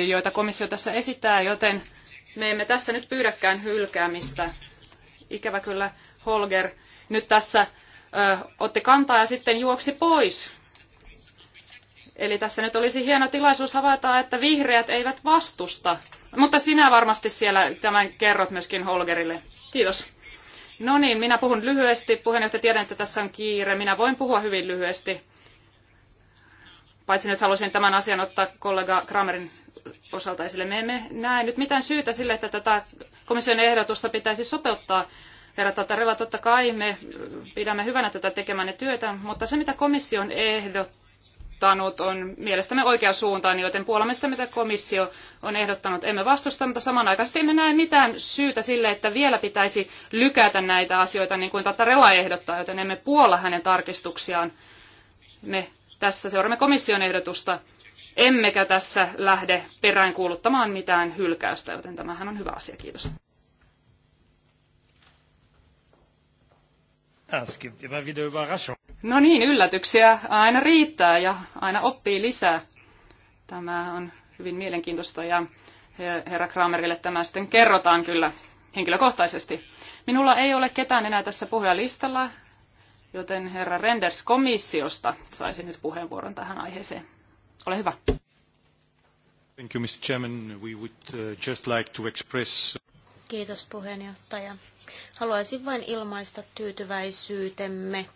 Speaker 2: joita komissio tässä esittää, joten me emme tässä nyt pyydäkään hylkäämistä. Ikävä kyllä Holger nyt tässä ö, otti kantaa ja sitten juoksi pois. Eli tässä nyt olisi hieno tilaisuus havaita, että vihreät eivät vastusta. Mutta sinä varmasti siellä tämän kerrot myöskin Holgerille. Kiitos. No niin, minä puhun lyhyesti. Puheenjohtaja, tiedän, että tässä on kiire. Minä voin puhua hyvin lyhyesti. Paitsi nyt haluaisin tämän asian ottaa kollega Kramerin osalta esille. Me emme näe nyt mitään syytä sille, että tätä komission ehdotusta pitäisi sopeuttaa verrattuna Tatarella, totta kai me pidämme hyvänä tätä tekemänne työtä, mutta se mitä komission on ehdottanut on mielestämme oikea suuntaan, niin joten puolamme sitä, mitä komissio on ehdottanut. Emme vastusta, mutta samanaikaisesti emme näe mitään syytä sille, että vielä pitäisi lykätä näitä asioita, niin kuin Tatarella ehdottaa, joten emme puolla hänen tarkistuksiaan. Me tässä seuraamme komission ehdotusta, emmekä tässä lähde peräänkuuluttamaan mitään hylkäystä, joten tämähän on hyvä asia. Kiitos.
Speaker 3: Das gibt immer wieder
Speaker 1: Überraschungen.
Speaker 2: No niin, yllätyksiä aina riittää ja aina oppii lisää. Tämä on hyvin mielenkiintoista ja herra Kramerille tämä sitten kerrotaan kyllä henkilökohtaisesti. Minulla ei ole ketään enää tässä puhujalistalla, joten herra Renders komissiosta saisi nyt puheenvuoron tähän aiheeseen. Ole
Speaker 1: hyvä. Thank you, Mr. Chairman. We would uh, just like to express...
Speaker 3: Kiitos puheenjohtaja. Haluaisin vain ilmaista tyytyväisyytemme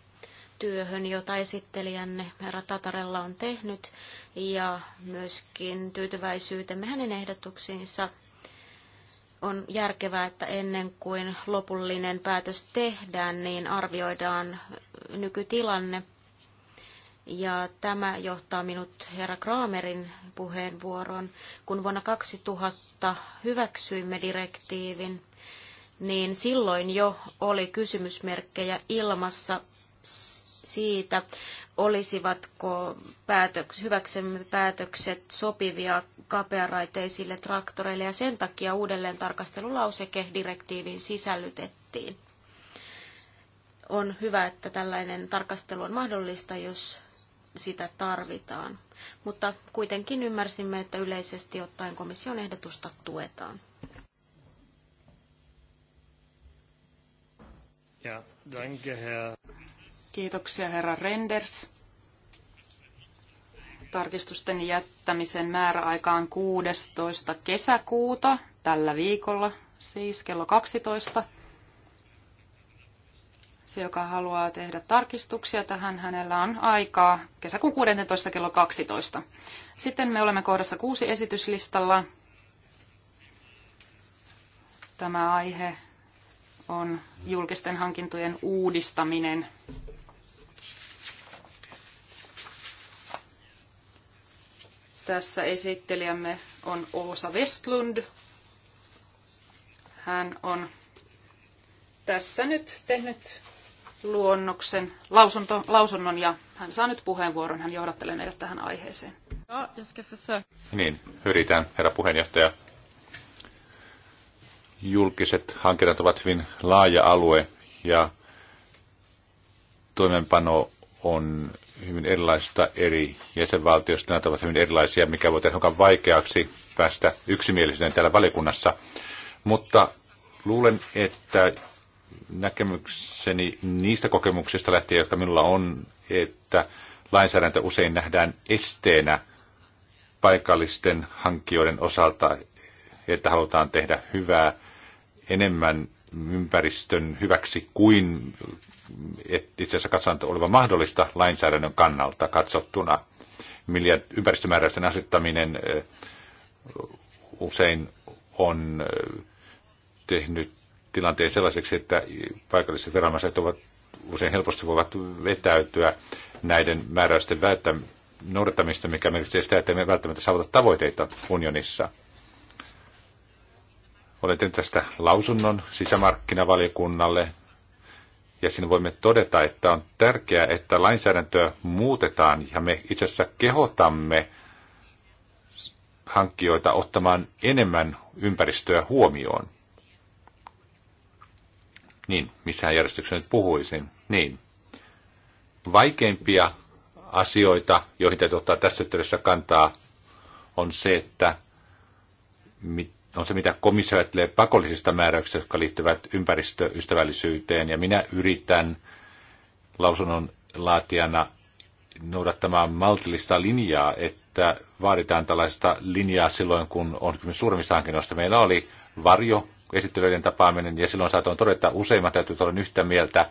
Speaker 3: työhön, jota esittelijänne herra Tatarella on tehnyt, ja myöskin tyytyväisyytemme hänen ehdotuksiinsa. On järkevää, että ennen kuin lopullinen päätös tehdään, niin arvioidaan nykytilanne. Ja tämä johtaa minut herra Kramerin puheenvuoroon. Kun vuonna 2000 hyväksyimme direktiivin, niin silloin jo oli kysymysmerkkejä ilmassa siitä, olisivatko päätöks, hyväksemme päätökset sopivia kapearaiteisille traktoreille, ja sen takia uudelleen tarkastelulauseke direktiiviin sisällytettiin. On hyvä, että tällainen tarkastelu on mahdollista, jos sitä tarvitaan. Mutta kuitenkin ymmärsimme, että yleisesti ottaen komission ehdotusta tuetaan. Ja, danke, Herr.
Speaker 2: Kiitoksia herra Renders. Tarkistusten jättämisen määräaika on 16. kesäkuuta, tällä viikolla siis kello 12. Se, joka haluaa tehdä tarkistuksia tähän, hänellä on aikaa kesäkuun 16. kello 12. Sitten me olemme kohdassa kuusi esityslistalla. Tämä aihe on julkisten hankintojen uudistaminen. Tässä esittelijämme on Oosa Westlund. Hän on tässä nyt tehnyt luonnoksen, lausunto, lausunnon ja hän saa nyt puheenvuoron. Hän johdattelee meidät tähän aiheeseen.
Speaker 1: Niin, yritän, herra puheenjohtaja. Julkiset hankinnat ovat hyvin laaja alue ja toimenpano on hyvin erilaisista eri jäsenvaltioista. Nämä ovat hyvin erilaisia, mikä voi tehdä vaikeaksi päästä yksimielisyyteen täällä valiokunnassa. Mutta luulen, että näkemykseni niistä kokemuksista lähtien, jotka minulla on, että lainsäädäntö usein nähdään esteenä paikallisten hankkijoiden osalta, että halutaan tehdä hyvää enemmän ympäristön hyväksi kuin itse asiassa katsotaan olevan mahdollista lainsäädännön kannalta katsottuna. Miljard, ympäristömääräysten asettaminen eh, usein on eh, tehnyt tilanteen sellaiseksi, että paikalliset viranomaiset ovat usein helposti voivat vetäytyä näiden määräysten noudattamista, mikä merkitsee sitä, että me välttämättä saavuta tavoiteita unionissa. Olen tehnyt tästä lausunnon sisämarkkinavaliokunnalle ja siinä voimme todeta, että on tärkeää, että lainsäädäntöä muutetaan ja me itse asiassa kehotamme hankkijoita ottamaan enemmän ympäristöä huomioon. Niin, missä järjestyksessä nyt puhuisin? Niin. Vaikeimpia asioita, joihin täytyy ottaa tässä yhteydessä kantaa, on se, että mit, on se, mitä komissio ajattelee pakollisista määräyksistä, jotka liittyvät ympäristöystävällisyyteen. Ja minä yritän lausunnon laatijana noudattamaan maltillista linjaa, että vaaditaan tällaista linjaa silloin, kun on kysymys suurimmista hankinnoista. Meillä oli varjo esittelyiden tapaaminen, ja silloin saatoin todeta, että useimmat täytyy olla yhtä mieltä,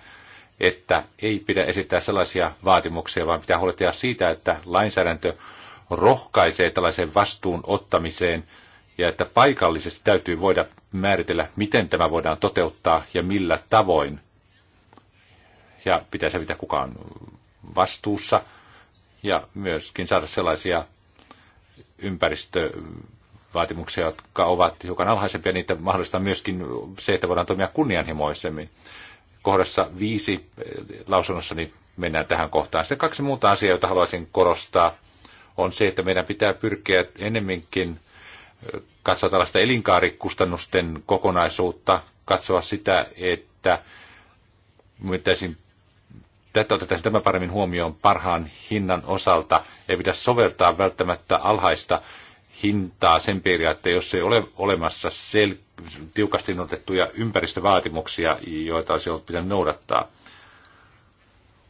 Speaker 1: että ei pidä esittää sellaisia vaatimuksia, vaan pitää huolehtia siitä, että lainsäädäntö rohkaisee tällaiseen vastuun ottamiseen ja että paikallisesti täytyy voida määritellä, miten tämä voidaan toteuttaa ja millä tavoin. Ja pitää selvitä kukaan vastuussa ja myöskin saada sellaisia ympäristövaatimuksia, jotka ovat hiukan alhaisempia, niitä mahdollistaa myöskin se, että voidaan toimia kunnianhimoisemmin. Kohdassa viisi lausunnossani niin mennään tähän kohtaan. Sitten kaksi muuta asiaa, joita haluaisin korostaa, on se, että meidän pitää pyrkiä enemminkin – katsoa tällaista elinkaarikustannusten kokonaisuutta, katsoa sitä, että myöntäisin Tätä otettaisiin tämä paremmin huomioon parhaan hinnan osalta. Ei pidä soveltaa välttämättä alhaista hintaa sen periaatteen, jos ei ole olemassa sel- tiukasti otettuja ympäristövaatimuksia, joita olisi ollut pitänyt noudattaa.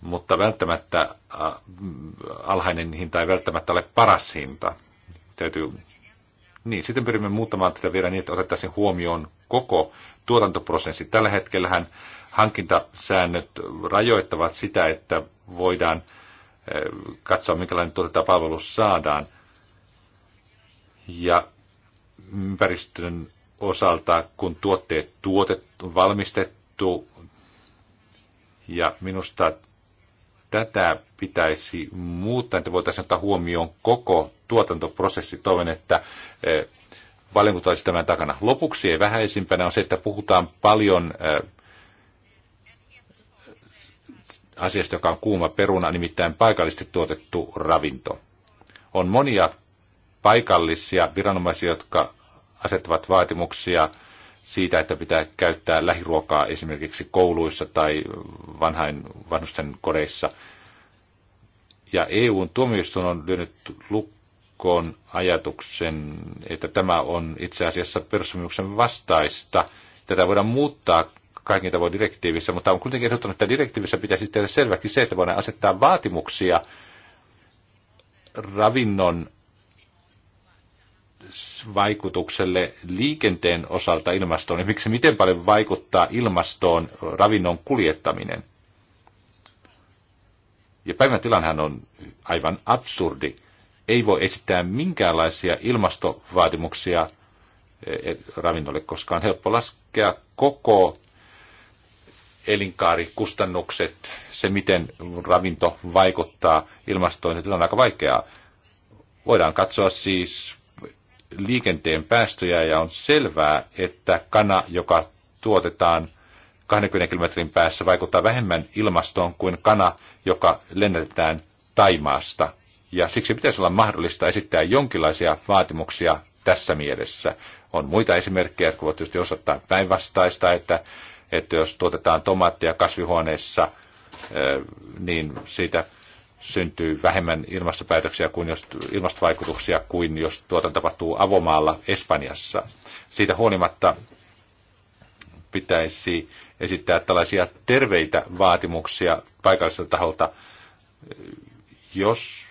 Speaker 1: Mutta välttämättä äh, alhainen hinta ei välttämättä ole paras hinta. Täytyy niin, sitten pyrimme muuttamaan tätä vielä niin, että otettaisiin huomioon koko tuotantoprosessi. Tällä hetkellähän hankintasäännöt rajoittavat sitä, että voidaan eh, katsoa, minkälainen tuotantopalvelu saadaan. Ja ympäristön osalta, kun tuotteet tuotettu, valmistettu, ja minusta tätä pitäisi muuttaa, että voitaisiin ottaa huomioon koko tuotantoprosessi. Toivon, että eh, valiokunta olisi tämän takana. Lopuksi ja vähäisimpänä on se, että puhutaan paljon eh, asiasta, joka on kuuma peruna, nimittäin paikallisesti tuotettu ravinto. On monia paikallisia viranomaisia, jotka asettavat vaatimuksia – siitä, että pitää käyttää lähiruokaa esimerkiksi kouluissa tai vanhain, vanhusten kodeissa. Ja EUn tuomioistuin on lyönyt lukkoon ajatuksen, että tämä on itse asiassa perussopimuksen vastaista. Tätä voidaan muuttaa kaikin tavoin direktiivissä, mutta on kuitenkin ehdottanut, että direktiivissä pitäisi tehdä selväksi se, että voidaan asettaa vaatimuksia ravinnon vaikutukselle liikenteen osalta ilmastoon? Ja miksi miten paljon vaikuttaa ilmastoon ravinnon kuljettaminen? Ja päivän tilanhan on aivan absurdi. Ei voi esittää minkäänlaisia ilmastovaatimuksia eh, eh, ravinnolle, koska on helppo laskea koko elinkaarikustannukset, se miten ravinto vaikuttaa ilmastoon, niin on aika vaikeaa. Voidaan katsoa siis liikenteen päästöjä ja on selvää, että kana, joka tuotetaan 20 kilometrin päässä, vaikuttaa vähemmän ilmastoon kuin kana, joka lennätetään Taimaasta. Ja siksi pitäisi olla mahdollista esittää jonkinlaisia vaatimuksia tässä mielessä. On muita esimerkkejä, jotka voivat tietysti osoittaa päinvastaista, että, että jos tuotetaan tomaattia kasvihuoneessa, niin siitä syntyy vähemmän ilmastopäätöksiä kuin jos, ilmastovaikutuksia kuin jos tuotanto tapahtuu avomaalla Espanjassa. Siitä huolimatta pitäisi esittää tällaisia terveitä vaatimuksia paikalliselta taholta, jos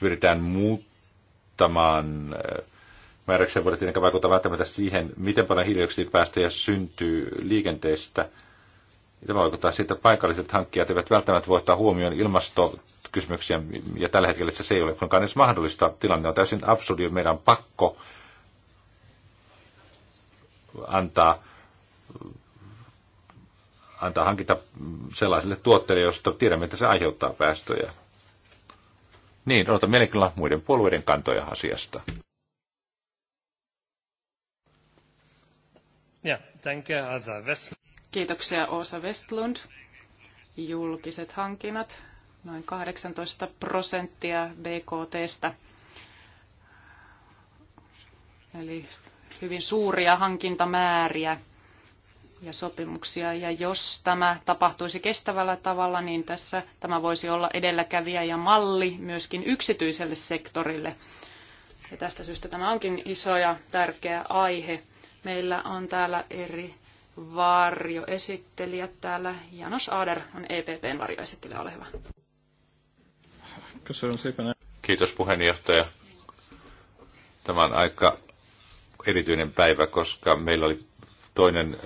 Speaker 1: pyritään muuttamaan äh, määräyksiä, voidaan niin vaikuttaa välttämättä siihen, miten paljon hiilidioksidipäästöjä syntyy liikenteestä – ja vaikuttaa siitä, että paikalliset hankkijat eivät välttämättä voi ottaa huomioon ilmastokysymyksiä, ja tällä hetkellä se ei ole kuinkaan edes mahdollista. Tilanne on täysin absurdi, meidän on pakko antaa antaa hankita sellaisille tuotteille, joista tiedämme, että se aiheuttaa päästöjä. Niin, odotan mielenkiinnolla muiden puolueiden kantoja asiasta.
Speaker 2: Ja, danke, Kiitoksia Osa Westlund. Julkiset hankinnat, noin 18 prosenttia BKTstä. Eli hyvin suuria hankintamääriä ja sopimuksia. Ja jos tämä tapahtuisi kestävällä tavalla, niin tässä tämä voisi olla edelläkävijä ja malli myöskin yksityiselle sektorille. Ja tästä syystä tämä onkin iso ja tärkeä aihe. Meillä on täällä eri varjoesittelijät täällä. Janos Aader on EPPn varjoesittelijä, ole hyvä.
Speaker 1: Kiitos puheenjohtaja. Tämä on aika erityinen päivä, koska meillä oli toinen,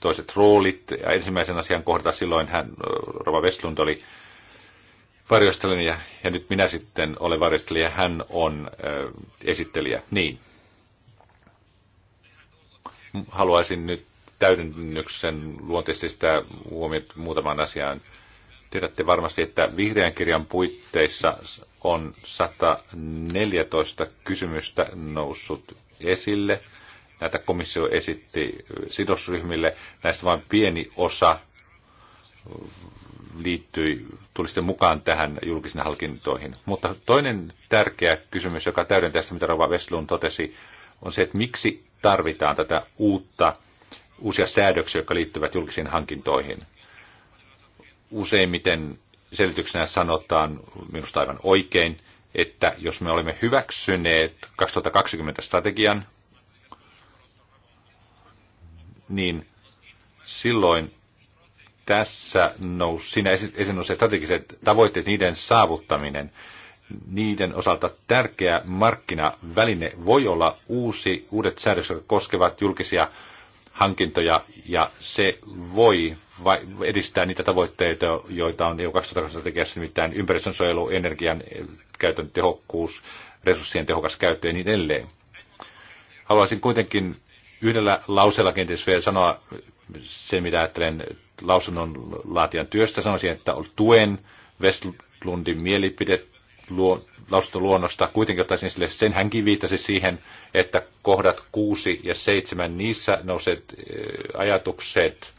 Speaker 1: toiset roolit. Ja ensimmäisen asian kohdalla silloin hän, Rova Westlund oli varjostelija ja nyt minä sitten olen varjostelija. Hän on esittelijä. Niin, haluaisin nyt täydennyksen sitä huomioon muutamaan asiaan. Tiedätte varmasti, että vihreän kirjan puitteissa on 114 kysymystä noussut esille. Näitä komissio esitti sidosryhmille. Näistä vain pieni osa liittyi, tuli sitten mukaan tähän julkisiin halkintoihin. Mutta toinen tärkeä kysymys, joka täydentää sitä, mitä Rova Westlund totesi, on se, että miksi tarvitaan tätä uutta, uusia säädöksiä, jotka liittyvät julkisiin hankintoihin. Useimmiten selityksenä sanotaan minusta aivan oikein, että jos me olemme hyväksyneet 2020 strategian, niin silloin tässä nousi, siinä esiin strategiset tavoitteet, niiden saavuttaminen niiden osalta tärkeä markkinaväline voi olla uusi, uudet säädökset, jotka koskevat julkisia hankintoja, ja se voi edistää niitä tavoitteita, joita on EU 2020-strategiassa, nimittäin ympäristönsuojelu, energian eh, käytön tehokkuus, resurssien tehokas käyttö ja niin edelleen. Haluaisin kuitenkin yhdellä lauseella kenties vielä sanoa se mitä ajattelen lausunnon laatijan työstä. Sanoisin, että tuen Westlundin mielipidet luo, luonnosta kuitenkin ottaisin sille, sen hänkin viittasi siihen, että kohdat 6 ja 7, niissä nouset eh, ajatukset,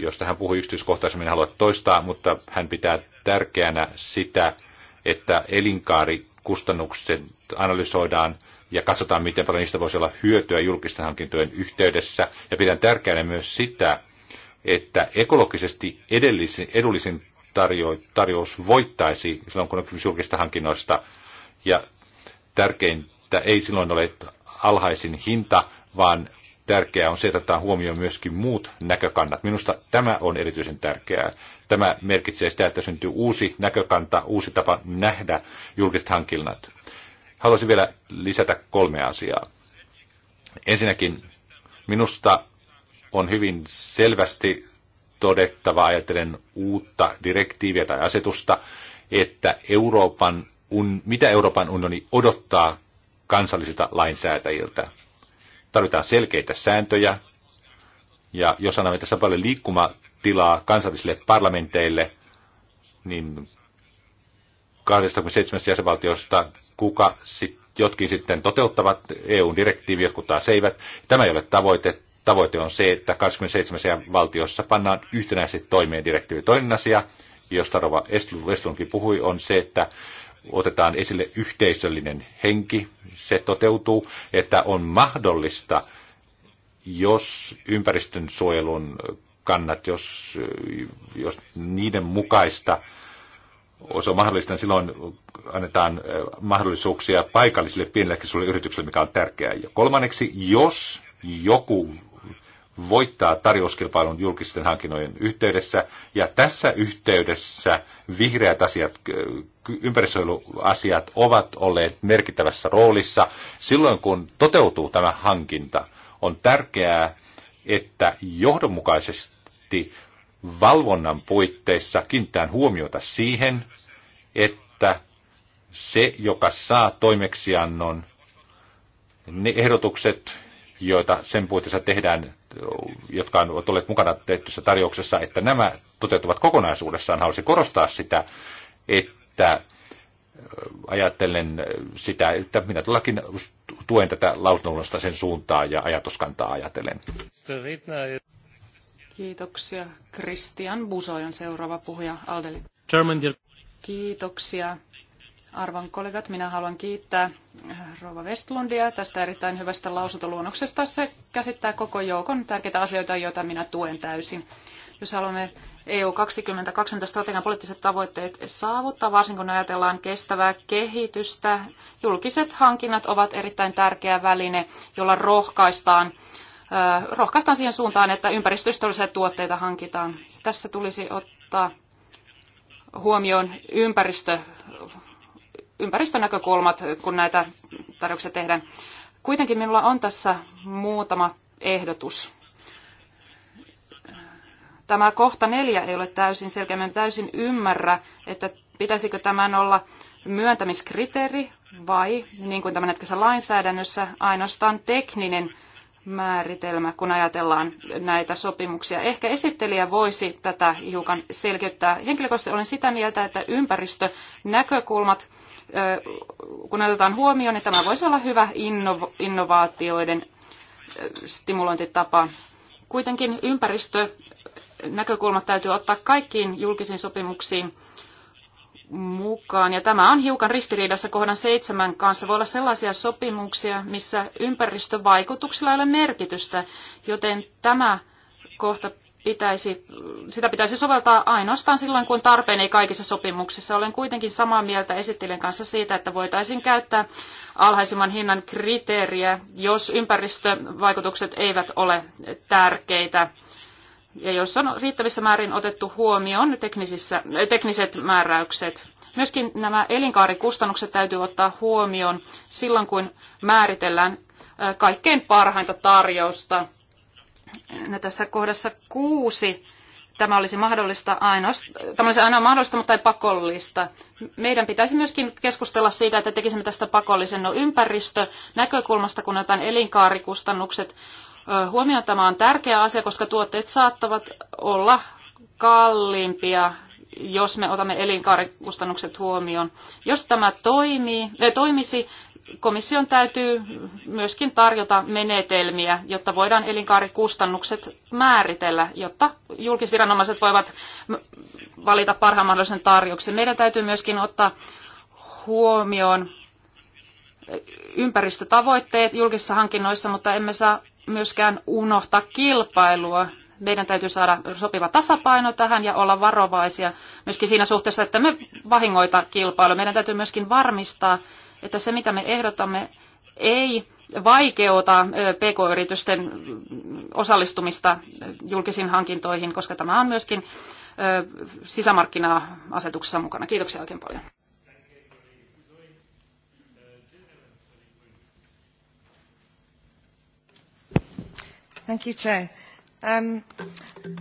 Speaker 1: josta hän puhui yksityiskohtaisemmin, halua toistaa, mutta hän pitää tärkeänä sitä, että elinkaarikustannukset analysoidaan ja katsotaan, miten paljon niistä voisi olla hyötyä julkisten hankintojen yhteydessä. Ja pidän tärkeänä myös sitä, että ekologisesti edullisin tarjo, tarjous voittaisi silloin, kun on kysymys julkista hankinnoista. Ja tärkeintä ei silloin ole alhaisin hinta, vaan tärkeää on se, että otetaan huomioon myöskin muut näkökannat. Minusta tämä on erityisen tärkeää. Tämä merkitsee sitä, että syntyy uusi näkökanta, uusi tapa nähdä julkiset hankinnat. Haluaisin vielä lisätä kolme asiaa. Ensinnäkin minusta on hyvin selvästi todettava, ajatellen uutta direktiiviä tai asetusta, että Euroopan, un, mitä Euroopan unioni odottaa kansallisilta lainsäätäjiltä. Tarvitaan selkeitä sääntöjä, ja jos annamme tässä paljon liikkumatilaa kansallisille parlamenteille, niin 27 jäsenvaltiosta kuka sit, jotkin sitten toteuttavat EU-direktiiviä, kun taas eivät. Tämä ei ole tavoite tavoite on se, että 27 valtiossa pannaan yhtenäiset toimeen direktiivi. Toinen asia, josta Rova Estlundkin puhui, on se, että otetaan esille yhteisöllinen henki. Se toteutuu, että on mahdollista, jos ympäristön suojelun kannat, jos, jos niiden mukaista se on mahdollista, niin silloin annetaan mahdollisuuksia paikallisille pienille yrityksille, mikä on tärkeää. Ja kolmanneksi, jos joku voittaa tarjouskilpailun julkisten hankinnojen yhteydessä. Ja tässä yhteydessä vihreät asiat, ympäristöasiat ovat olleet merkittävässä roolissa. Silloin kun toteutuu tämä hankinta, on tärkeää, että johdonmukaisesti valvonnan puitteissa kiinnitään huomiota siihen, että se, joka saa toimeksiannon, ne ehdotukset, joita sen puitteissa tehdään jotka ovat olleet mukana tehtyssä tarjouksessa, että nämä toteutuvat kokonaisuudessaan. Haluaisin korostaa sitä, että ajattelen sitä, että minä tullakin tuen tätä lausunnollista sen suuntaa ja ajatuskantaa ajatellen.
Speaker 2: Kiitoksia. Christian Busoi on seuraava puhuja Aldeli. Kiitoksia Arvon kollegat, minä haluan kiittää äh, Rova Westlundia tästä erittäin hyvästä lausuntoluonnoksesta. Se käsittää koko joukon tärkeitä asioita, joita minä tuen täysin. Jos haluamme EU 2020 strategian poliittiset tavoitteet saavuttaa, varsinkin kun ajatellaan kestävää kehitystä, julkiset hankinnat ovat erittäin tärkeä väline, jolla rohkaistaan äh, rohkaistaan siihen suuntaan, että ympäristöystävällisiä tuotteita hankitaan. Tässä tulisi ottaa huomioon ympäristö ympäristönäkökulmat, kun näitä tarjouksia tehdään. Kuitenkin minulla on tässä muutama ehdotus. Tämä kohta neljä ei ole täysin selkeä. Minä täysin ymmärrä, että pitäisikö tämän olla myöntämiskriteeri vai, niin kuin tämänhetkisessä lainsäädännössä, ainoastaan tekninen määritelmä, kun ajatellaan näitä sopimuksia. Ehkä esittelijä voisi tätä hiukan selkeyttää. Henkilökohtaisesti olen sitä mieltä, että ympäristönäkökulmat kun otetaan huomioon, niin tämä voisi olla hyvä innovaatioiden stimulointitapa. Kuitenkin ympäristönäkökulmat täytyy ottaa kaikkiin julkisiin sopimuksiin mukaan. Ja tämä on hiukan ristiriidassa kohdan seitsemän kanssa. Voi olla sellaisia sopimuksia, missä ympäristövaikutuksilla ei ole merkitystä, joten tämä kohta pitäisi, sitä pitäisi soveltaa ainoastaan silloin, kun tarpeen ei kaikissa sopimuksissa. Olen kuitenkin samaa mieltä esittelijän kanssa siitä, että voitaisiin käyttää alhaisimman hinnan kriteeriä, jos ympäristövaikutukset eivät ole tärkeitä ja jos on riittävissä määrin otettu huomioon teknisissä, äh, tekniset määräykset. Myöskin nämä elinkaarikustannukset täytyy ottaa huomioon silloin, kun määritellään äh, kaikkein parhainta tarjousta No tässä kohdassa kuusi tämä olisi mahdollista ainoastaan, tämä olisi aina mahdollista, mutta ei pakollista. Meidän pitäisi myöskin keskustella siitä, että tekisimme tästä pakollisen no, ympäristönäkökulmasta, kun otetaan elinkaarikustannukset huomioon. Tämä on tärkeä asia, koska tuotteet saattavat olla kalliimpia jos me otamme elinkaarikustannukset huomioon. Jos tämä toimii, äh, toimisi, komission täytyy myöskin tarjota menetelmiä, jotta voidaan elinkaarikustannukset määritellä, jotta julkisviranomaiset voivat valita parhaan mahdollisen tarjouksen. Meidän täytyy myöskin ottaa huomioon ympäristötavoitteet julkisissa hankinnoissa, mutta emme saa myöskään unohtaa kilpailua. Meidän täytyy saada sopiva tasapaino tähän ja olla varovaisia myöskin siinä suhteessa, että me vahingoita kilpailua. Meidän täytyy myöskin varmistaa, että se mitä me ehdotamme ei vaikeuta pk-yritysten osallistumista julkisiin hankintoihin, koska tämä on myöskin sisämarkkina-asetuksessa mukana. Kiitoksia oikein paljon.
Speaker 1: Thank you, Chair. Um,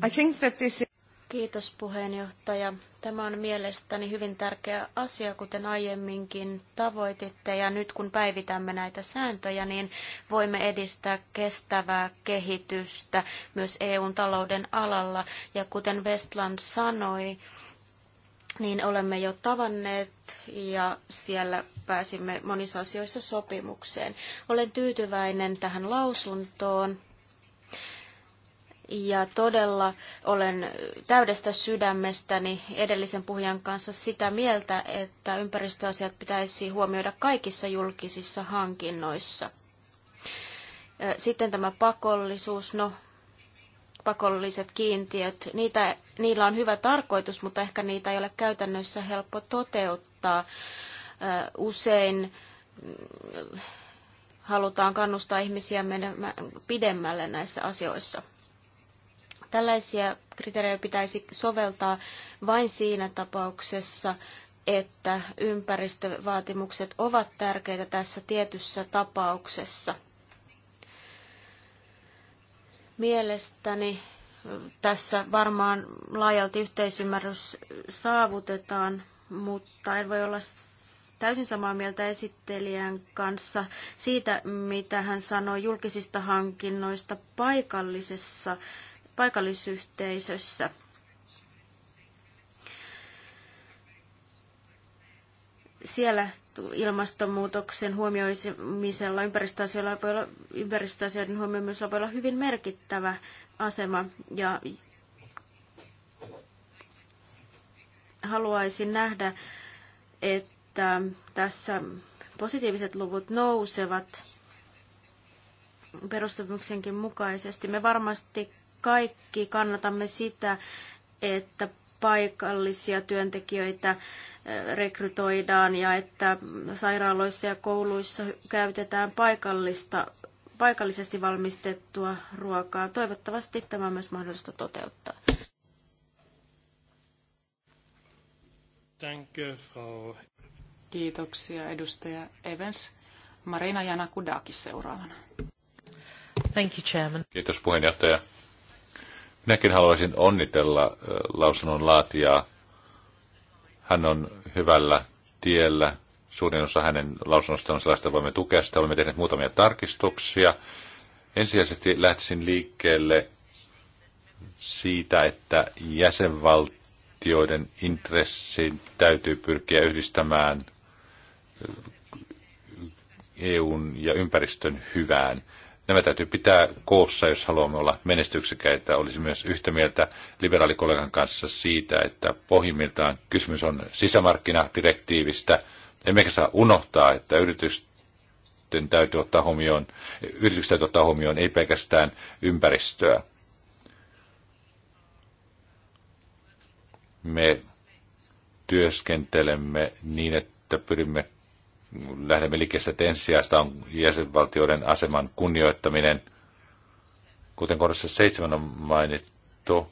Speaker 1: I think that this
Speaker 3: Kiitos puheenjohtaja. Tämä on mielestäni hyvin tärkeä asia, kuten aiemminkin tavoititte. Ja nyt kun päivitämme näitä sääntöjä, niin voimme edistää kestävää kehitystä myös EUn talouden alalla. Ja kuten Westland sanoi, niin olemme jo tavanneet ja siellä pääsimme monissa asioissa sopimukseen. Olen tyytyväinen tähän lausuntoon ja todella olen täydestä sydämestäni edellisen puhujan kanssa sitä mieltä, että ympäristöasiat pitäisi huomioida kaikissa julkisissa hankinnoissa. Sitten tämä pakollisuus, no pakolliset kiintiöt, niitä, niillä on hyvä tarkoitus, mutta ehkä niitä ei ole käytännössä helppo toteuttaa. Usein mm, halutaan kannustaa ihmisiä menemään pidemmälle näissä asioissa. Tällaisia kriteerejä pitäisi soveltaa vain siinä tapauksessa, että ympäristövaatimukset ovat tärkeitä tässä tietyssä tapauksessa. Mielestäni tässä varmaan laajalti yhteisymmärrys saavutetaan, mutta en voi olla täysin samaa mieltä esittelijän kanssa siitä, mitä hän sanoi julkisista hankinnoista paikallisessa paikallisyhteisössä. Siellä ilmastonmuutoksen huomioimisella ympäristöasioilla voi olla, ympäristöasioiden huomioimisella voi olla hyvin merkittävä asema ja haluaisin nähdä, että tässä positiiviset luvut nousevat perustumuksenkin mukaisesti. Me varmasti kaikki kannatamme sitä, että paikallisia työntekijöitä rekrytoidaan ja että sairaaloissa ja kouluissa käytetään paikallista, paikallisesti valmistettua ruokaa. Toivottavasti tämä on myös mahdollista toteuttaa.
Speaker 2: Kiitoksia edustaja Evans. Marina Janakudakis seuraavana. Thank you, Chairman.
Speaker 1: Kiitos puheenjohtaja. Minäkin haluaisin onnitella lausunnon laatijaa. Hän on hyvällä tiellä. Suurin osa hänen lausunnostaan on sellaista, voimme tukea sitä. Olemme tehneet muutamia tarkistuksia. Ensisijaisesti lähtisin liikkeelle siitä, että jäsenvaltioiden intressin täytyy pyrkiä yhdistämään EUn ja ympäristön hyvään. Nämä täytyy pitää koossa, jos haluamme olla menestyksekäitä. Olisi myös yhtä mieltä liberaalikollegan kanssa siitä, että pohjimmiltaan kysymys on sisämarkkinadirektiivistä. Emmekä saa unohtaa, että yritysten täytyy ottaa huomioon, yritykset täytyy ottaa huomioon ei pelkästään ympäristöä. Me työskentelemme niin, että pyrimme lähdemme liikkeelle, että ensisijaista on jäsenvaltioiden aseman kunnioittaminen. Kuten kohdassa seitsemän on mainittu,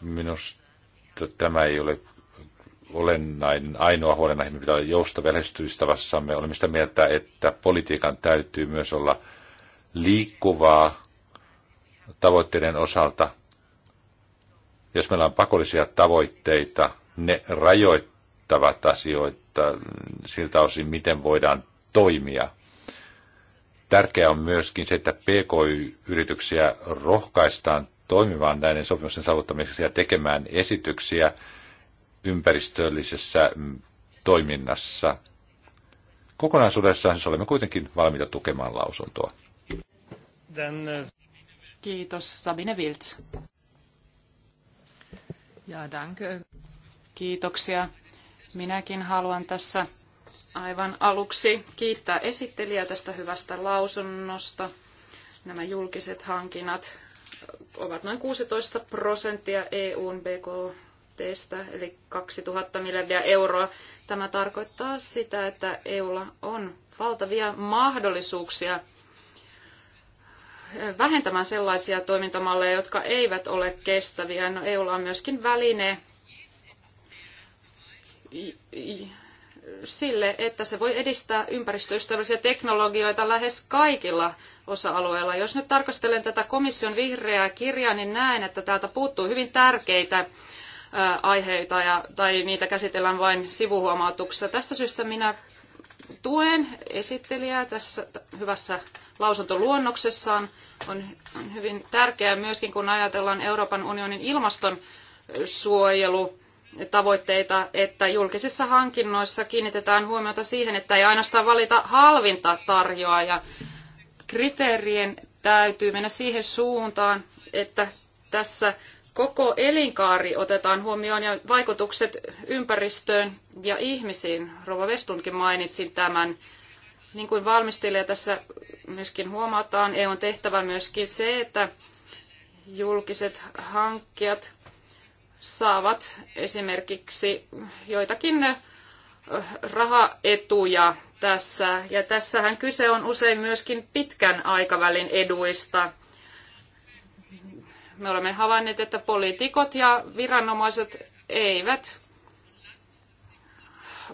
Speaker 1: minusta tämä ei ole olennainen ainoa huolenaihe, mitä joustavia lähestymistavassamme. Olemme sitä mieltä, että politiikan täytyy myös olla liikkuvaa tavoitteiden osalta. Jos meillä on pakollisia tavoitteita, ne rajoittavat rajoittavat asioita siltä osin, miten voidaan toimia. Tärkeää on myöskin se, että PK-yrityksiä rohkaistaan toimimaan näiden sopimusten saavuttamiseksi ja tekemään esityksiä ympäristöllisessä mm, toiminnassa. Kokonaisuudessaan siis olemme kuitenkin valmiita tukemaan lausuntoa.
Speaker 2: Uh, Kiitos, Sabine Wiltz. Ja, danke. Kiitoksia. Minäkin haluan tässä aivan aluksi kiittää esittelijää tästä hyvästä lausunnosta. Nämä julkiset hankinnat ovat noin 16 prosenttia EUn BKTstä, eli 2000 miljardia euroa. Tämä tarkoittaa sitä, että EUlla on valtavia mahdollisuuksia vähentämään sellaisia toimintamalleja, jotka eivät ole kestäviä. No, EUlla on myöskin väline sille, että se voi edistää ympäristöystävällisiä teknologioita lähes kaikilla osa-alueilla. Jos nyt tarkastelen tätä komission vihreää kirjaa, niin näen, että täältä puuttuu hyvin tärkeitä aiheita ja, tai niitä käsitellään vain sivuhuomautuksessa. Tästä syystä minä tuen esittelijää tässä hyvässä lausuntoluonnoksessaan. On hyvin tärkeää myöskin, kun ajatellaan Euroopan unionin ilmaston suojelu tavoitteita, että julkisissa hankinnoissa kiinnitetään huomiota siihen, että ei ainoastaan valita halvinta tarjoaja. Kriteerien täytyy mennä siihen suuntaan, että tässä koko elinkaari otetaan huomioon ja vaikutukset ympäristöön ja ihmisiin. Rova Vestunkin mainitsin tämän. Niin kuin valmistelija tässä myöskin huomataan, EU on tehtävä myöskin se, että julkiset hankkijat saavat esimerkiksi joitakin rahaetuja tässä. Ja tässähän kyse on usein myöskin pitkän aikavälin eduista. Me olemme havainneet, että poliitikot ja viranomaiset eivät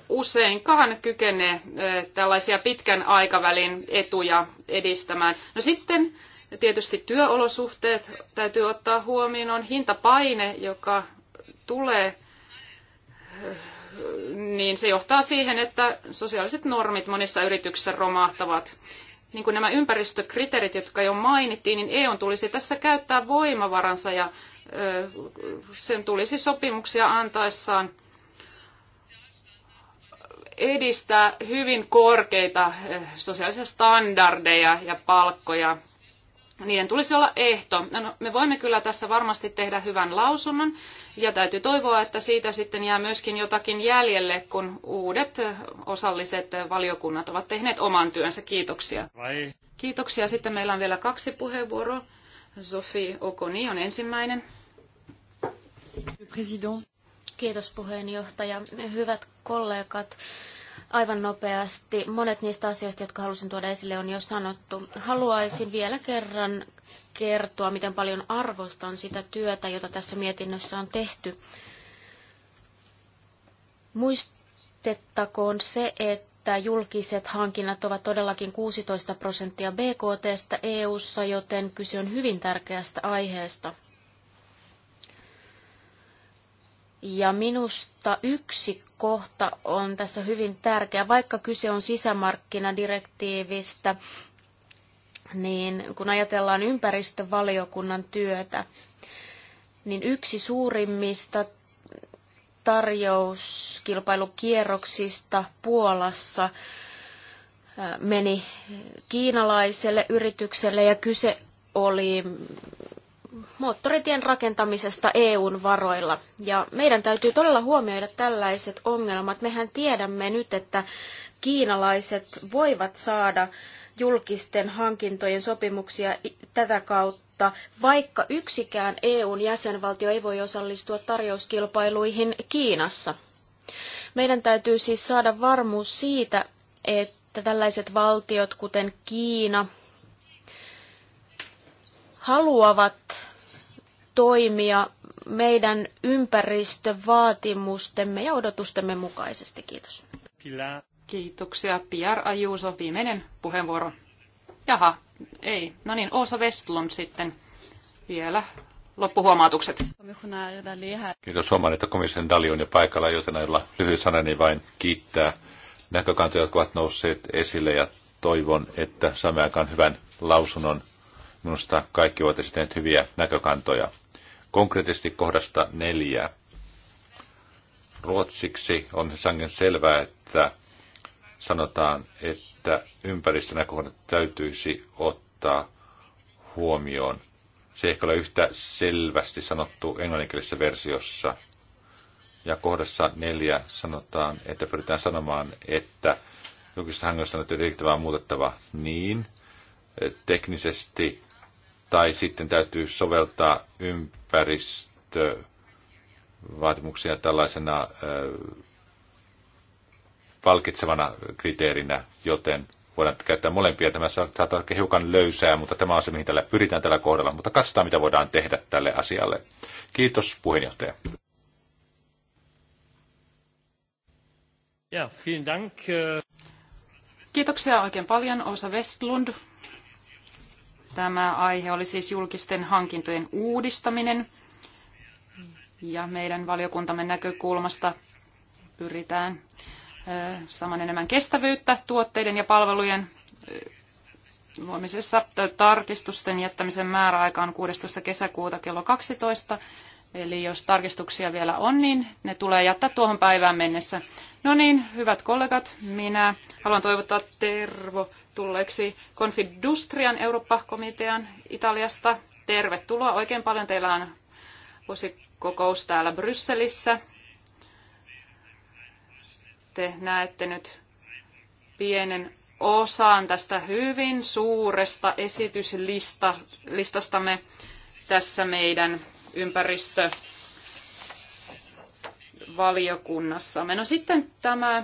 Speaker 2: useinkaan kykene tällaisia pitkän aikavälin etuja edistämään. No sitten tietysti työolosuhteet täytyy ottaa huomioon, on hintapaine, joka tulee, niin se johtaa siihen, että sosiaaliset normit monissa yrityksissä romahtavat. Niin kuin nämä ympäristökriteerit, jotka jo mainittiin, niin EUn tulisi tässä käyttää voimavaransa ja sen tulisi sopimuksia antaessaan edistää hyvin korkeita sosiaalisia standardeja ja palkkoja niiden tulisi olla ehto. No, no, me voimme kyllä tässä varmasti tehdä hyvän lausunnon ja täytyy toivoa, että siitä sitten jää myöskin jotakin jäljelle, kun uudet osalliset valiokunnat ovat tehneet oman työnsä. Kiitoksia. Vai. Kiitoksia. Sitten meillä on vielä kaksi puheenvuoroa. Sofi Okoni on ensimmäinen.
Speaker 3: Kiitos puheenjohtaja. Hyvät kollegat, aivan nopeasti. Monet niistä asioista, jotka halusin tuoda esille, on jo sanottu. Haluaisin vielä kerran kertoa, miten paljon arvostan sitä työtä, jota tässä mietinnössä on tehty. Muistettakoon se, että julkiset hankinnat ovat todellakin 16 prosenttia BKTstä EU:ssa, joten kyse on hyvin tärkeästä aiheesta. Ja minusta yksi kohta on tässä hyvin tärkeä, vaikka kyse on sisämarkkinadirektiivistä, niin kun ajatellaan ympäristövaliokunnan työtä, niin yksi suurimmista tarjouskilpailukierroksista Puolassa meni kiinalaiselle yritykselle ja kyse oli moottoritien rakentamisesta EUn varoilla. Ja meidän täytyy todella huomioida tällaiset ongelmat. Mehän tiedämme nyt, että kiinalaiset voivat saada julkisten hankintojen sopimuksia tätä kautta, vaikka yksikään EUn jäsenvaltio ei voi osallistua tarjouskilpailuihin Kiinassa. Meidän täytyy siis saada varmuus siitä, että tällaiset valtiot, kuten Kiina, haluavat toimia meidän ympäristövaatimustemme ja odotustemme mukaisesti. Kiitos.
Speaker 2: Kiitoksia. Piar Ajuuso, viimeinen puheenvuoro. Jaha, ei. No niin, Oosa Westlund sitten vielä loppuhuomautukset.
Speaker 1: Kiitos huomaan, että komission Dali on jo paikalla, joten olla lyhyt sanani vain kiittää näkökantoja, jotka ovat nousseet esille ja toivon, että saamme aikaan hyvän lausunnon. Minusta kaikki ovat esittäneet hyviä näkökantoja konkreettisesti kohdasta neljä. Ruotsiksi on sangen selvää, että sanotaan, että ympäristönäkökohdat täytyisi ottaa huomioon. Se ei ehkä ole yhtä selvästi sanottu englanninkielisessä versiossa. Ja kohdassa neljä sanotaan, että pyritään sanomaan, että julkisesta hankinnasta on direktiivää muutettava niin teknisesti, tai sitten täytyy soveltaa ympäristövaatimuksia tällaisena palkitsevana kriteerinä, joten voidaan käyttää molempia. Tämä saattaa olla hiukan löysää, mutta tämä on se, mihin tällä pyritään tällä kohdalla. Mutta katsotaan, mitä voidaan tehdä tälle asialle. Kiitos, puheenjohtaja. Ja, vielen dank.
Speaker 2: Kiitoksia oikein paljon, Osa Westlund. Tämä aihe oli siis julkisten hankintojen uudistaminen. Ja meidän valiokuntamme näkökulmasta pyritään saman enemmän kestävyyttä tuotteiden ja palvelujen luomisessa tarkistusten jättämisen määräaika on 16. kesäkuuta kello 12. Eli jos tarkistuksia vielä on, niin ne tulee jättää tuohon päivään mennessä. No niin, hyvät kollegat, minä haluan toivottaa Tervo tulleeksi Confidustrian Eurooppa-komitean Italiasta. Tervetuloa oikein paljon. Teillä on vuosikokous täällä Brysselissä. Te näette nyt pienen osan tästä hyvin suuresta esityslistastamme tässä meidän ympäristövaliokunnassa. No sitten tämä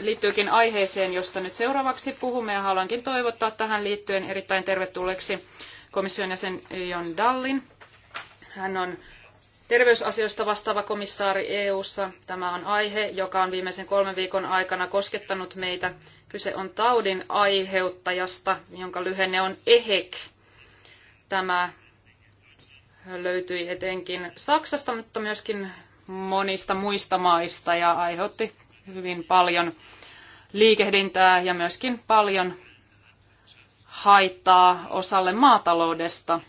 Speaker 2: liittyykin aiheeseen, josta nyt seuraavaksi puhumme ja haluankin toivottaa tähän liittyen erittäin tervetulleeksi komission jäsen Jon Dallin. Hän on terveysasioista vastaava komissaari EU:ssa. Tämä on aihe, joka on viimeisen kolmen viikon aikana koskettanut meitä. Kyse on taudin aiheuttajasta, jonka lyhenne on EHEC. Tämä löytyi etenkin Saksasta, mutta myöskin monista muista maista ja aiheutti hyvin paljon liikehdintää ja myöskin paljon haittaa osalle maataloudesta.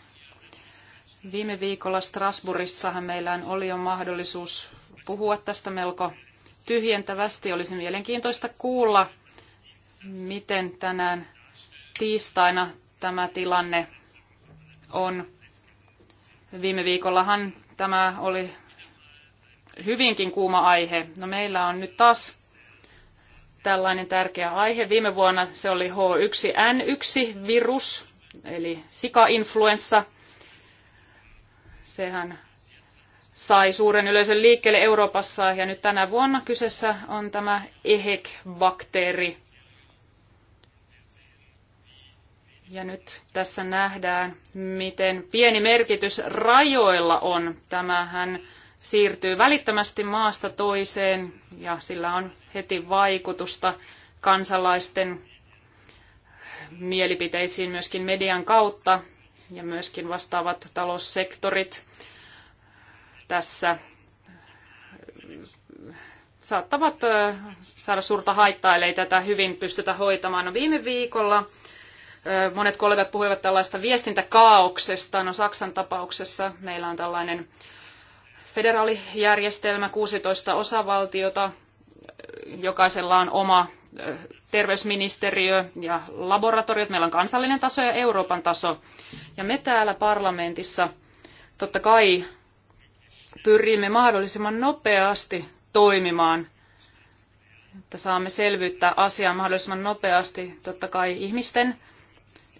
Speaker 2: Viime viikolla Strasbourgissahan meillä oli jo mahdollisuus puhua tästä melko tyhjentävästi. Olisi mielenkiintoista kuulla, miten tänään tiistaina tämä tilanne on. Viime viikollahan tämä oli hyvinkin kuuma aihe. No meillä on nyt taas tällainen tärkeä aihe. Viime vuonna se oli H1N1-virus, eli sikainfluenssa. Sehän sai suuren yleisön liikkeelle Euroopassa ja nyt tänä vuonna kyseessä on tämä EHEC-bakteeri. Ja nyt tässä nähdään, miten pieni merkitys rajoilla on. Tämähän siirtyy välittömästi maasta toiseen ja sillä on heti vaikutusta kansalaisten mielipiteisiin myöskin median kautta ja myöskin vastaavat taloussektorit tässä äh, saattavat äh, saada suurta haittaa, ellei tätä hyvin pystytä hoitamaan. No viime viikolla äh, monet kollegat puhuivat tällaista viestintäkaauksesta. No Saksan tapauksessa meillä on tällainen federaalijärjestelmä, 16 osavaltiota, jokaisella on oma terveysministeriö ja laboratoriot. Meillä on kansallinen taso ja Euroopan taso. Ja me täällä parlamentissa totta kai pyrimme mahdollisimman nopeasti toimimaan, että saamme selvyyttä asiaa mahdollisimman nopeasti, totta kai ihmisten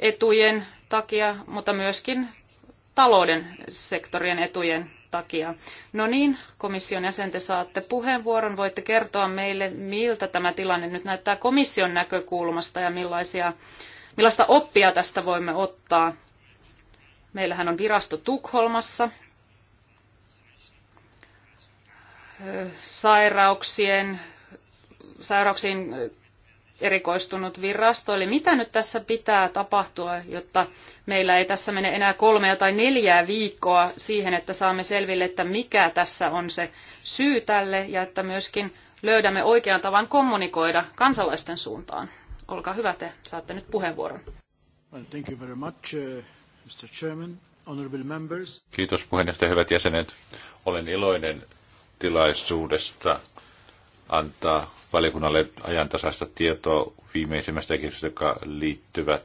Speaker 2: etujen takia, mutta myöskin talouden sektorien etujen takia. No niin, komission jäsen, te saatte puheenvuoron. Voitte kertoa meille, miltä tämä tilanne nyt näyttää komission näkökulmasta ja millaisia, millaista oppia tästä voimme ottaa. Meillähän on virasto Tukholmassa, sairauksien, sairauksien erikoistunut virasto. Eli mitä nyt tässä pitää tapahtua, jotta meillä ei tässä mene enää kolmea tai neljää viikkoa siihen, että saamme selville, että mikä tässä on se syy tälle ja että myöskin löydämme oikean tavan kommunikoida kansalaisten suuntaan. Olkaa hyvä, te saatte nyt puheenvuoron.
Speaker 3: Well, thank you very much, uh, Mr. Chairman, honorable members.
Speaker 1: Kiitos puheenjohtaja, hyvät jäsenet. Olen iloinen tilaisuudesta antaa valiokunnalle ajantasaista tietoa viimeisimmästä kehitystä, joka liittyvät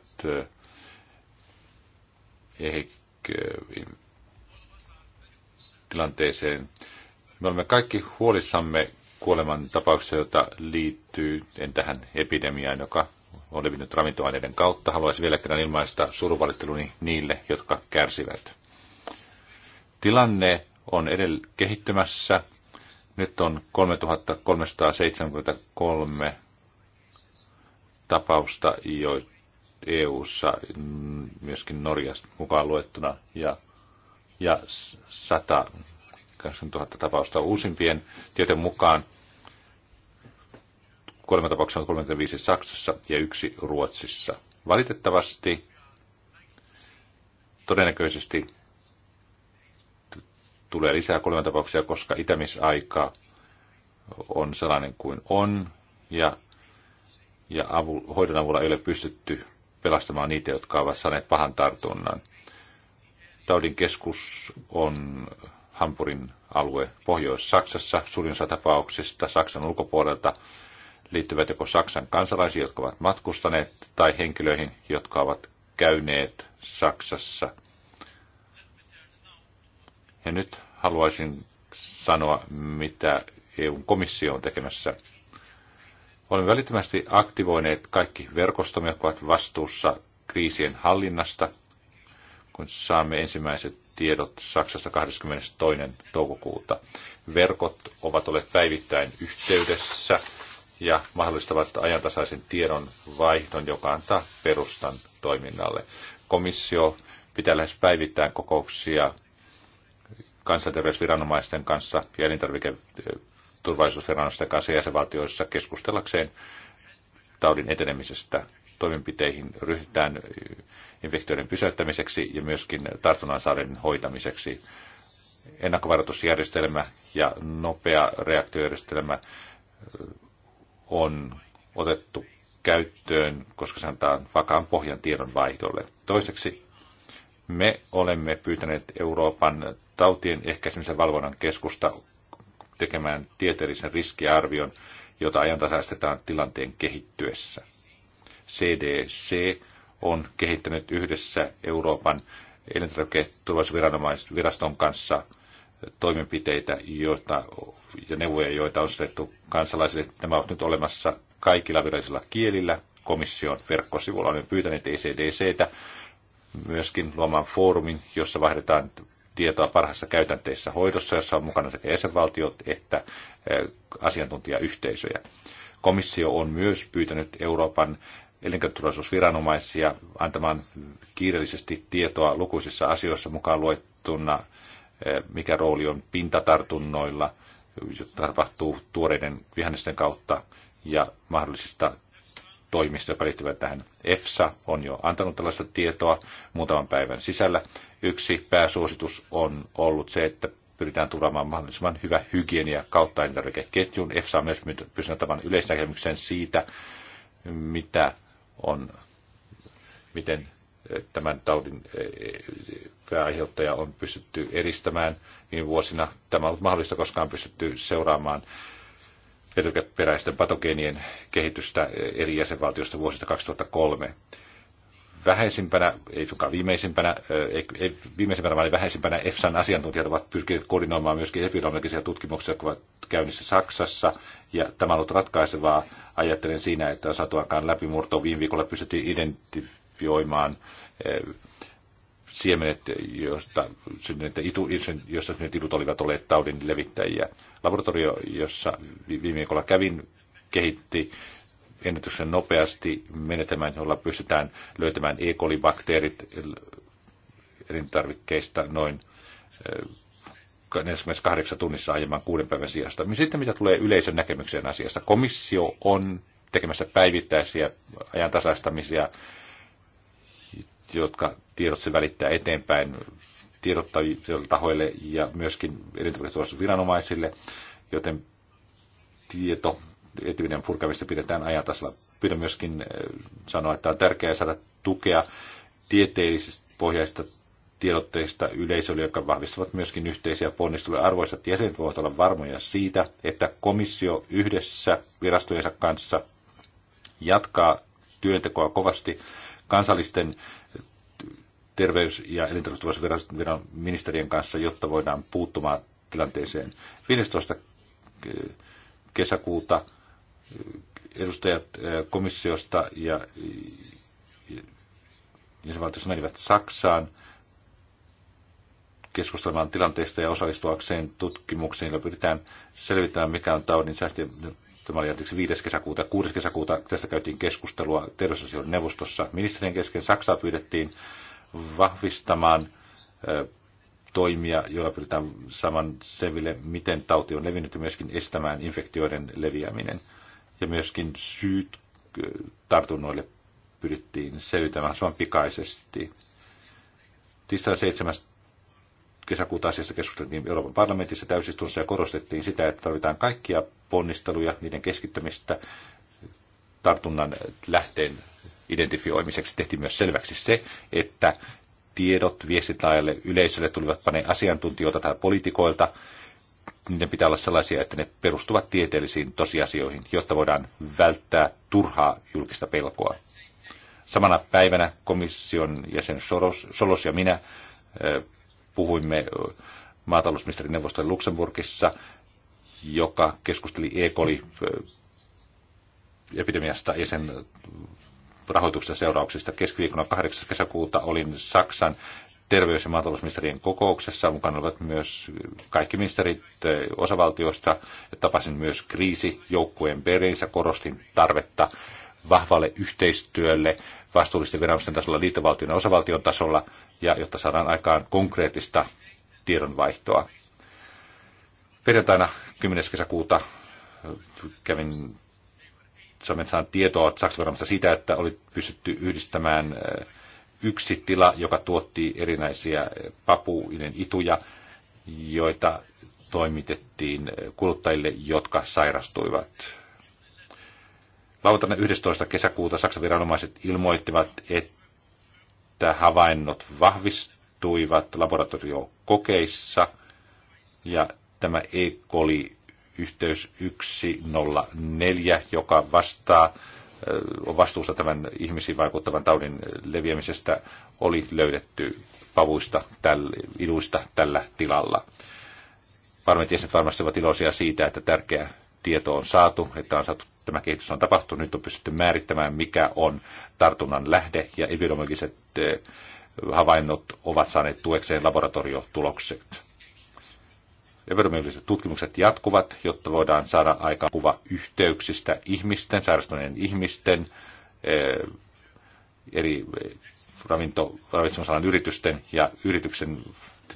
Speaker 1: tilanteeseen. Me olemme kaikki huolissamme kuoleman tapauksista, jota liittyy en tähän epidemiaan, joka on levinnyt ravintoaineiden kautta. Haluaisin vielä kerran ilmaista surunvalitteluni niille, jotka kärsivät. Tilanne on edellä kehittymässä nyt on 3373 tapausta, jo EU-ssa, mm, myöskin Norjasta mukaan luettuna, ja, ja 100 000 tapausta uusimpien tieteen mukaan. Kolme tapauksessa on 35 Saksassa ja yksi Ruotsissa. Valitettavasti todennäköisesti tulee lisää kuolemantapauksia, koska itämisaika on sellainen kuin on ja, ja avu, hoidon avulla ei ole pystytty pelastamaan niitä, jotka ovat saaneet pahan tartunnan. Taudin keskus on Hampurin alue Pohjois-Saksassa. Suurin osa tapauksista Saksan ulkopuolelta liittyvät joko Saksan kansalaisiin, jotka ovat matkustaneet, tai henkilöihin, jotka ovat käyneet Saksassa – ja nyt haluaisin sanoa, mitä EUn komissio on tekemässä. Olemme välittömästi aktivoineet kaikki verkostomme, jotka ovat vastuussa kriisien hallinnasta, kun saamme ensimmäiset tiedot Saksasta 22. toukokuuta. Verkot ovat olleet päivittäin yhteydessä ja mahdollistavat ajantasaisen tiedon vaihdon, joka antaa perustan toiminnalle. Komissio pitää lähes päivittäin kokouksia kansanterveysviranomaisten kanssa ja elintarviketurvallisuusviranomaisten kanssa jäsenvaltioissa keskustellakseen taudin etenemisestä. Toimenpiteihin ryhdytään infektioiden pysäyttämiseksi ja myöskin tartunnan saaden hoitamiseksi. Ennakkovaroitusjärjestelmä ja nopea reaktiojärjestelmä on otettu käyttöön, koska se antaa vakaan pohjan tiedon vaihdolle. Toiseksi me olemme pyytäneet Euroopan tautien ehkäisemisen valvonnan keskusta tekemään tieteellisen riskiarvion, jota ajantasaistetaan tilanteen kehittyessä. CDC on kehittänyt yhdessä Euroopan elintarviketurvallisuusviraston kanssa toimenpiteitä joita, ja neuvoja, joita on sovittu kansalaisille. Nämä ovat nyt olemassa kaikilla virallisilla kielillä. Komission verkkosivulla olemme pyytäneet ECDCtä myöskin luomaan foorumin, jossa vaihdetaan tietoa parhaissa käytänteissä hoidossa, jossa on mukana sekä jäsenvaltiot että eh, asiantuntijayhteisöjä. Komissio on myös pyytänyt Euroopan elinkeinoturvallisuusviranomaisia antamaan kiireellisesti tietoa lukuisissa asioissa mukaan luettuna, eh, mikä rooli on pintatartunnoilla, jotka tapahtuu tuoreiden vihannesten kautta ja mahdollisista toimista, jotka liittyvät tähän. EFSA on jo antanut tällaista tietoa muutaman päivän sisällä. Yksi pääsuositus on ollut se, että pyritään turvaamaan mahdollisimman hyvä hygienia kautta elintarvikeketjun. EFSA on myös pystynyt tämän yleisnäkemyksen siitä, mitä on, miten eh, tämän taudin eh, eh, pääaiheuttaja on pystytty eristämään niin vuosina. Tämä on ollut mahdollista, koska on pystytty seuraamaan vetyperäisten patogeenien kehitystä eri jäsenvaltioista vuosista 2003. Vähäisimpänä, ei suinkaan viimeisimpänä, eh, ei, viimeisimpänä vaan vähäisimpänä EFSAn asiantuntijat ovat pyrkineet koordinoimaan myöskin epidemiologisia tutkimuksia, jotka ovat käynnissä Saksassa. Ja tämä on ollut ratkaisevaa, ajattelen siinä, että on saatu aikaan Viime viikolla pystyttiin identifioimaan eh, siemenet, josta syntyneet itu, jossa syntyneet itut olivat olleet taudin levittäjiä. Laboratorio, jossa viime viikolla kävin, kehitti ennätyksen nopeasti menetelmän, jolla pystytään löytämään E. coli-bakteerit elintarvikkeista noin 48 eh, tunnissa aiemman kuuden päivän sijasta. Sitten mitä tulee yleisön näkemykseen asiasta. Komissio on tekemässä päivittäisiä ajantasaistamisia jotka tiedot se välittää eteenpäin tiedottajille tahoille ja myöskin viranomaisille, joten tieto etyvinen purkamista pidetään ajantasalla. Pidän myöskin äh, sanoa, että on tärkeää saada tukea tieteellisistä pohjaisista tiedotteista yleisölle, jotka vahvistavat myöskin yhteisiä ponnisteluja. Arvoisat jäsenet voivat olla varmoja siitä, että komissio yhdessä virastojensa kanssa jatkaa työntekoa kovasti kansallisten terveys- ja elintarvitsevan ministerien kanssa, jotta voidaan puuttumaan tilanteeseen. 15. Eh, kesäkuuta eh, edustajat eh, komissiosta ja jäsenvaltiossa menivät Saksaan keskustelemaan tilanteesta ja osallistuakseen tutkimuksiin, joilla pyritään selvittämään, mikä on taudin sähkö Tämä oli 5. kesäkuuta, 6. kesäkuuta. Tästä käytiin keskustelua terveysasioiden neuvostossa. Ministerien kesken Saksaa pyydettiin vahvistamaan toimia, joilla pyritään saman seville, miten tauti on levinnyt ja myöskin estämään infektioiden leviäminen. Ja myöskin syyt tartunnoille pyrittiin selvitämään saman pikaisesti. Tiistaina 7 kesäkuuta asiasta keskusteltiin Euroopan parlamentissa täysistunnossa ja korostettiin sitä, että tarvitaan kaikkia ponnisteluja, niiden keskittämistä tartunnan lähteen identifioimiseksi. Tehtiin myös selväksi se, että tiedot viestintäajalle yleisölle tulivat paneen asiantuntijoilta tai poliitikoilta. Niiden pitää olla sellaisia, että ne perustuvat tieteellisiin tosiasioihin, jotta voidaan välttää turhaa julkista pelkoa. Samana päivänä komission jäsen Soros, Solos ja minä puhuimme maatalousministerin neuvoston Luxemburgissa, joka keskusteli E. coli epidemiasta ja sen rahoituksesta seurauksista. Keskiviikkona 8. kesäkuuta olin Saksan terveys- ja maatalousministerien kokouksessa. Mukana olivat myös kaikki ministerit osavaltiosta. Tapasin myös kriisijoukkueen perinsä. korostin tarvetta vahvalle yhteistyölle vastuullisten viranomaisten tasolla, liittovaltion ja osavaltion tasolla, ja jotta saadaan aikaan konkreettista tiedonvaihtoa. Perjantaina 10. kesäkuuta kävin Suomessaan tietoa Saksan siitä, että oli pystytty yhdistämään eh, yksi tila, joka tuotti erinäisiä eh, papuinen ituja, joita toimitettiin eh, kuluttajille, jotka sairastuivat Lauantaina 11. kesäkuuta Saksan viranomaiset ilmoittivat, että havainnot vahvistuivat laboratoriokokeissa ja tämä E. coli yhteys 104, joka vastaa, on vastuussa tämän ihmisiin vaikuttavan taudin leviämisestä, oli löydetty pavuista, täl, iduista tällä tilalla. Varmasti varmasti ovat iloisia siitä, että tärkeä tieto on saatu, että on saatu tämä kehitys on tapahtunut. Nyt on pystytty määrittämään, mikä on tartunnan lähde ja epidemiologiset eh, havainnot ovat saaneet tuekseen laboratoriotulokset. Epidemiologiset tutkimukset jatkuvat, jotta voidaan saada aika kuva yhteyksistä ihmisten, sairastuneiden ihmisten, eh, eri eh, ravinto, yritysten ja yrityksen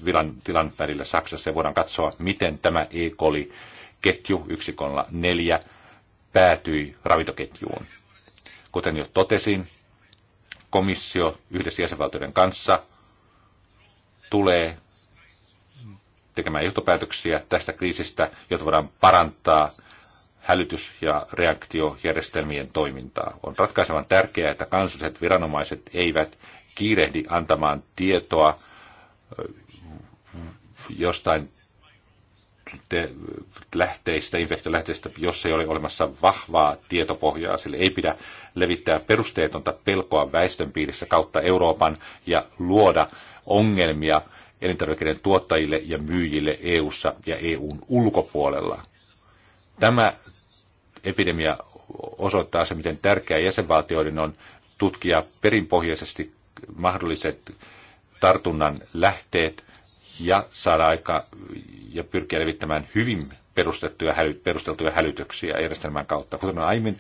Speaker 1: tilan, tilan välillä Saksassa. Ja voidaan katsoa, miten tämä E. coli-ketju yksiköllä neljä – päätyi ravintoketjuun. Kuten jo totesin, komissio yhdessä jäsenvaltioiden kanssa tulee tekemään johtopäätöksiä tästä kriisistä, jotta voidaan parantaa hälytys- ja reaktiojärjestelmien toimintaa. On ratkaisevan tärkeää, että kansalliset viranomaiset eivät kiirehdi antamaan tietoa jostain lähteistä, infektiolähteistä, jos ei ole olemassa vahvaa tietopohjaa. Sille ei pidä levittää perusteetonta pelkoa väestön piirissä kautta Euroopan ja luoda ongelmia elintarvikkeiden tuottajille ja myyjille EU:ssa ja EUn ulkopuolella. Tämä epidemia osoittaa se, miten tärkeää jäsenvaltioiden on tutkia perinpohjaisesti mahdolliset tartunnan lähteet ja saada aika ja pyrkiä levittämään hyvin perustettuja, perusteltuja hälytyksiä järjestelmän kautta. Kuten olen aiemmin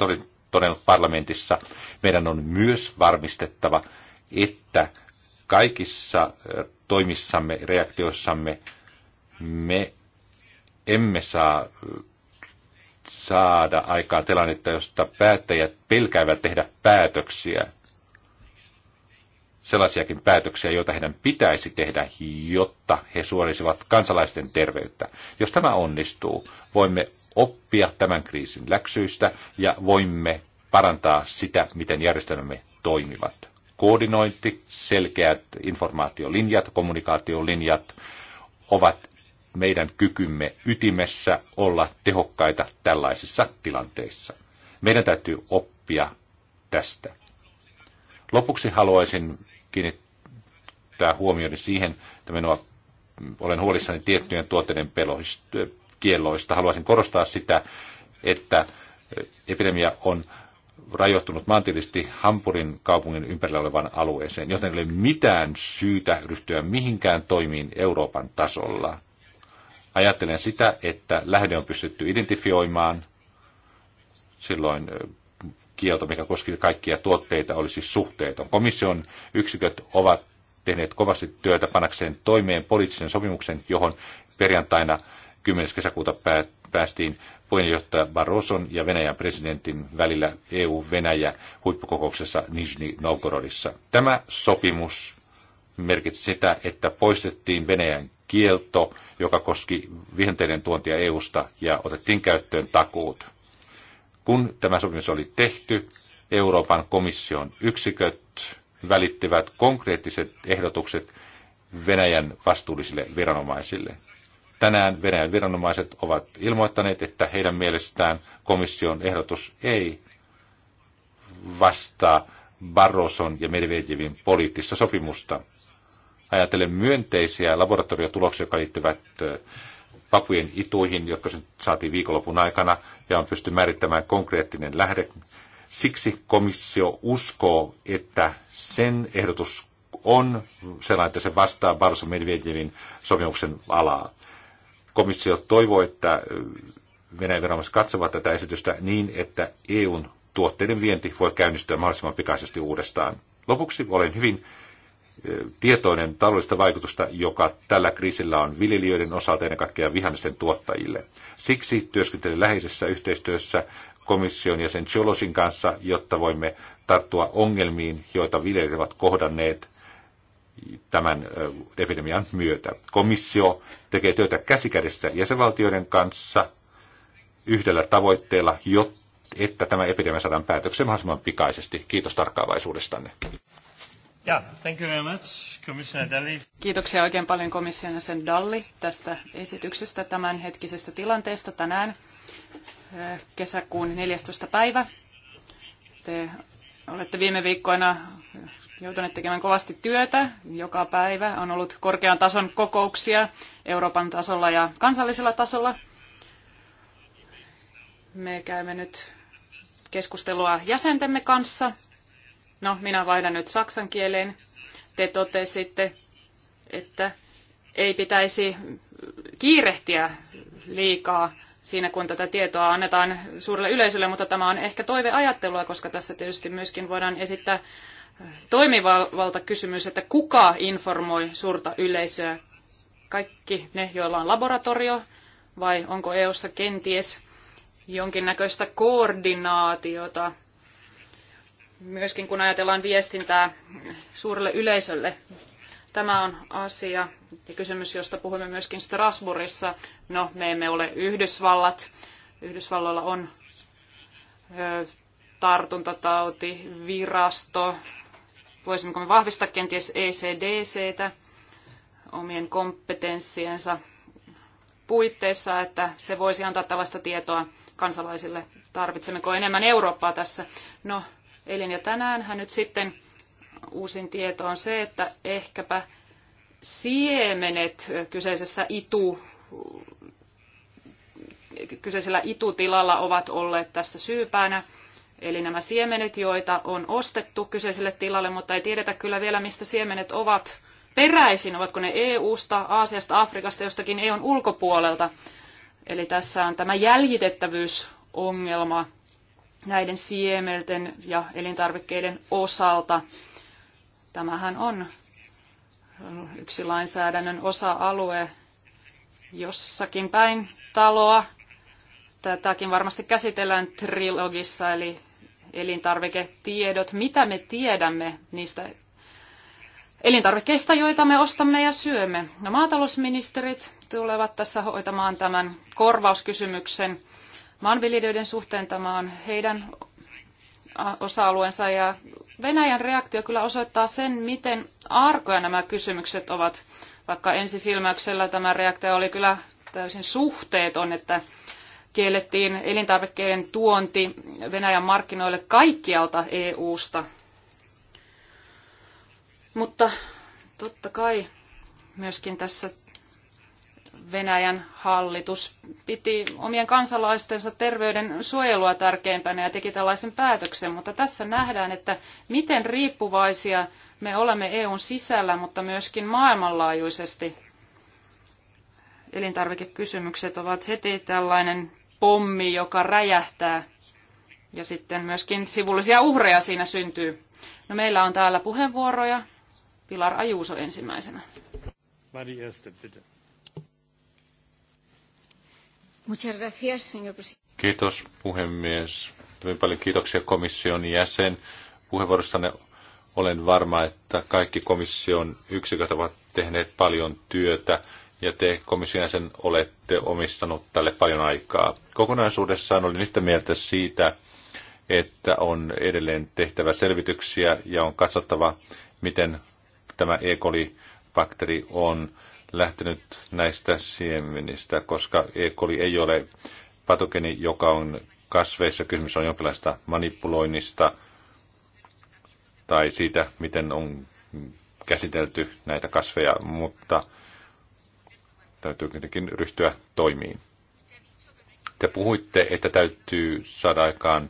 Speaker 1: todennut parlamentissa, meidän on myös varmistettava, että kaikissa toimissamme, reaktioissamme me emme saa saada aikaan tilannetta, josta päättäjät pelkäävät tehdä päätöksiä sellaisiakin päätöksiä, joita heidän pitäisi tehdä, jotta he suorisivat kansalaisten terveyttä. Jos tämä onnistuu, voimme oppia tämän kriisin läksyistä ja voimme parantaa sitä, miten järjestelmämme toimivat. Koordinointi, selkeät informaatiolinjat, kommunikaatiolinjat ovat meidän kykymme ytimessä olla tehokkaita tällaisissa tilanteissa. Meidän täytyy oppia tästä. Lopuksi haluaisin kiinnittää huomioon siihen, että minua olen huolissani tiettyjen tuotteiden peloista, kielloista. Haluaisin korostaa sitä, että epidemia on rajoittunut maantillisesti Hampurin kaupungin ympärillä olevan alueeseen, joten ei ole mitään syytä ryhtyä mihinkään toimiin Euroopan tasolla. Ajattelen sitä, että lähde on pystytty identifioimaan, silloin kielto, mikä koski kaikkia tuotteita, olisi siis suhteeton. Komission yksiköt ovat tehneet kovasti työtä panakseen toimeen poliittisen sopimuksen, johon perjantaina 10. kesäkuuta päästiin puheenjohtaja Barroson ja Venäjän presidentin välillä EU-Venäjä huippukokouksessa Nizhny Novgorodissa. Tämä sopimus merkitsi sitä, että poistettiin Venäjän kielto, joka koski vihenteiden tuontia EUsta ja otettiin käyttöön takuut. Kun tämä sopimus oli tehty, Euroopan komission yksiköt välittivät konkreettiset ehdotukset Venäjän vastuullisille viranomaisille. Tänään Venäjän viranomaiset ovat ilmoittaneet, että heidän mielestään komission ehdotus ei vastaa Barroson ja Medvedevin poliittista sopimusta. Ajattelen myönteisiä laboratoriotuloksia, jotka liittyvät vapujen ituihin, jotka saatiin viikonlopun aikana, ja on pysty määrittämään konkreettinen lähde. Siksi komissio uskoo, että sen ehdotus on sellainen, että se vastaa Barso Medvedevin sopimuksen alaa. Komissio toivoo, että Venäjän viranomaiset katsovat tätä esitystä niin, että EUn tuotteiden vienti voi käynnistyä mahdollisimman pikaisesti uudestaan. Lopuksi olen hyvin tietoinen taloudellista vaikutusta, joka tällä kriisillä on viljelijöiden osalta ennen kaikkea vihannesten tuottajille. Siksi työskentelen läheisessä yhteistyössä komission ja sen Cholosin kanssa, jotta voimme tarttua ongelmiin, joita viljelijät ovat kohdanneet tämän epidemian myötä. Komissio tekee työtä käsikädessä jäsenvaltioiden kanssa yhdellä tavoitteella, jotta että tämä epidemia saadaan päätökseen mahdollisimman pikaisesti. Kiitos tarkkaavaisuudestanne.
Speaker 3: Yeah, thank you very much,
Speaker 2: Commissioner Dalli. Kiitoksia oikein paljon komission jäsen Dalli tästä esityksestä tämänhetkisestä tilanteesta tänään eh, kesäkuun 14. päivä. Te olette viime viikkoina joutuneet tekemään kovasti työtä. Joka päivä on ollut korkean tason kokouksia Euroopan tasolla ja kansallisella tasolla. Me käymme nyt keskustelua jäsentemme kanssa – No, minä vaihdan nyt saksan kieleen. Te totesitte, että ei pitäisi kiirehtiä liikaa siinä, kun tätä tietoa annetaan suurelle yleisölle, mutta tämä on ehkä toiveajattelua, koska tässä tietysti myöskin voidaan esittää toimivalta kysymys, että kuka informoi suurta yleisöä? Kaikki ne, joilla on laboratorio, vai onko EUssa kenties jonkinnäköistä koordinaatiota myöskin kun ajatellaan viestintää suurelle yleisölle. Tämä on asia ja kysymys, josta puhumme myöskin Strasbourgissa. No, me emme ole Yhdysvallat. Yhdysvalloilla on ö, tartuntatautivirasto. Voisimmeko me vahvistaa kenties ECDCtä omien kompetenssiensa puitteissa, että se voisi antaa tällaista tietoa kansalaisille. Tarvitsemmeko enemmän Eurooppaa tässä? No, Eilen ja tänään hän nyt sitten uusin tieto on se, että ehkäpä siemenet kyseisessä itu, kyseisellä itutilalla ovat olleet tässä syypäänä. Eli nämä siemenet, joita on ostettu kyseiselle tilalle, mutta ei tiedetä kyllä vielä, mistä siemenet ovat peräisin. Ovatko ne EU-sta, Aasiasta, Afrikasta, jostakin EUn ulkopuolelta. Eli tässä on tämä jäljitettävyysongelma näiden siemelten ja elintarvikkeiden osalta. Tämähän on yksi lainsäädännön osa-alue jossakin päin taloa. Tätäkin varmasti käsitellään trilogissa, eli elintarviketiedot, mitä me tiedämme niistä elintarvikkeista, joita me ostamme ja syömme. No, maatalousministerit tulevat tässä hoitamaan tämän korvauskysymyksen maanviljelijöiden suhteen, tämä on heidän osa-alueensa. Ja Venäjän reaktio kyllä osoittaa sen, miten arkoja nämä kysymykset ovat. Vaikka ensisilmäyksellä tämä reaktio oli kyllä täysin suhteeton, että kiellettiin elintarvikkeiden tuonti Venäjän markkinoille kaikkialta EU-sta. Mutta totta kai myöskin tässä Venäjän hallitus piti omien kansalaistensa terveyden suojelua tärkeimpänä ja teki tällaisen päätöksen, mutta tässä nähdään, että miten riippuvaisia me olemme EUn sisällä, mutta myöskin maailmanlaajuisesti. Elintarvikekysymykset ovat heti tällainen pommi, joka räjähtää ja sitten myöskin sivullisia uhreja siinä syntyy. No meillä on täällä puheenvuoroja. Pilar Ajuuso ensimmäisenä. Mari bitte.
Speaker 3: Muchas gracias, señor presidente.
Speaker 1: Kiitos puhemies. Hyvin paljon kiitoksia komission jäsen puheenvuorostanne. Olen varma, että kaikki komission yksiköt ovat tehneet paljon työtä ja te komission jäsen olette omistanut tälle paljon aikaa. Kokonaisuudessaan olin yhtä mieltä siitä, että on edelleen tehtävä selvityksiä ja on katsottava, miten tämä E. coli-bakteri on lähtenyt näistä siemenistä, koska E. coli ei ole patogeni, joka on kasveissa. Kysymys on jonkinlaista manipuloinnista tai siitä, miten on käsitelty näitä kasveja, mutta täytyy kuitenkin ryhtyä toimiin. Te puhuitte, että täytyy saada aikaan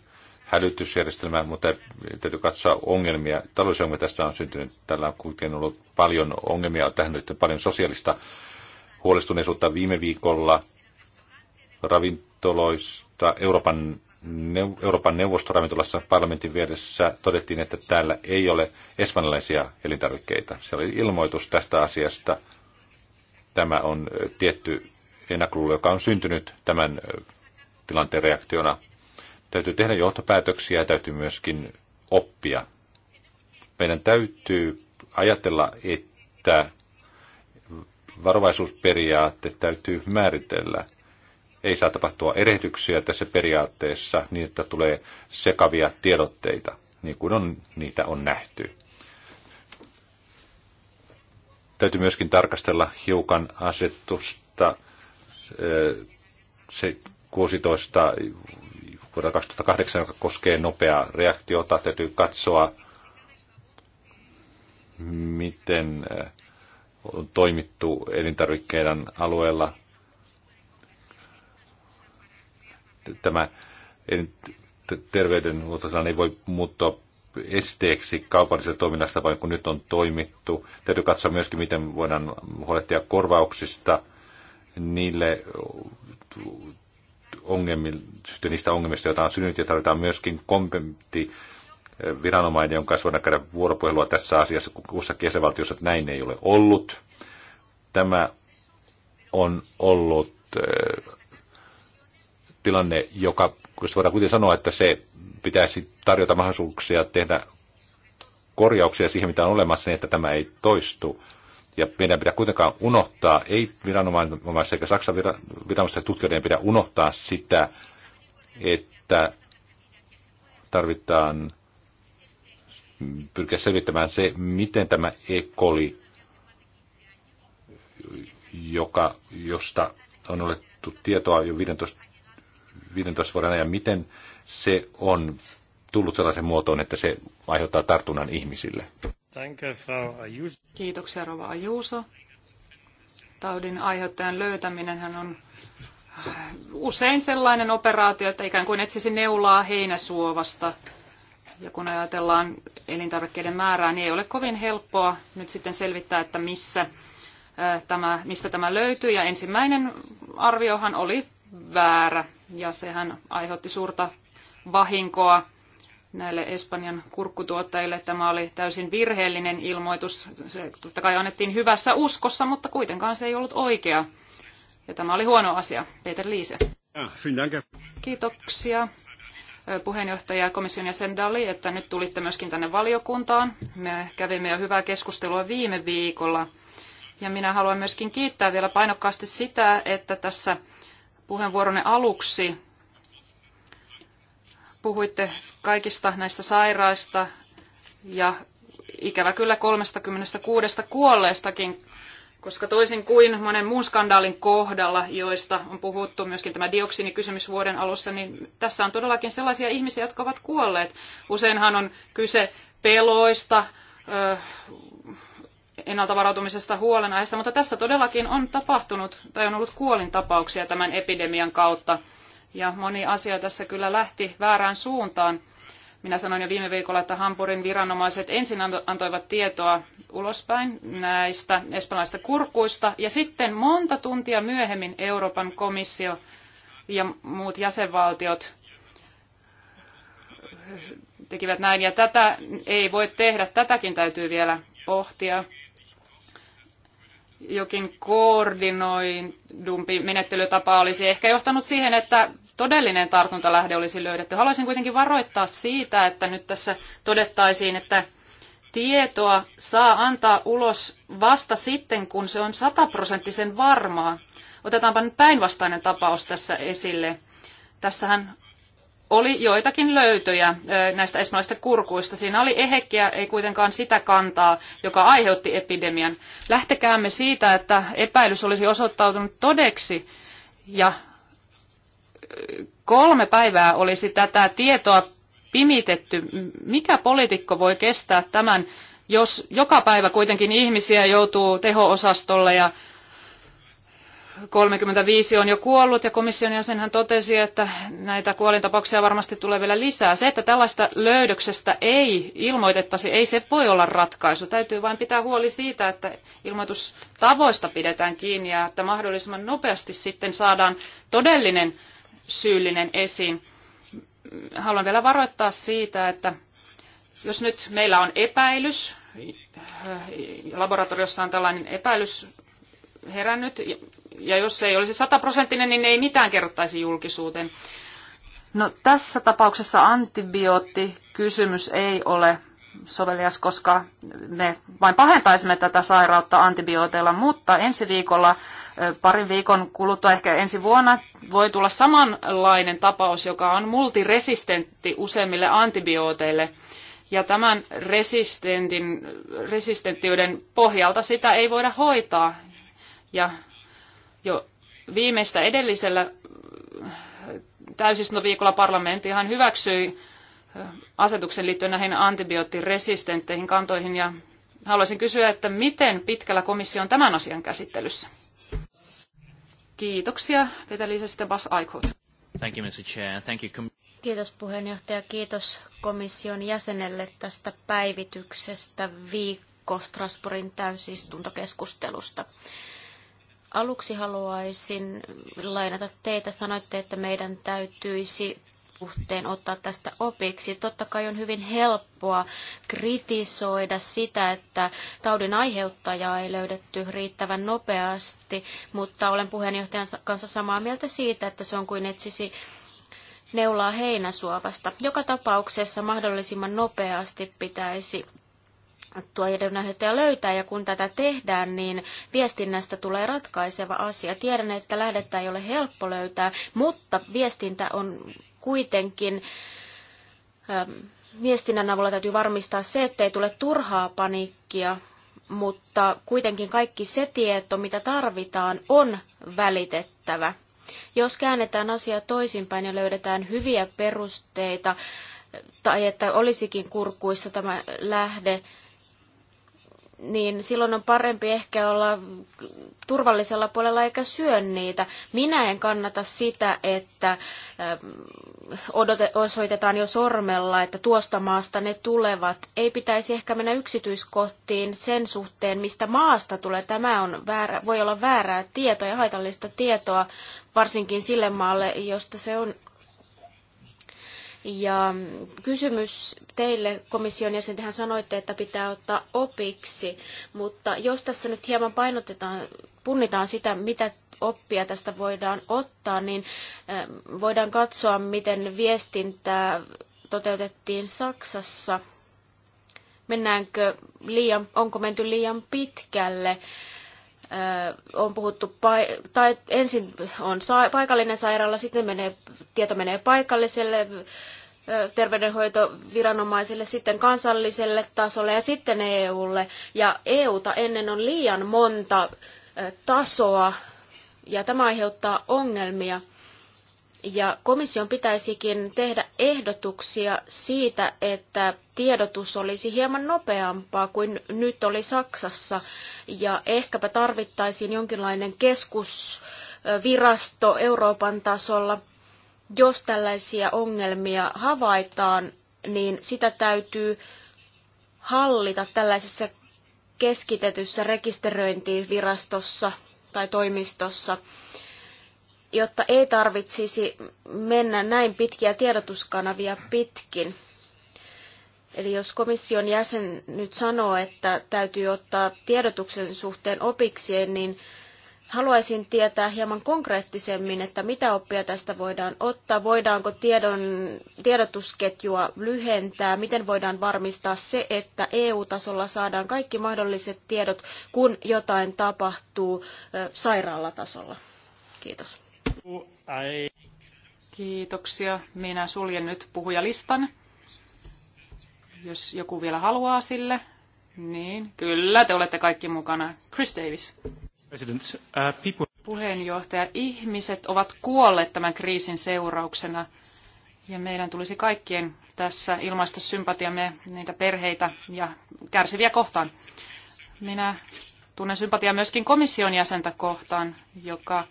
Speaker 1: hälytysjärjestelmää, mutta täytyy katsoa ongelmia. Taloudellisia ongelmia tästä on syntynyt. Tällä on kuitenkin ollut paljon ongelmia. Tähän nyt paljon sosiaalista huolestuneisuutta viime viikolla ravintoloista Euroopan Euroopan neuvostoravintolassa parlamentin vieressä todettiin, että täällä ei ole espanjalaisia elintarvikkeita. Se oli ilmoitus tästä asiasta. Tämä on tietty ennakkoluulo, joka on syntynyt tämän tilanteen reaktiona. Täytyy tehdä johtopäätöksiä ja täytyy myöskin oppia. Meidän täytyy ajatella, että varovaisuusperiaate täytyy määritellä. Ei saa tapahtua erehdyksiä tässä periaatteessa niin, että tulee sekavia tiedotteita, niin kuin on, niitä on nähty. Täytyy myöskin tarkastella hiukan asetusta se 16 vuodelta 2008, joka koskee nopeaa reaktiota. Täytyy katsoa, miten eh, on toimittu elintarvikkeiden alueella. Tämä terveydenhuoltosalan ei voi muuttua esteeksi kaupallisesta toiminnasta, vaan kun nyt on toimittu. Täytyy katsoa myöskin, miten voidaan huolehtia korvauksista niille ongelmista, niistä ongelmista, joita on synnyt, ja tarvitaan myöskin kompetti eh, viranomainen, jonka kanssa voidaan käydä vuoropuhelua tässä asiassa kussakin jäsenvaltiossa, että näin ei ole ollut. Tämä on ollut eh, tilanne, joka, kun voidaan kuitenkin sanoa, että se pitäisi tarjota mahdollisuuksia tehdä korjauksia siihen, mitä on olemassa, niin että tämä ei toistu. Ja meidän pitää kuitenkaan unohtaa, ei viranomaiset eikä Saksan viranomaiset tutkijoiden pidä unohtaa sitä, että tarvitaan pyrkiä selvittämään se, miten tämä ekoli, joka, josta on olettu tietoa jo 15, 15 vuoden ajan, miten se on tullut sellaisen muotoon, että se aiheuttaa tartunnan ihmisille.
Speaker 2: Ayuso. Kiitoksia, Rova Taudin aiheuttajan löytäminen on äh, usein sellainen operaatio, että ikään kuin etsisi neulaa heinäsuovasta. Ja kun ajatellaan elintarvikkeiden määrää, niin ei ole kovin helppoa nyt sitten selvittää, että missä äh, tämä, mistä tämä löytyy. Ja ensimmäinen arviohan oli väärä, ja sehän aiheutti suurta vahinkoa näille Espanjan kurkkutuottajille. Tämä oli täysin virheellinen ilmoitus. Se totta kai annettiin hyvässä uskossa, mutta kuitenkaan se ei ollut oikea. Ja tämä oli huono asia. Peter Liise. Ah, Kiitoksia puheenjohtaja ja komission jäsen Dali, että nyt tulitte myöskin tänne valiokuntaan. Me kävimme jo hyvää keskustelua viime viikolla. Ja minä haluan myöskin kiittää vielä painokkaasti sitä, että tässä puheenvuoronne aluksi puhuitte kaikista näistä sairaista ja ikävä kyllä 36 kuolleestakin, koska toisin kuin monen muun skandaalin kohdalla, joista on puhuttu myöskin tämä dioksinikysymys vuoden alussa, niin tässä on todellakin sellaisia ihmisiä, jotka ovat kuolleet. Useinhan on kyse peloista, ennalta varautumisesta huolenaista, mutta tässä todellakin on tapahtunut tai on ollut kuolintapauksia tämän epidemian kautta ja moni asia tässä kyllä lähti väärään suuntaan. Minä sanoin jo viime viikolla, että Hampurin viranomaiset ensin antoivat tietoa ulospäin näistä espanjalaisista kurkuista, ja sitten monta tuntia myöhemmin Euroopan komissio ja muut jäsenvaltiot tekivät näin, ja tätä ei voi tehdä, tätäkin täytyy vielä pohtia jokin koordinoidumpi menettelytapa olisi ehkä johtanut siihen, että todellinen tartuntalähde olisi löydetty. Haluaisin kuitenkin varoittaa siitä, että nyt tässä todettaisiin, että tietoa saa antaa ulos vasta sitten, kun se on sataprosenttisen varmaa. Otetaanpa nyt päinvastainen tapaus tässä esille. Tässähän oli joitakin löytöjä näistä espanjalaisista kurkuista. Siinä oli ehekkiä, ei kuitenkaan sitä kantaa, joka aiheutti epidemian. Lähtekäämme siitä, että epäilys olisi osoittautunut todeksi ja kolme päivää olisi tätä tietoa pimitetty. Mikä poliitikko voi kestää tämän, jos joka päivä kuitenkin ihmisiä joutuu teho-osastolle ja 35 on jo kuollut ja komission jäsenhän totesi, että näitä kuolintapauksia varmasti tulee vielä lisää. Se, että tällaista löydöksestä ei ilmoitettaisi, ei se voi olla ratkaisu. Täytyy vain pitää huoli siitä, että ilmoitustavoista pidetään kiinni ja että mahdollisimman nopeasti sitten saadaan todellinen syyllinen esiin. Haluan vielä varoittaa siitä, että jos nyt meillä on epäilys, laboratoriossa on tällainen epäilys herännyt ja jos se ei olisi sataprosenttinen, niin ei mitään kerrottaisi julkisuuteen. No tässä tapauksessa antibioottikysymys ei ole sovelias, koska me vain pahentaisimme tätä sairautta antibiooteilla, mutta ensi viikolla, parin viikon kuluttua, ehkä ensi vuonna, voi tulla samanlainen tapaus, joka on multiresistentti useimmille antibiooteille. Ja tämän resistentin, resistenttiyden pohjalta sitä ei voida hoitaa. Ja jo viimeistä edellisellä äh, täysistuntoviikolla parlamenttihan hyväksyi äh, asetuksen liittyen näihin antibioottiresistentteihin kantoihin ja haluaisin kysyä, että miten pitkällä komissio on tämän asian käsittelyssä?
Speaker 3: Kiitoksia. Peter Liisa sitten Bas Aikot.
Speaker 2: Thank you, Mr. Chair. Thank you.
Speaker 3: Kiitos puheenjohtaja. Kiitos komission jäsenelle tästä päivityksestä viikko Strasbourgin täysistuntokeskustelusta. Aluksi haluaisin lainata teitä. Sanoitte, että meidän täytyisi suhteen ottaa tästä opiksi. Totta kai on hyvin helppoa kritisoida sitä, että taudin aiheuttajaa ei löydetty riittävän nopeasti, mutta olen puheenjohtajan kanssa samaa mieltä siitä, että se on kuin etsisi neulaa heinäsuovasta. Joka tapauksessa mahdollisimman nopeasti pitäisi tuotantojohtaja löytää, ja kun tätä tehdään, niin viestinnästä tulee ratkaiseva asia. Tiedän, että lähdettä ei ole helppo löytää, mutta viestintä on kuitenkin... Ähm, viestinnän avulla täytyy varmistaa se, ettei tule turhaa paniikkia, mutta kuitenkin kaikki se tieto, mitä tarvitaan, on välitettävä. Jos käännetään asia toisinpäin ja löydetään hyviä perusteita, tai että olisikin kurkuissa tämä lähde, niin silloin on parempi ehkä olla turvallisella puolella eikä syö niitä. Minä en kannata sitä, että ähm, osoitetaan jo sormella, että tuosta maasta ne tulevat. Ei pitäisi ehkä mennä yksityiskohtiin sen suhteen, mistä maasta tulee. Tämä on väärä, voi olla väärää tietoa ja haitallista tietoa, varsinkin sille maalle, josta se on ja kysymys teille komission jäsen, tehän sanoitte, että pitää ottaa opiksi, mutta jos tässä nyt hieman painotetaan, punnitaan sitä, mitä oppia tästä voidaan ottaa, niin eh, voidaan katsoa, miten viestintää toteutettiin Saksassa. Mennäänkö liian, onko menty liian pitkälle? on puhuttu, tai ensin on paikallinen sairaala, sitten menee, tieto menee paikalliselle terveydenhoitoviranomaisille, sitten kansalliselle tasolle ja sitten EUlle. Ja EUta ennen on liian monta tasoa ja tämä aiheuttaa ongelmia. Ja komission pitäisikin tehdä ehdotuksia siitä, että tiedotus olisi hieman nopeampaa kuin nyt oli Saksassa. Ja ehkäpä tarvittaisiin jonkinlainen keskusvirasto Euroopan tasolla. Jos tällaisia ongelmia havaitaan, niin sitä täytyy hallita tällaisessa keskitetyssä rekisteröintivirastossa tai toimistossa – jotta ei tarvitsisi mennä näin pitkiä tiedotuskanavia pitkin. Eli jos komission jäsen nyt sanoo, että täytyy ottaa tiedotuksen suhteen opikseen, niin haluaisin tietää hieman konkreettisemmin, että mitä oppia tästä voidaan ottaa, voidaanko tiedon, tiedotusketjua lyhentää, miten voidaan varmistaa se, että EU-tasolla saadaan kaikki mahdolliset tiedot, kun jotain tapahtuu sairaalatasolla. Kiitos.
Speaker 2: Kiitoksia. Minä suljen nyt puhujalistan. Jos joku vielä haluaa sille, niin kyllä te olette kaikki mukana. Chris Davis.
Speaker 1: Uh,
Speaker 2: Puheenjohtaja, ihmiset ovat kuolleet tämän kriisin seurauksena ja meidän tulisi kaikkien tässä ilmaista sympatiamme niitä perheitä ja kärsiviä kohtaan. Minä tunnen sympatiaa myöskin komission jäsentä kohtaan, joka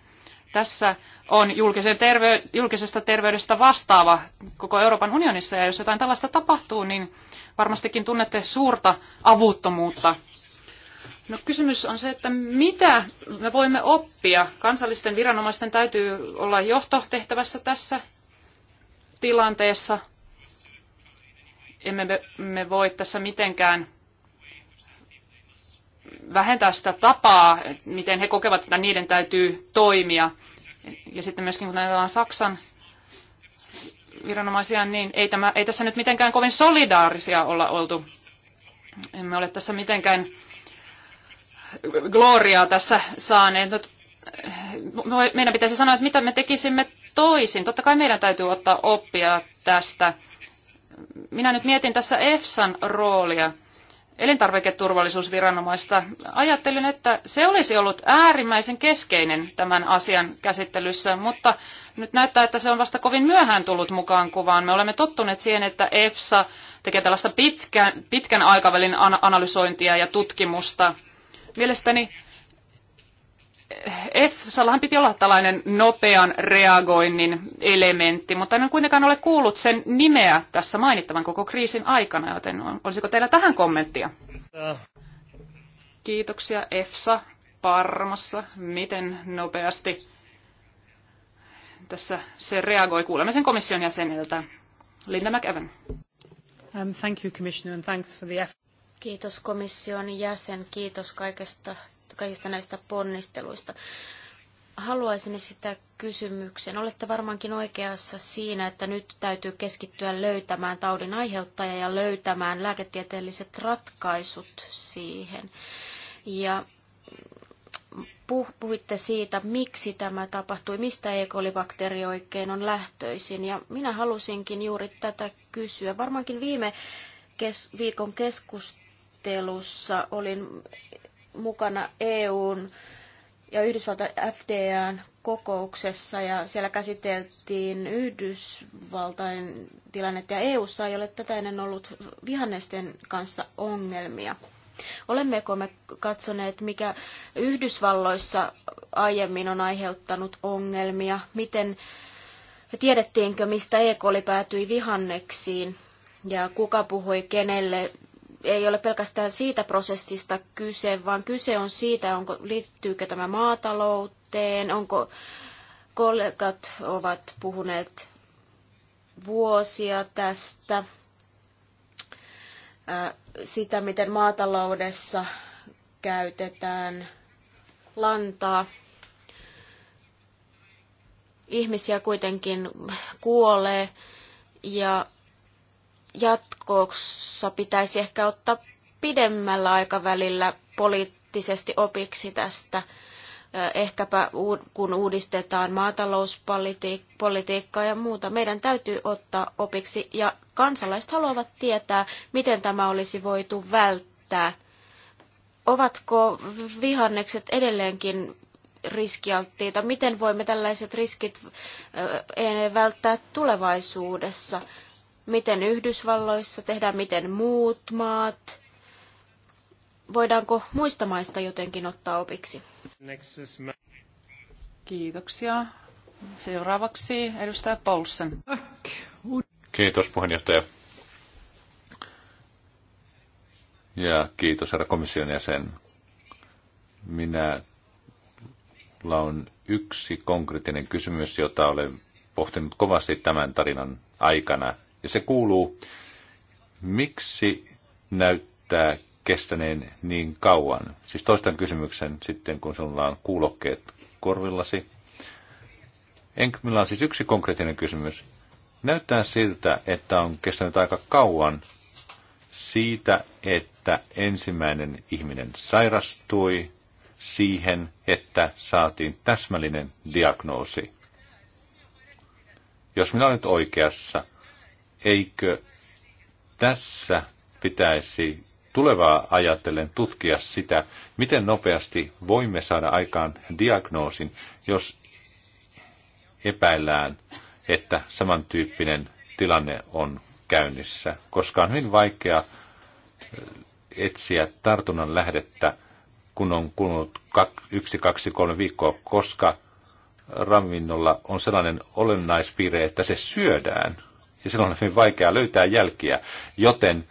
Speaker 2: tässä on julkisen terve- julkisesta terveydestä vastaava koko Euroopan unionissa, ja jos jotain tällaista tapahtuu, niin varmastikin tunnette suurta avuttomuutta. No, kysymys on se, että mitä me voimme oppia. Kansallisten viranomaisten täytyy olla johtotehtävässä tässä tilanteessa. Emme me, me voi tässä mitenkään vähentää sitä tapaa, miten he kokevat, että niiden täytyy toimia. Ja sitten myöskin kun ajatellaan Saksan viranomaisia, niin ei, tämä, ei tässä nyt mitenkään kovin solidaarisia olla oltu. Emme ole tässä mitenkään gloriaa tässä saaneet. Eh, meidän pitäisi sanoa, että mitä me tekisimme toisin. Totta kai meidän täytyy ottaa oppia tästä. Minä nyt mietin tässä EFSAn roolia elintarviketurvallisuusviranomaista. Ajattelin, että se olisi ollut äärimmäisen keskeinen tämän asian käsittelyssä, mutta nyt näyttää, että se on vasta kovin myöhään tullut mukaan kuvaan. Me olemme tottuneet siihen, että EFSA tekee tällaista pitkän, pitkän aikavälin analysointia ja tutkimusta. Mielestäni EFSAllahan piti olla tällainen nopean reagoinnin elementti, mutta en kuitenkaan ole kuullut sen nimeä tässä mainittavan koko kriisin aikana, joten olisiko teillä tähän kommenttia? Kiitoksia EFSA Parmassa. Miten nopeasti tässä se reagoi kuulemisen komission jäseniltä?
Speaker 3: Linda McEwen. Um, thank you, Commissioner, and thanks for the effort. Kiitos komission jäsen, kiitos kaikesta kaikista näistä ponnisteluista. Haluaisin esittää kysymyksen. Olette varmaankin oikeassa siinä, että nyt täytyy keskittyä löytämään taudin aiheuttaja ja löytämään lääketieteelliset ratkaisut siihen. Ja puhuitte siitä, miksi tämä tapahtui, mistä E. coli-bakteeri oikein on lähtöisin. Ja minä halusinkin juuri tätä kysyä. Varmaankin viime kes- viikon keskustelussa olin mukana EUn ja Yhdysvaltain FDAn kokouksessa ja siellä käsiteltiin Yhdysvaltain tilannetta ja EUssa ei ole tätä ennen ollut vihannesten kanssa ongelmia. Olemmeko me katsoneet, mikä Yhdysvalloissa aiemmin on aiheuttanut ongelmia, miten tiedettiinkö, mistä E. coli päätyi vihanneksiin ja kuka puhui kenelle ei ole pelkästään siitä prosessista kyse, vaan kyse on siitä, onko, liittyykö tämä maatalouteen, onko kollegat ovat puhuneet vuosia tästä, sitä, miten maataloudessa käytetään lantaa. Ihmisiä kuitenkin kuolee ja jatkossa pitäisi ehkä ottaa pidemmällä aikavälillä poliittisesti opiksi tästä, ehkäpä kun uudistetaan maatalouspolitiikkaa ja muuta. Meidän täytyy ottaa opiksi ja kansalaiset haluavat tietää, miten tämä olisi voitu välttää. Ovatko vihannekset edelleenkin riskialttiita? Miten voimme tällaiset riskit e, välttää tulevaisuudessa? miten Yhdysvalloissa tehdään, miten muut maat. Voidaanko muista maista jotenkin ottaa opiksi? Kiitoksia. Seuraavaksi
Speaker 2: edustaja Paulsen.
Speaker 1: Kiitos puheenjohtaja. Ja kiitos herra komission jäsen. Minä on yksi konkreettinen kysymys, jota olen pohtinut kovasti tämän tarinan aikana ja se kuuluu, miksi näyttää kestäneen niin kauan? Siis toistan kysymyksen sitten, kun sinulla on kuulokkeet korvillasi. En, minulla on siis yksi konkreettinen kysymys. Näyttää siltä, että on kestänyt aika kauan siitä, että ensimmäinen ihminen sairastui siihen, että saatiin täsmällinen diagnoosi. Jos minä olen nyt oikeassa, eikö tässä pitäisi tulevaa ajatellen tutkia sitä, miten nopeasti voimme saada aikaan diagnoosin, jos epäillään, että samantyyppinen tilanne on käynnissä, koska on hyvin vaikea äh, etsiä tartunnan lähdettä, kun on kulunut yksi, kaksi, kolme viikkoa, koska ravinnolla on sellainen olennaispiirre, että se syödään – ja silloin on hyvin vaikea löytää jälkiä, joten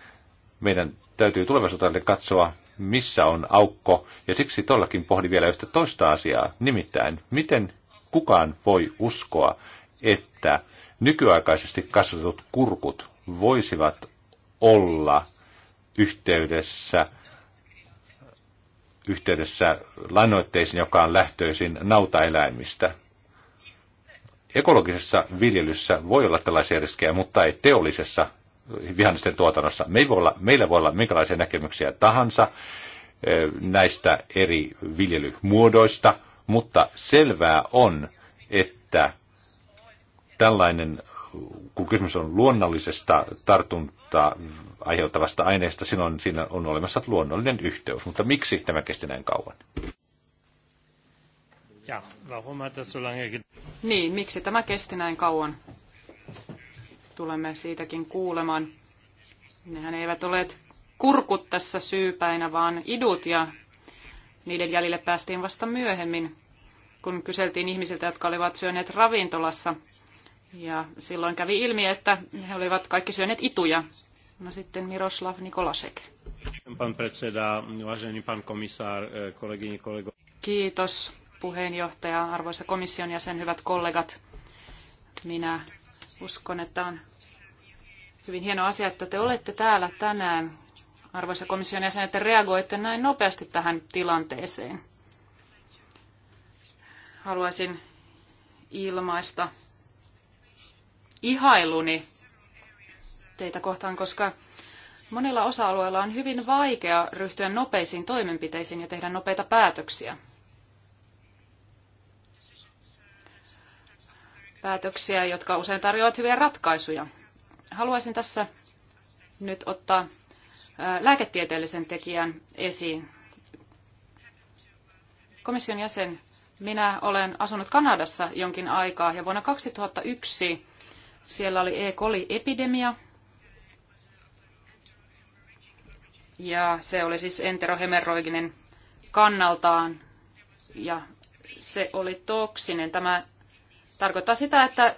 Speaker 1: meidän täytyy tulevaisuuteen katsoa, missä on aukko, ja siksi tollakin pohdi vielä yhtä toista asiaa, nimittäin, miten kukaan voi uskoa, että nykyaikaisesti kasvatetut kurkut voisivat olla yhteydessä yhteydessä lannoitteisiin, joka on lähtöisin nautaeläimistä ekologisessa viljelyssä voi olla tällaisia riskejä, mutta ei teollisessa vihannesten tuotannossa. Me voi olla, meillä voi olla minkälaisia näkemyksiä tahansa eh, näistä eri viljelymuodoista, mutta selvää on, että tällainen, kun kysymys on luonnollisesta tartuntaa aiheuttavasta aineesta, silloin siinä on olemassa luonnollinen yhteys. Mutta miksi tämä kesti näin kauan?
Speaker 2: Ja,
Speaker 3: warum hat das so lange
Speaker 2: Niin, miksi tämä kesti näin kauan? Tulemme siitäkin kuulemaan. Nehän eivät ole kurkut tässä syypäinä, vaan idut ja niiden jäljille päästiin vasta myöhemmin, kun kyseltiin ihmisiltä, jotka olivat syöneet ravintolassa. Ja silloin kävi ilmi, että he olivat kaikki syöneet ituja. No sitten Miroslav Nikolasek.
Speaker 1: Pan predseda, pan komisár, kolego.
Speaker 2: Kiitos puheenjohtaja, arvoisa komission jäsen, hyvät kollegat. Minä uskon, että on hyvin hieno asia, että te olette täällä tänään, arvoisa komission jäsen, että reagoitte näin nopeasti tähän tilanteeseen. Haluaisin ilmaista ihailuni teitä kohtaan, koska monilla osa-alueilla on hyvin vaikea ryhtyä nopeisiin toimenpiteisiin ja tehdä nopeita päätöksiä. päätöksiä, jotka usein tarjoavat hyviä ratkaisuja. Haluaisin tässä nyt ottaa lääketieteellisen tekijän esiin. Komission jäsen, minä olen asunut Kanadassa jonkin aikaa ja vuonna 2001 siellä oli E. coli-epidemia. Ja se oli siis enterohemeroiginen kannaltaan ja se oli toksinen. Tämä tarkoittaa sitä, että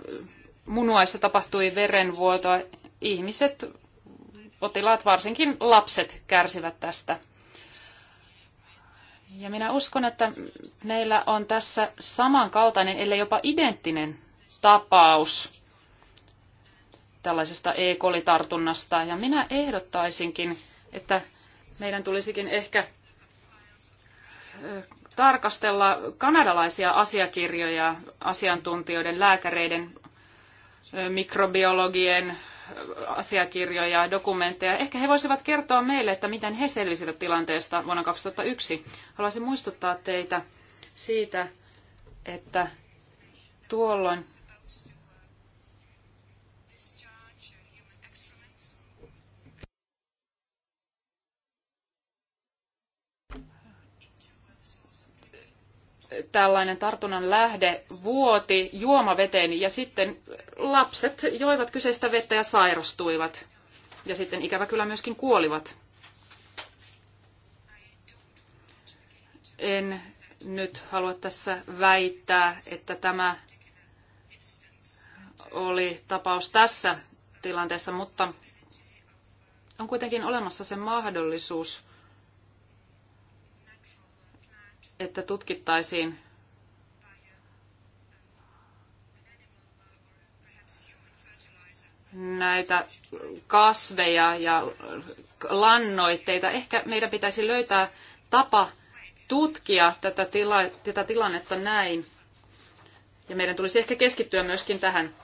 Speaker 2: munuaissa tapahtui verenvuotoa. Ihmiset, potilaat, varsinkin lapset kärsivät tästä. Ja minä uskon, että meillä on tässä samankaltainen, ellei jopa identtinen tapaus tällaisesta E. coli-tartunnasta. Ja minä ehdottaisinkin, että meidän tulisikin ehkä tarkastella kanadalaisia asiakirjoja asiantuntijoiden, lääkäreiden, mikrobiologien asiakirjoja, dokumentteja. Ehkä he voisivat kertoa meille, että miten he selvisivät tilanteesta vuonna 2001. Haluaisin muistuttaa teitä siitä, että tuolloin tällainen tartunnan lähde vuoti juomaveteen ja sitten lapset joivat kyseistä vettä ja sairastuivat. Ja sitten ikävä kyllä myöskin kuolivat. En nyt halua tässä väittää, että tämä oli tapaus tässä tilanteessa, mutta on kuitenkin olemassa se mahdollisuus, että tutkittaisiin näitä kasveja ja lannoitteita. Ehkä meidän pitäisi löytää tapa tutkia tätä, tila, tätä tilannetta näin. Ja meidän tulisi ehkä keskittyä myöskin tähän.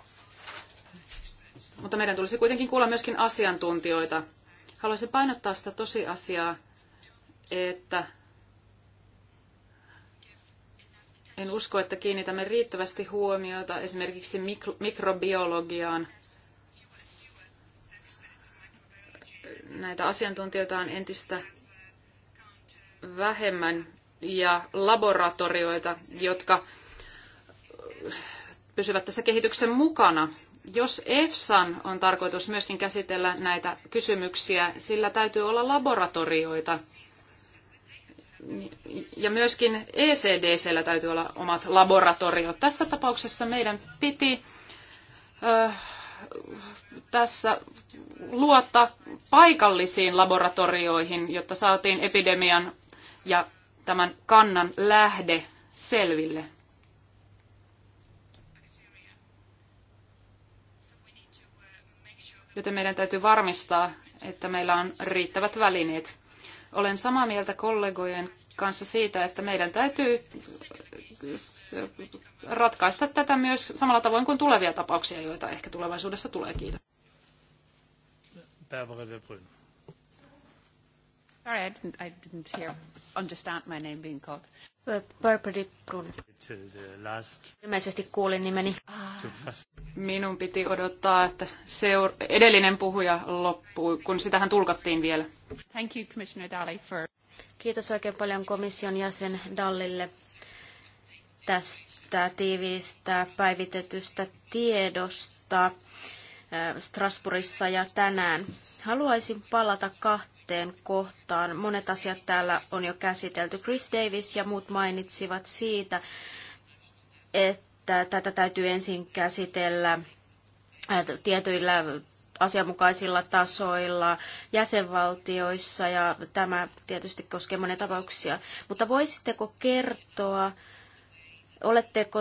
Speaker 2: Mutta meidän tulisi kuitenkin kuulla myöskin asiantuntijoita. Haluaisin painottaa sitä tosiasiaa, että En usko, että kiinnitämme riittävästi huomiota esimerkiksi mikrobiologiaan. Näitä asiantuntijoita on entistä vähemmän ja laboratorioita, jotka pysyvät tässä kehityksen mukana. Jos EFSAn on tarkoitus myöskin käsitellä näitä kysymyksiä, sillä täytyy olla laboratorioita, ja myöskin ECDCllä täytyy olla omat laboratoriot. Tässä tapauksessa meidän piti äh, tässä luottaa paikallisiin laboratorioihin, jotta saatiin epidemian ja tämän kannan lähde selville. Joten meidän täytyy varmistaa, että meillä on riittävät välineet. Olen samaa mieltä kollegojen kanssa siitä, että meidän täytyy ratkaista tätä myös samalla tavoin kuin tulevia tapauksia, joita ehkä tulevaisuudessa tulee. Kiitos. Sorry, I didn't,
Speaker 3: I didn't hear, understand my name being called. Ilmeisesti kuulin nimeni.
Speaker 2: Minun piti odottaa, että seur- edellinen puhuja loppui, kun sitähän tulkattiin vielä.
Speaker 3: Thank you, Commissioner Daly, for... Kiitos oikein paljon komission jäsen Dallille tästä tiiviistä päivitetystä tiedosta äh, Strasbourgissa ja tänään. Haluaisin palata kahteen kohtaan. Monet asiat täällä on jo käsitelty. Chris Davis ja muut mainitsivat siitä, että tätä täytyy ensin käsitellä äh, tietyillä asianmukaisilla tasoilla jäsenvaltioissa ja tämä tietysti koskee monia tapauksia. Mutta voisitteko kertoa, oletteko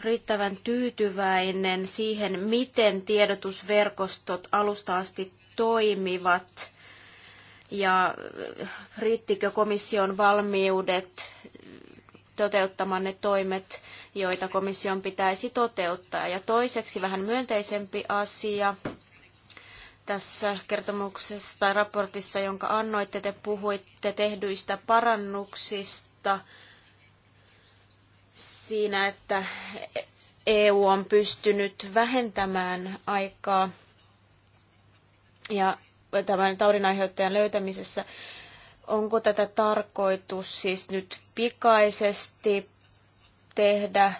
Speaker 3: riittävän tyytyväinen siihen, miten tiedotusverkostot alusta asti toimivat ja riittikö komission valmiudet toteuttamaan ne toimet, joita komission pitäisi toteuttaa. Ja toiseksi vähän myönteisempi asia tässä kertomuksessa tai raportissa, jonka annoitte, te puhuitte tehdyistä parannuksista siinä, että EU on pystynyt vähentämään aikaa ja tämän taudin aiheuttajan löytämisessä. Onko tätä tarkoitus siis nyt pikaisesti tehdä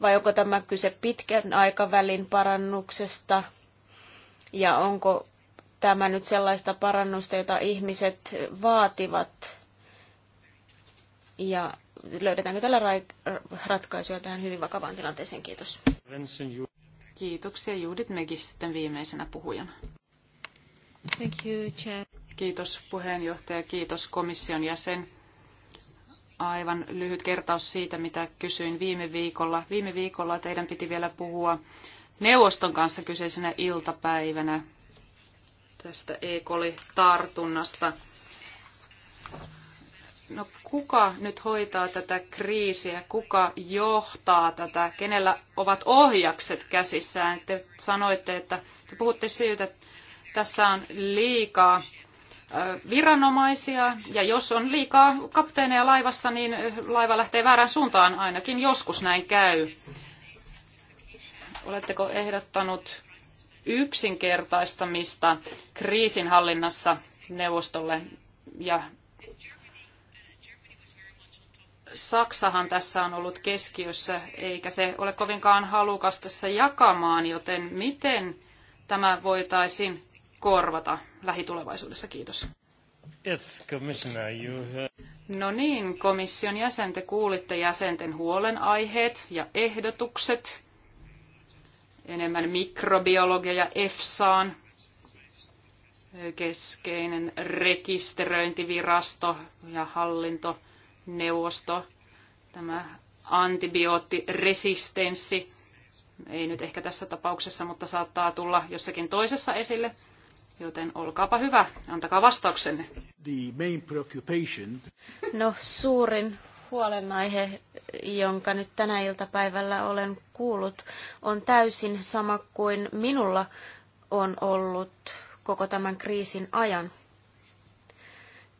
Speaker 3: vai onko tämä kyse pitkän aikavälin parannuksesta? ja onko tämä nyt sellaista parannusta, jota ihmiset vaativat ja löydetäänkö tällä ratkaisuja tähän hyvin vakavaan tilanteeseen? Kiitos.
Speaker 2: Kiitoksia Judith Megis sitten viimeisenä puhujana.
Speaker 3: Thank you, Chair.
Speaker 2: Kiitos puheenjohtaja, kiitos komission jäsen. Aivan lyhyt kertaus siitä, mitä kysyin viime viikolla. Viime viikolla teidän piti vielä puhua neuvoston kanssa kyseisenä iltapäivänä tästä E. coli-tartunnasta. No kuka nyt hoitaa tätä kriisiä, kuka johtaa tätä, kenellä ovat ohjakset käsissään? Te sanoitte, että te puhutte siitä, että tässä on liikaa viranomaisia, ja jos on liikaa kapteeneja laivassa, niin laiva lähtee väärään suuntaan ainakin joskus näin käy. Oletteko ehdottanut yksinkertaistamista kriisinhallinnassa neuvostolle ja Saksahan tässä on ollut keskiössä, eikä se ole kovinkaan halukas tässä jakamaan, joten miten tämä voitaisiin korvata lähitulevaisuudessa? Kiitos.
Speaker 3: Yes, commissioner, you...
Speaker 2: No niin, komission jäsen, te kuulitte jäsenten huolenaiheet ja ehdotukset enemmän mikrobiologia EFSAan, keskeinen rekisteröintivirasto ja hallintoneuvosto. Tämä antibioottiresistenssi, ei nyt ehkä tässä tapauksessa, mutta saattaa tulla jossakin toisessa esille. Joten olkaapa hyvä, antakaa vastauksenne.
Speaker 3: No suurin huolenaihe jonka nyt tänä iltapäivällä olen kuullut, on täysin sama kuin minulla on ollut koko tämän kriisin ajan.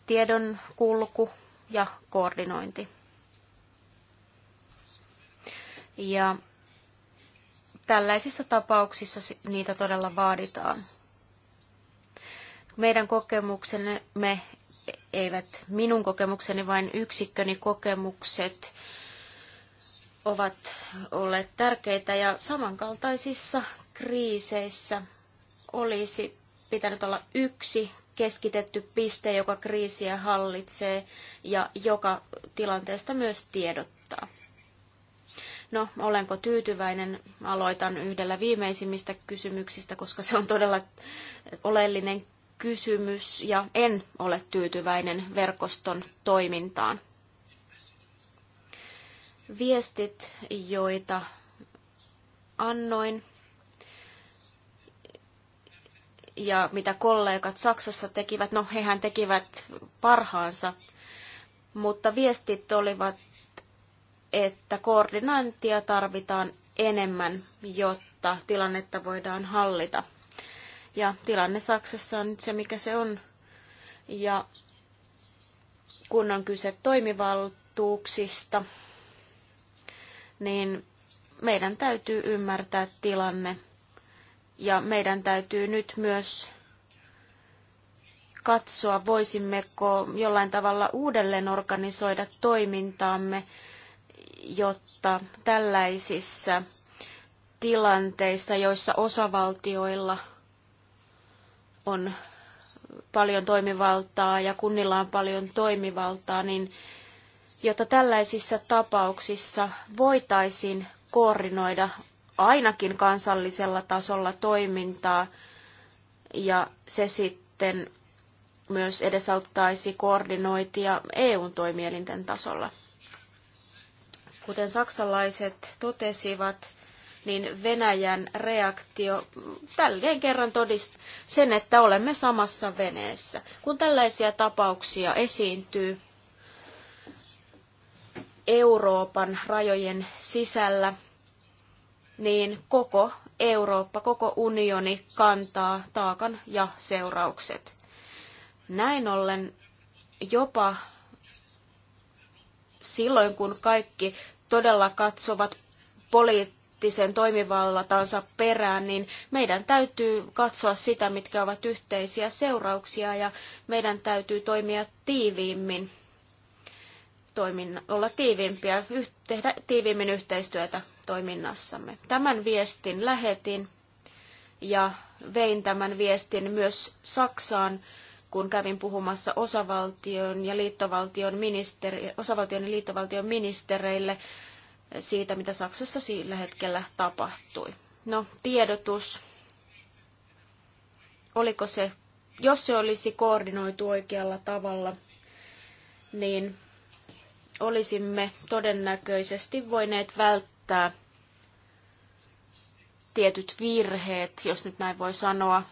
Speaker 3: Tiedon kulku ja koordinointi. Ja tällaisissa tapauksissa niitä todella vaaditaan. Meidän kokemuksemme, eivät minun kokemukseni, vain yksikköni kokemukset ovat olleet tärkeitä ja samankaltaisissa kriiseissä olisi pitänyt olla yksi keskitetty piste, joka kriisiä hallitsee ja joka tilanteesta myös tiedottaa. No, olenko tyytyväinen? Aloitan yhdellä viimeisimmistä kysymyksistä, koska se on todella oleellinen kysymys ja en ole tyytyväinen verkoston toimintaan viestit, joita annoin ja mitä kollegat Saksassa tekivät, no hehän tekivät parhaansa, mutta viestit olivat, että koordinaantia tarvitaan enemmän, jotta tilannetta voidaan hallita. Ja tilanne Saksassa on nyt se, mikä se on. Ja kun on kyse toimivaltuuksista, niin meidän täytyy ymmärtää tilanne ja meidän täytyy nyt myös katsoa, voisimmeko jollain tavalla uudelleen organisoida toimintaamme, jotta tällaisissa tilanteissa, joissa osavaltioilla on paljon toimivaltaa ja kunnilla on paljon toimivaltaa, niin jotta tällaisissa tapauksissa voitaisiin koordinoida ainakin kansallisella tasolla toimintaa ja se sitten myös edesauttaisi koordinointia EUn toimielinten tasolla. Kuten saksalaiset totesivat, niin Venäjän reaktio tälleen kerran todistaa sen, että olemme samassa veneessä. Kun tällaisia tapauksia esiintyy, Euroopan rajojen sisällä, niin koko Eurooppa, koko unioni kantaa taakan ja seuraukset. Näin ollen jopa silloin, kun kaikki todella katsovat poliittisen toimivallatansa perään, niin meidän täytyy katsoa sitä, mitkä ovat yhteisiä seurauksia ja meidän täytyy toimia tiiviimmin toiminna- olla tiiviimpiä, yh, tehdä tiiviimmin yhteistyötä toiminnassamme. Tämän viestin lähetin ja vein tämän viestin myös Saksaan, kun kävin puhumassa osavaltion ja liittovaltion ministeri, osavaltion ja liittovaltion ministereille siitä, mitä Saksassa sillä hetkellä tapahtui. No, tiedotus. Oliko se, jos se olisi koordinoitu oikealla tavalla, niin olisimme todennäköisesti voineet välttää tietyt virheet, jos nyt näin voi sanoa.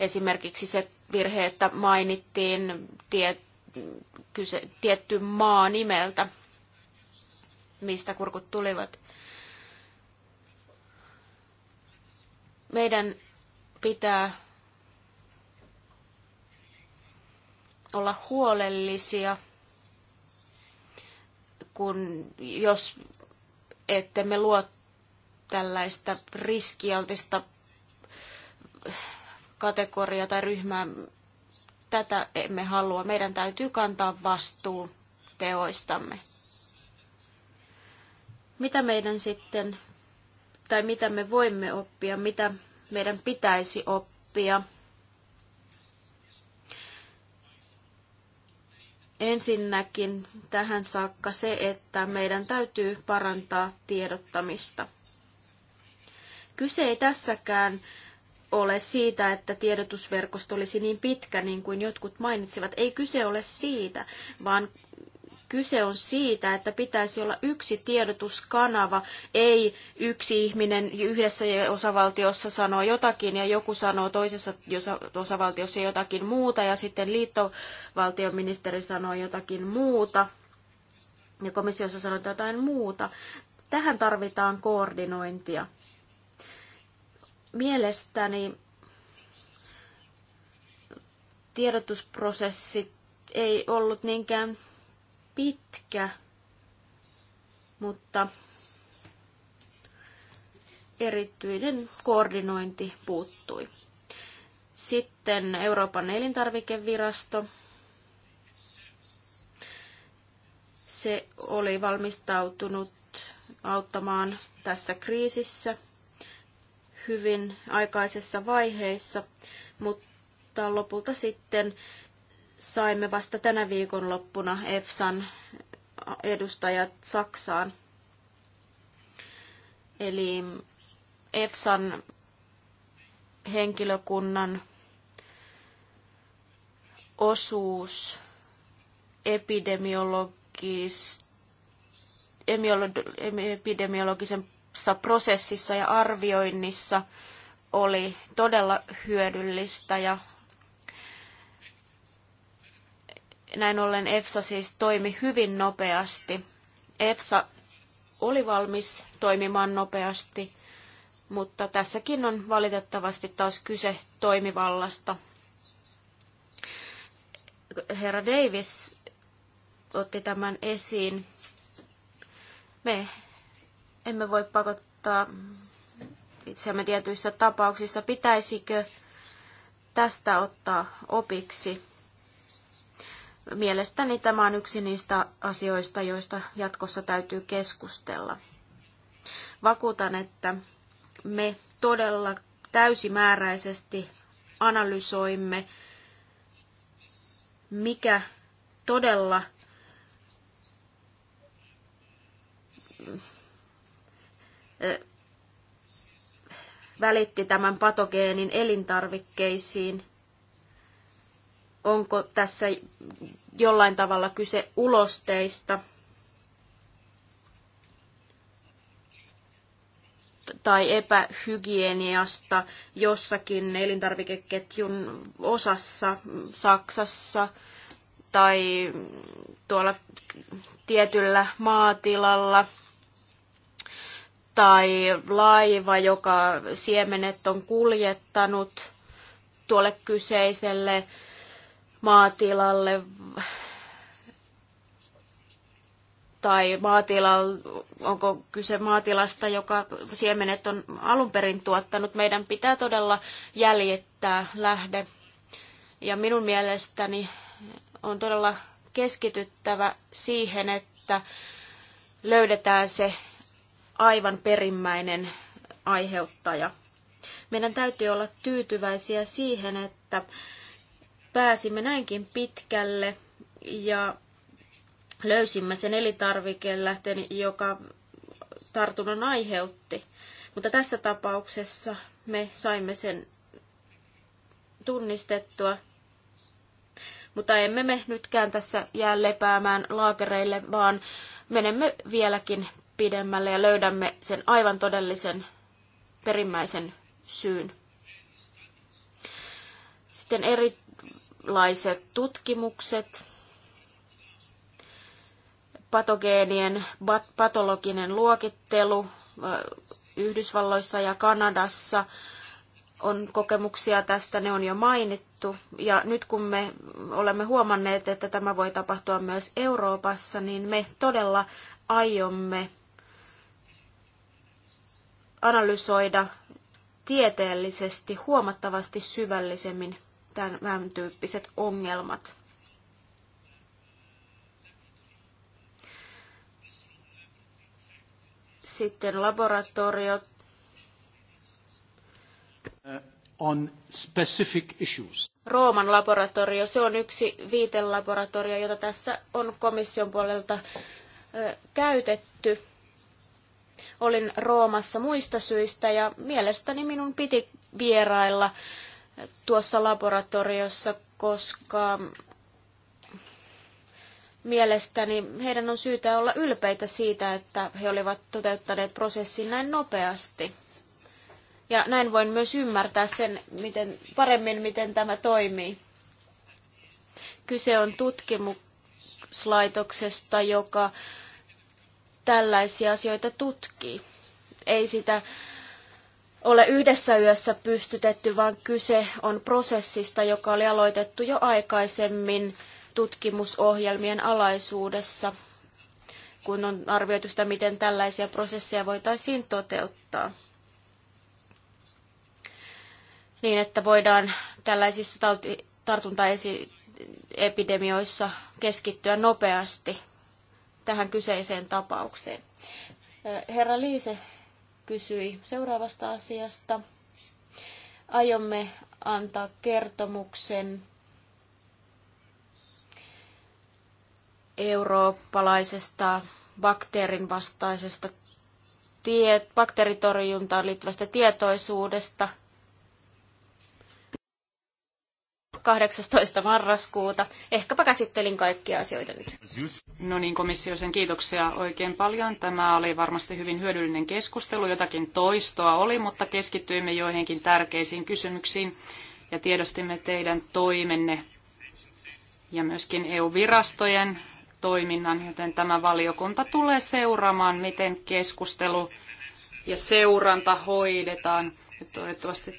Speaker 3: Esimerkiksi se virhe, että mainittiin tie, kyse, tietty maa nimeltä, mistä kurkut tulivat. Meidän pitää olla huolellisia kun jos että me luo tällaista riskialtista kategoriaa tai ryhmää, tätä emme halua. Meidän täytyy kantaa vastuu teoistamme. Mitä meidän sitten, tai mitä me voimme oppia, mitä meidän pitäisi oppia – Ensinnäkin tähän saakka se, että meidän täytyy parantaa tiedottamista. Kyse ei tässäkään ole siitä, että tiedotusverkosto olisi niin pitkä, niin kuin jotkut mainitsivat. Ei kyse ole siitä, vaan Kyse on siitä, että pitäisi olla yksi tiedotuskanava, ei yksi ihminen yhdessä osavaltiossa sanoo jotakin ja joku sanoo toisessa osavaltiossa jotakin muuta ja sitten liittovaltioministeri sanoo jotakin muuta ja komissiossa sanotaan jotain muuta. Tähän tarvitaan koordinointia. Mielestäni tiedotusprosessit ei ollut niinkään pitkä, mutta erityinen koordinointi puuttui. Sitten Euroopan elintarvikevirasto. Se oli valmistautunut auttamaan tässä kriisissä hyvin aikaisessa vaiheessa, mutta lopulta sitten saimme vasta tänä viikonloppuna EFSAn edustajat Saksaan. Eli EFSAn henkilökunnan osuus epidemiologisessa prosessissa ja arvioinnissa oli todella hyödyllistä ja Näin ollen EFSA siis toimi hyvin nopeasti. EFSA oli valmis toimimaan nopeasti, mutta tässäkin on valitettavasti taas kyse toimivallasta. Herra Davis otti tämän esiin. Me emme voi pakottaa itseämme tietyissä tapauksissa. Pitäisikö tästä ottaa opiksi? Mielestäni tämä on yksi niistä asioista, joista jatkossa täytyy keskustella. Vakuutan, että me todella täysimääräisesti analysoimme, mikä todella välitti tämän patogeenin elintarvikkeisiin onko tässä jollain tavalla kyse ulosteista tai epähygieniasta jossakin elintarvikeketjun osassa Saksassa tai tuolla tietyllä maatilalla tai laiva, joka siemenet on kuljettanut tuolle kyseiselle maatilalle tai maatilal, onko kyse maatilasta, joka siemenet on alun perin tuottanut. Meidän pitää todella jäljittää lähde. Ja minun mielestäni on todella keskityttävä siihen, että löydetään se aivan perimmäinen aiheuttaja. Meidän täytyy olla tyytyväisiä siihen, että pääsimme näinkin pitkälle ja löysimme sen elintarvikelähteen, joka tartunnan aiheutti. Mutta tässä tapauksessa me saimme sen tunnistettua. Mutta emme me nytkään tässä jää lepäämään laakereille, vaan menemme vieläkin pidemmälle ja löydämme sen aivan todellisen perimmäisen syyn. Sitten eri erilaiset tutkimukset, patogeenien patologinen luokittelu Yhdysvalloissa ja Kanadassa. On kokemuksia tästä, ne on jo mainittu. Ja nyt kun me olemme huomanneet, että tämä voi tapahtua myös Euroopassa, niin me todella aiomme analysoida tieteellisesti huomattavasti syvällisemmin tämän tyyppiset ongelmat. Sitten laboratoriot.
Speaker 1: Uh, on specific issues.
Speaker 3: Rooman laboratorio, se on yksi viitelaboratorio, jota tässä on komission puolelta käytetty. Olin Roomassa muista syistä ja mielestäni minun piti vierailla tuossa laboratoriossa, koska mielestäni heidän on syytä olla ylpeitä siitä, että he olivat toteuttaneet prosessin näin nopeasti. Ja näin voin myös ymmärtää sen miten, paremmin, miten tämä toimii. Kyse on tutkimuslaitoksesta, joka tällaisia asioita tutkii. Ei sitä ole yhdessä yössä pystytetty, vaan kyse on prosessista, joka oli aloitettu jo aikaisemmin tutkimusohjelmien alaisuudessa, kun on arvioitu sitä, miten tällaisia prosesseja voitaisiin toteuttaa. Niin, että voidaan tällaisissa tauti- tartuntaepidemioissa keskittyä nopeasti tähän kyseiseen tapaukseen. Herra Liise kysyi seuraavasta asiasta. Aiomme antaa kertomuksen eurooppalaisesta bakteerin vastaisesta tie, bakteeritorjuntaan liittyvästä tietoisuudesta – 18. marraskuuta. Ehkäpä käsittelin kaikkia asioita nyt. No niin, komissio, sen kiitoksia
Speaker 2: oikein paljon. Tämä oli varmasti hyvin hyödyllinen keskustelu. Jotakin toistoa oli, mutta keskittyimme joihinkin tärkeisiin kysymyksiin ja tiedostimme teidän toimenne ja myöskin EU-virastojen toiminnan, joten tämä valiokunta tulee seuraamaan, miten keskustelu ja seuranta hoidetaan. Ja toivottavasti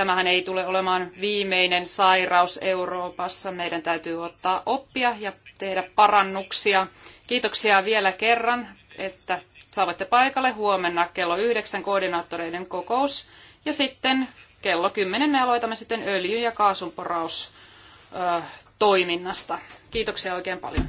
Speaker 2: Tämähän ei tule olemaan viimeinen sairaus Euroopassa. Meidän täytyy ottaa oppia ja tehdä parannuksia. Kiitoksia vielä kerran, että saavutte paikalle huomenna kello yhdeksän koordinaattoreiden kokous. Ja sitten kello kymmenen me aloitamme sitten öljy- ja kaasunporaus toiminnasta. Kiitoksia oikein paljon.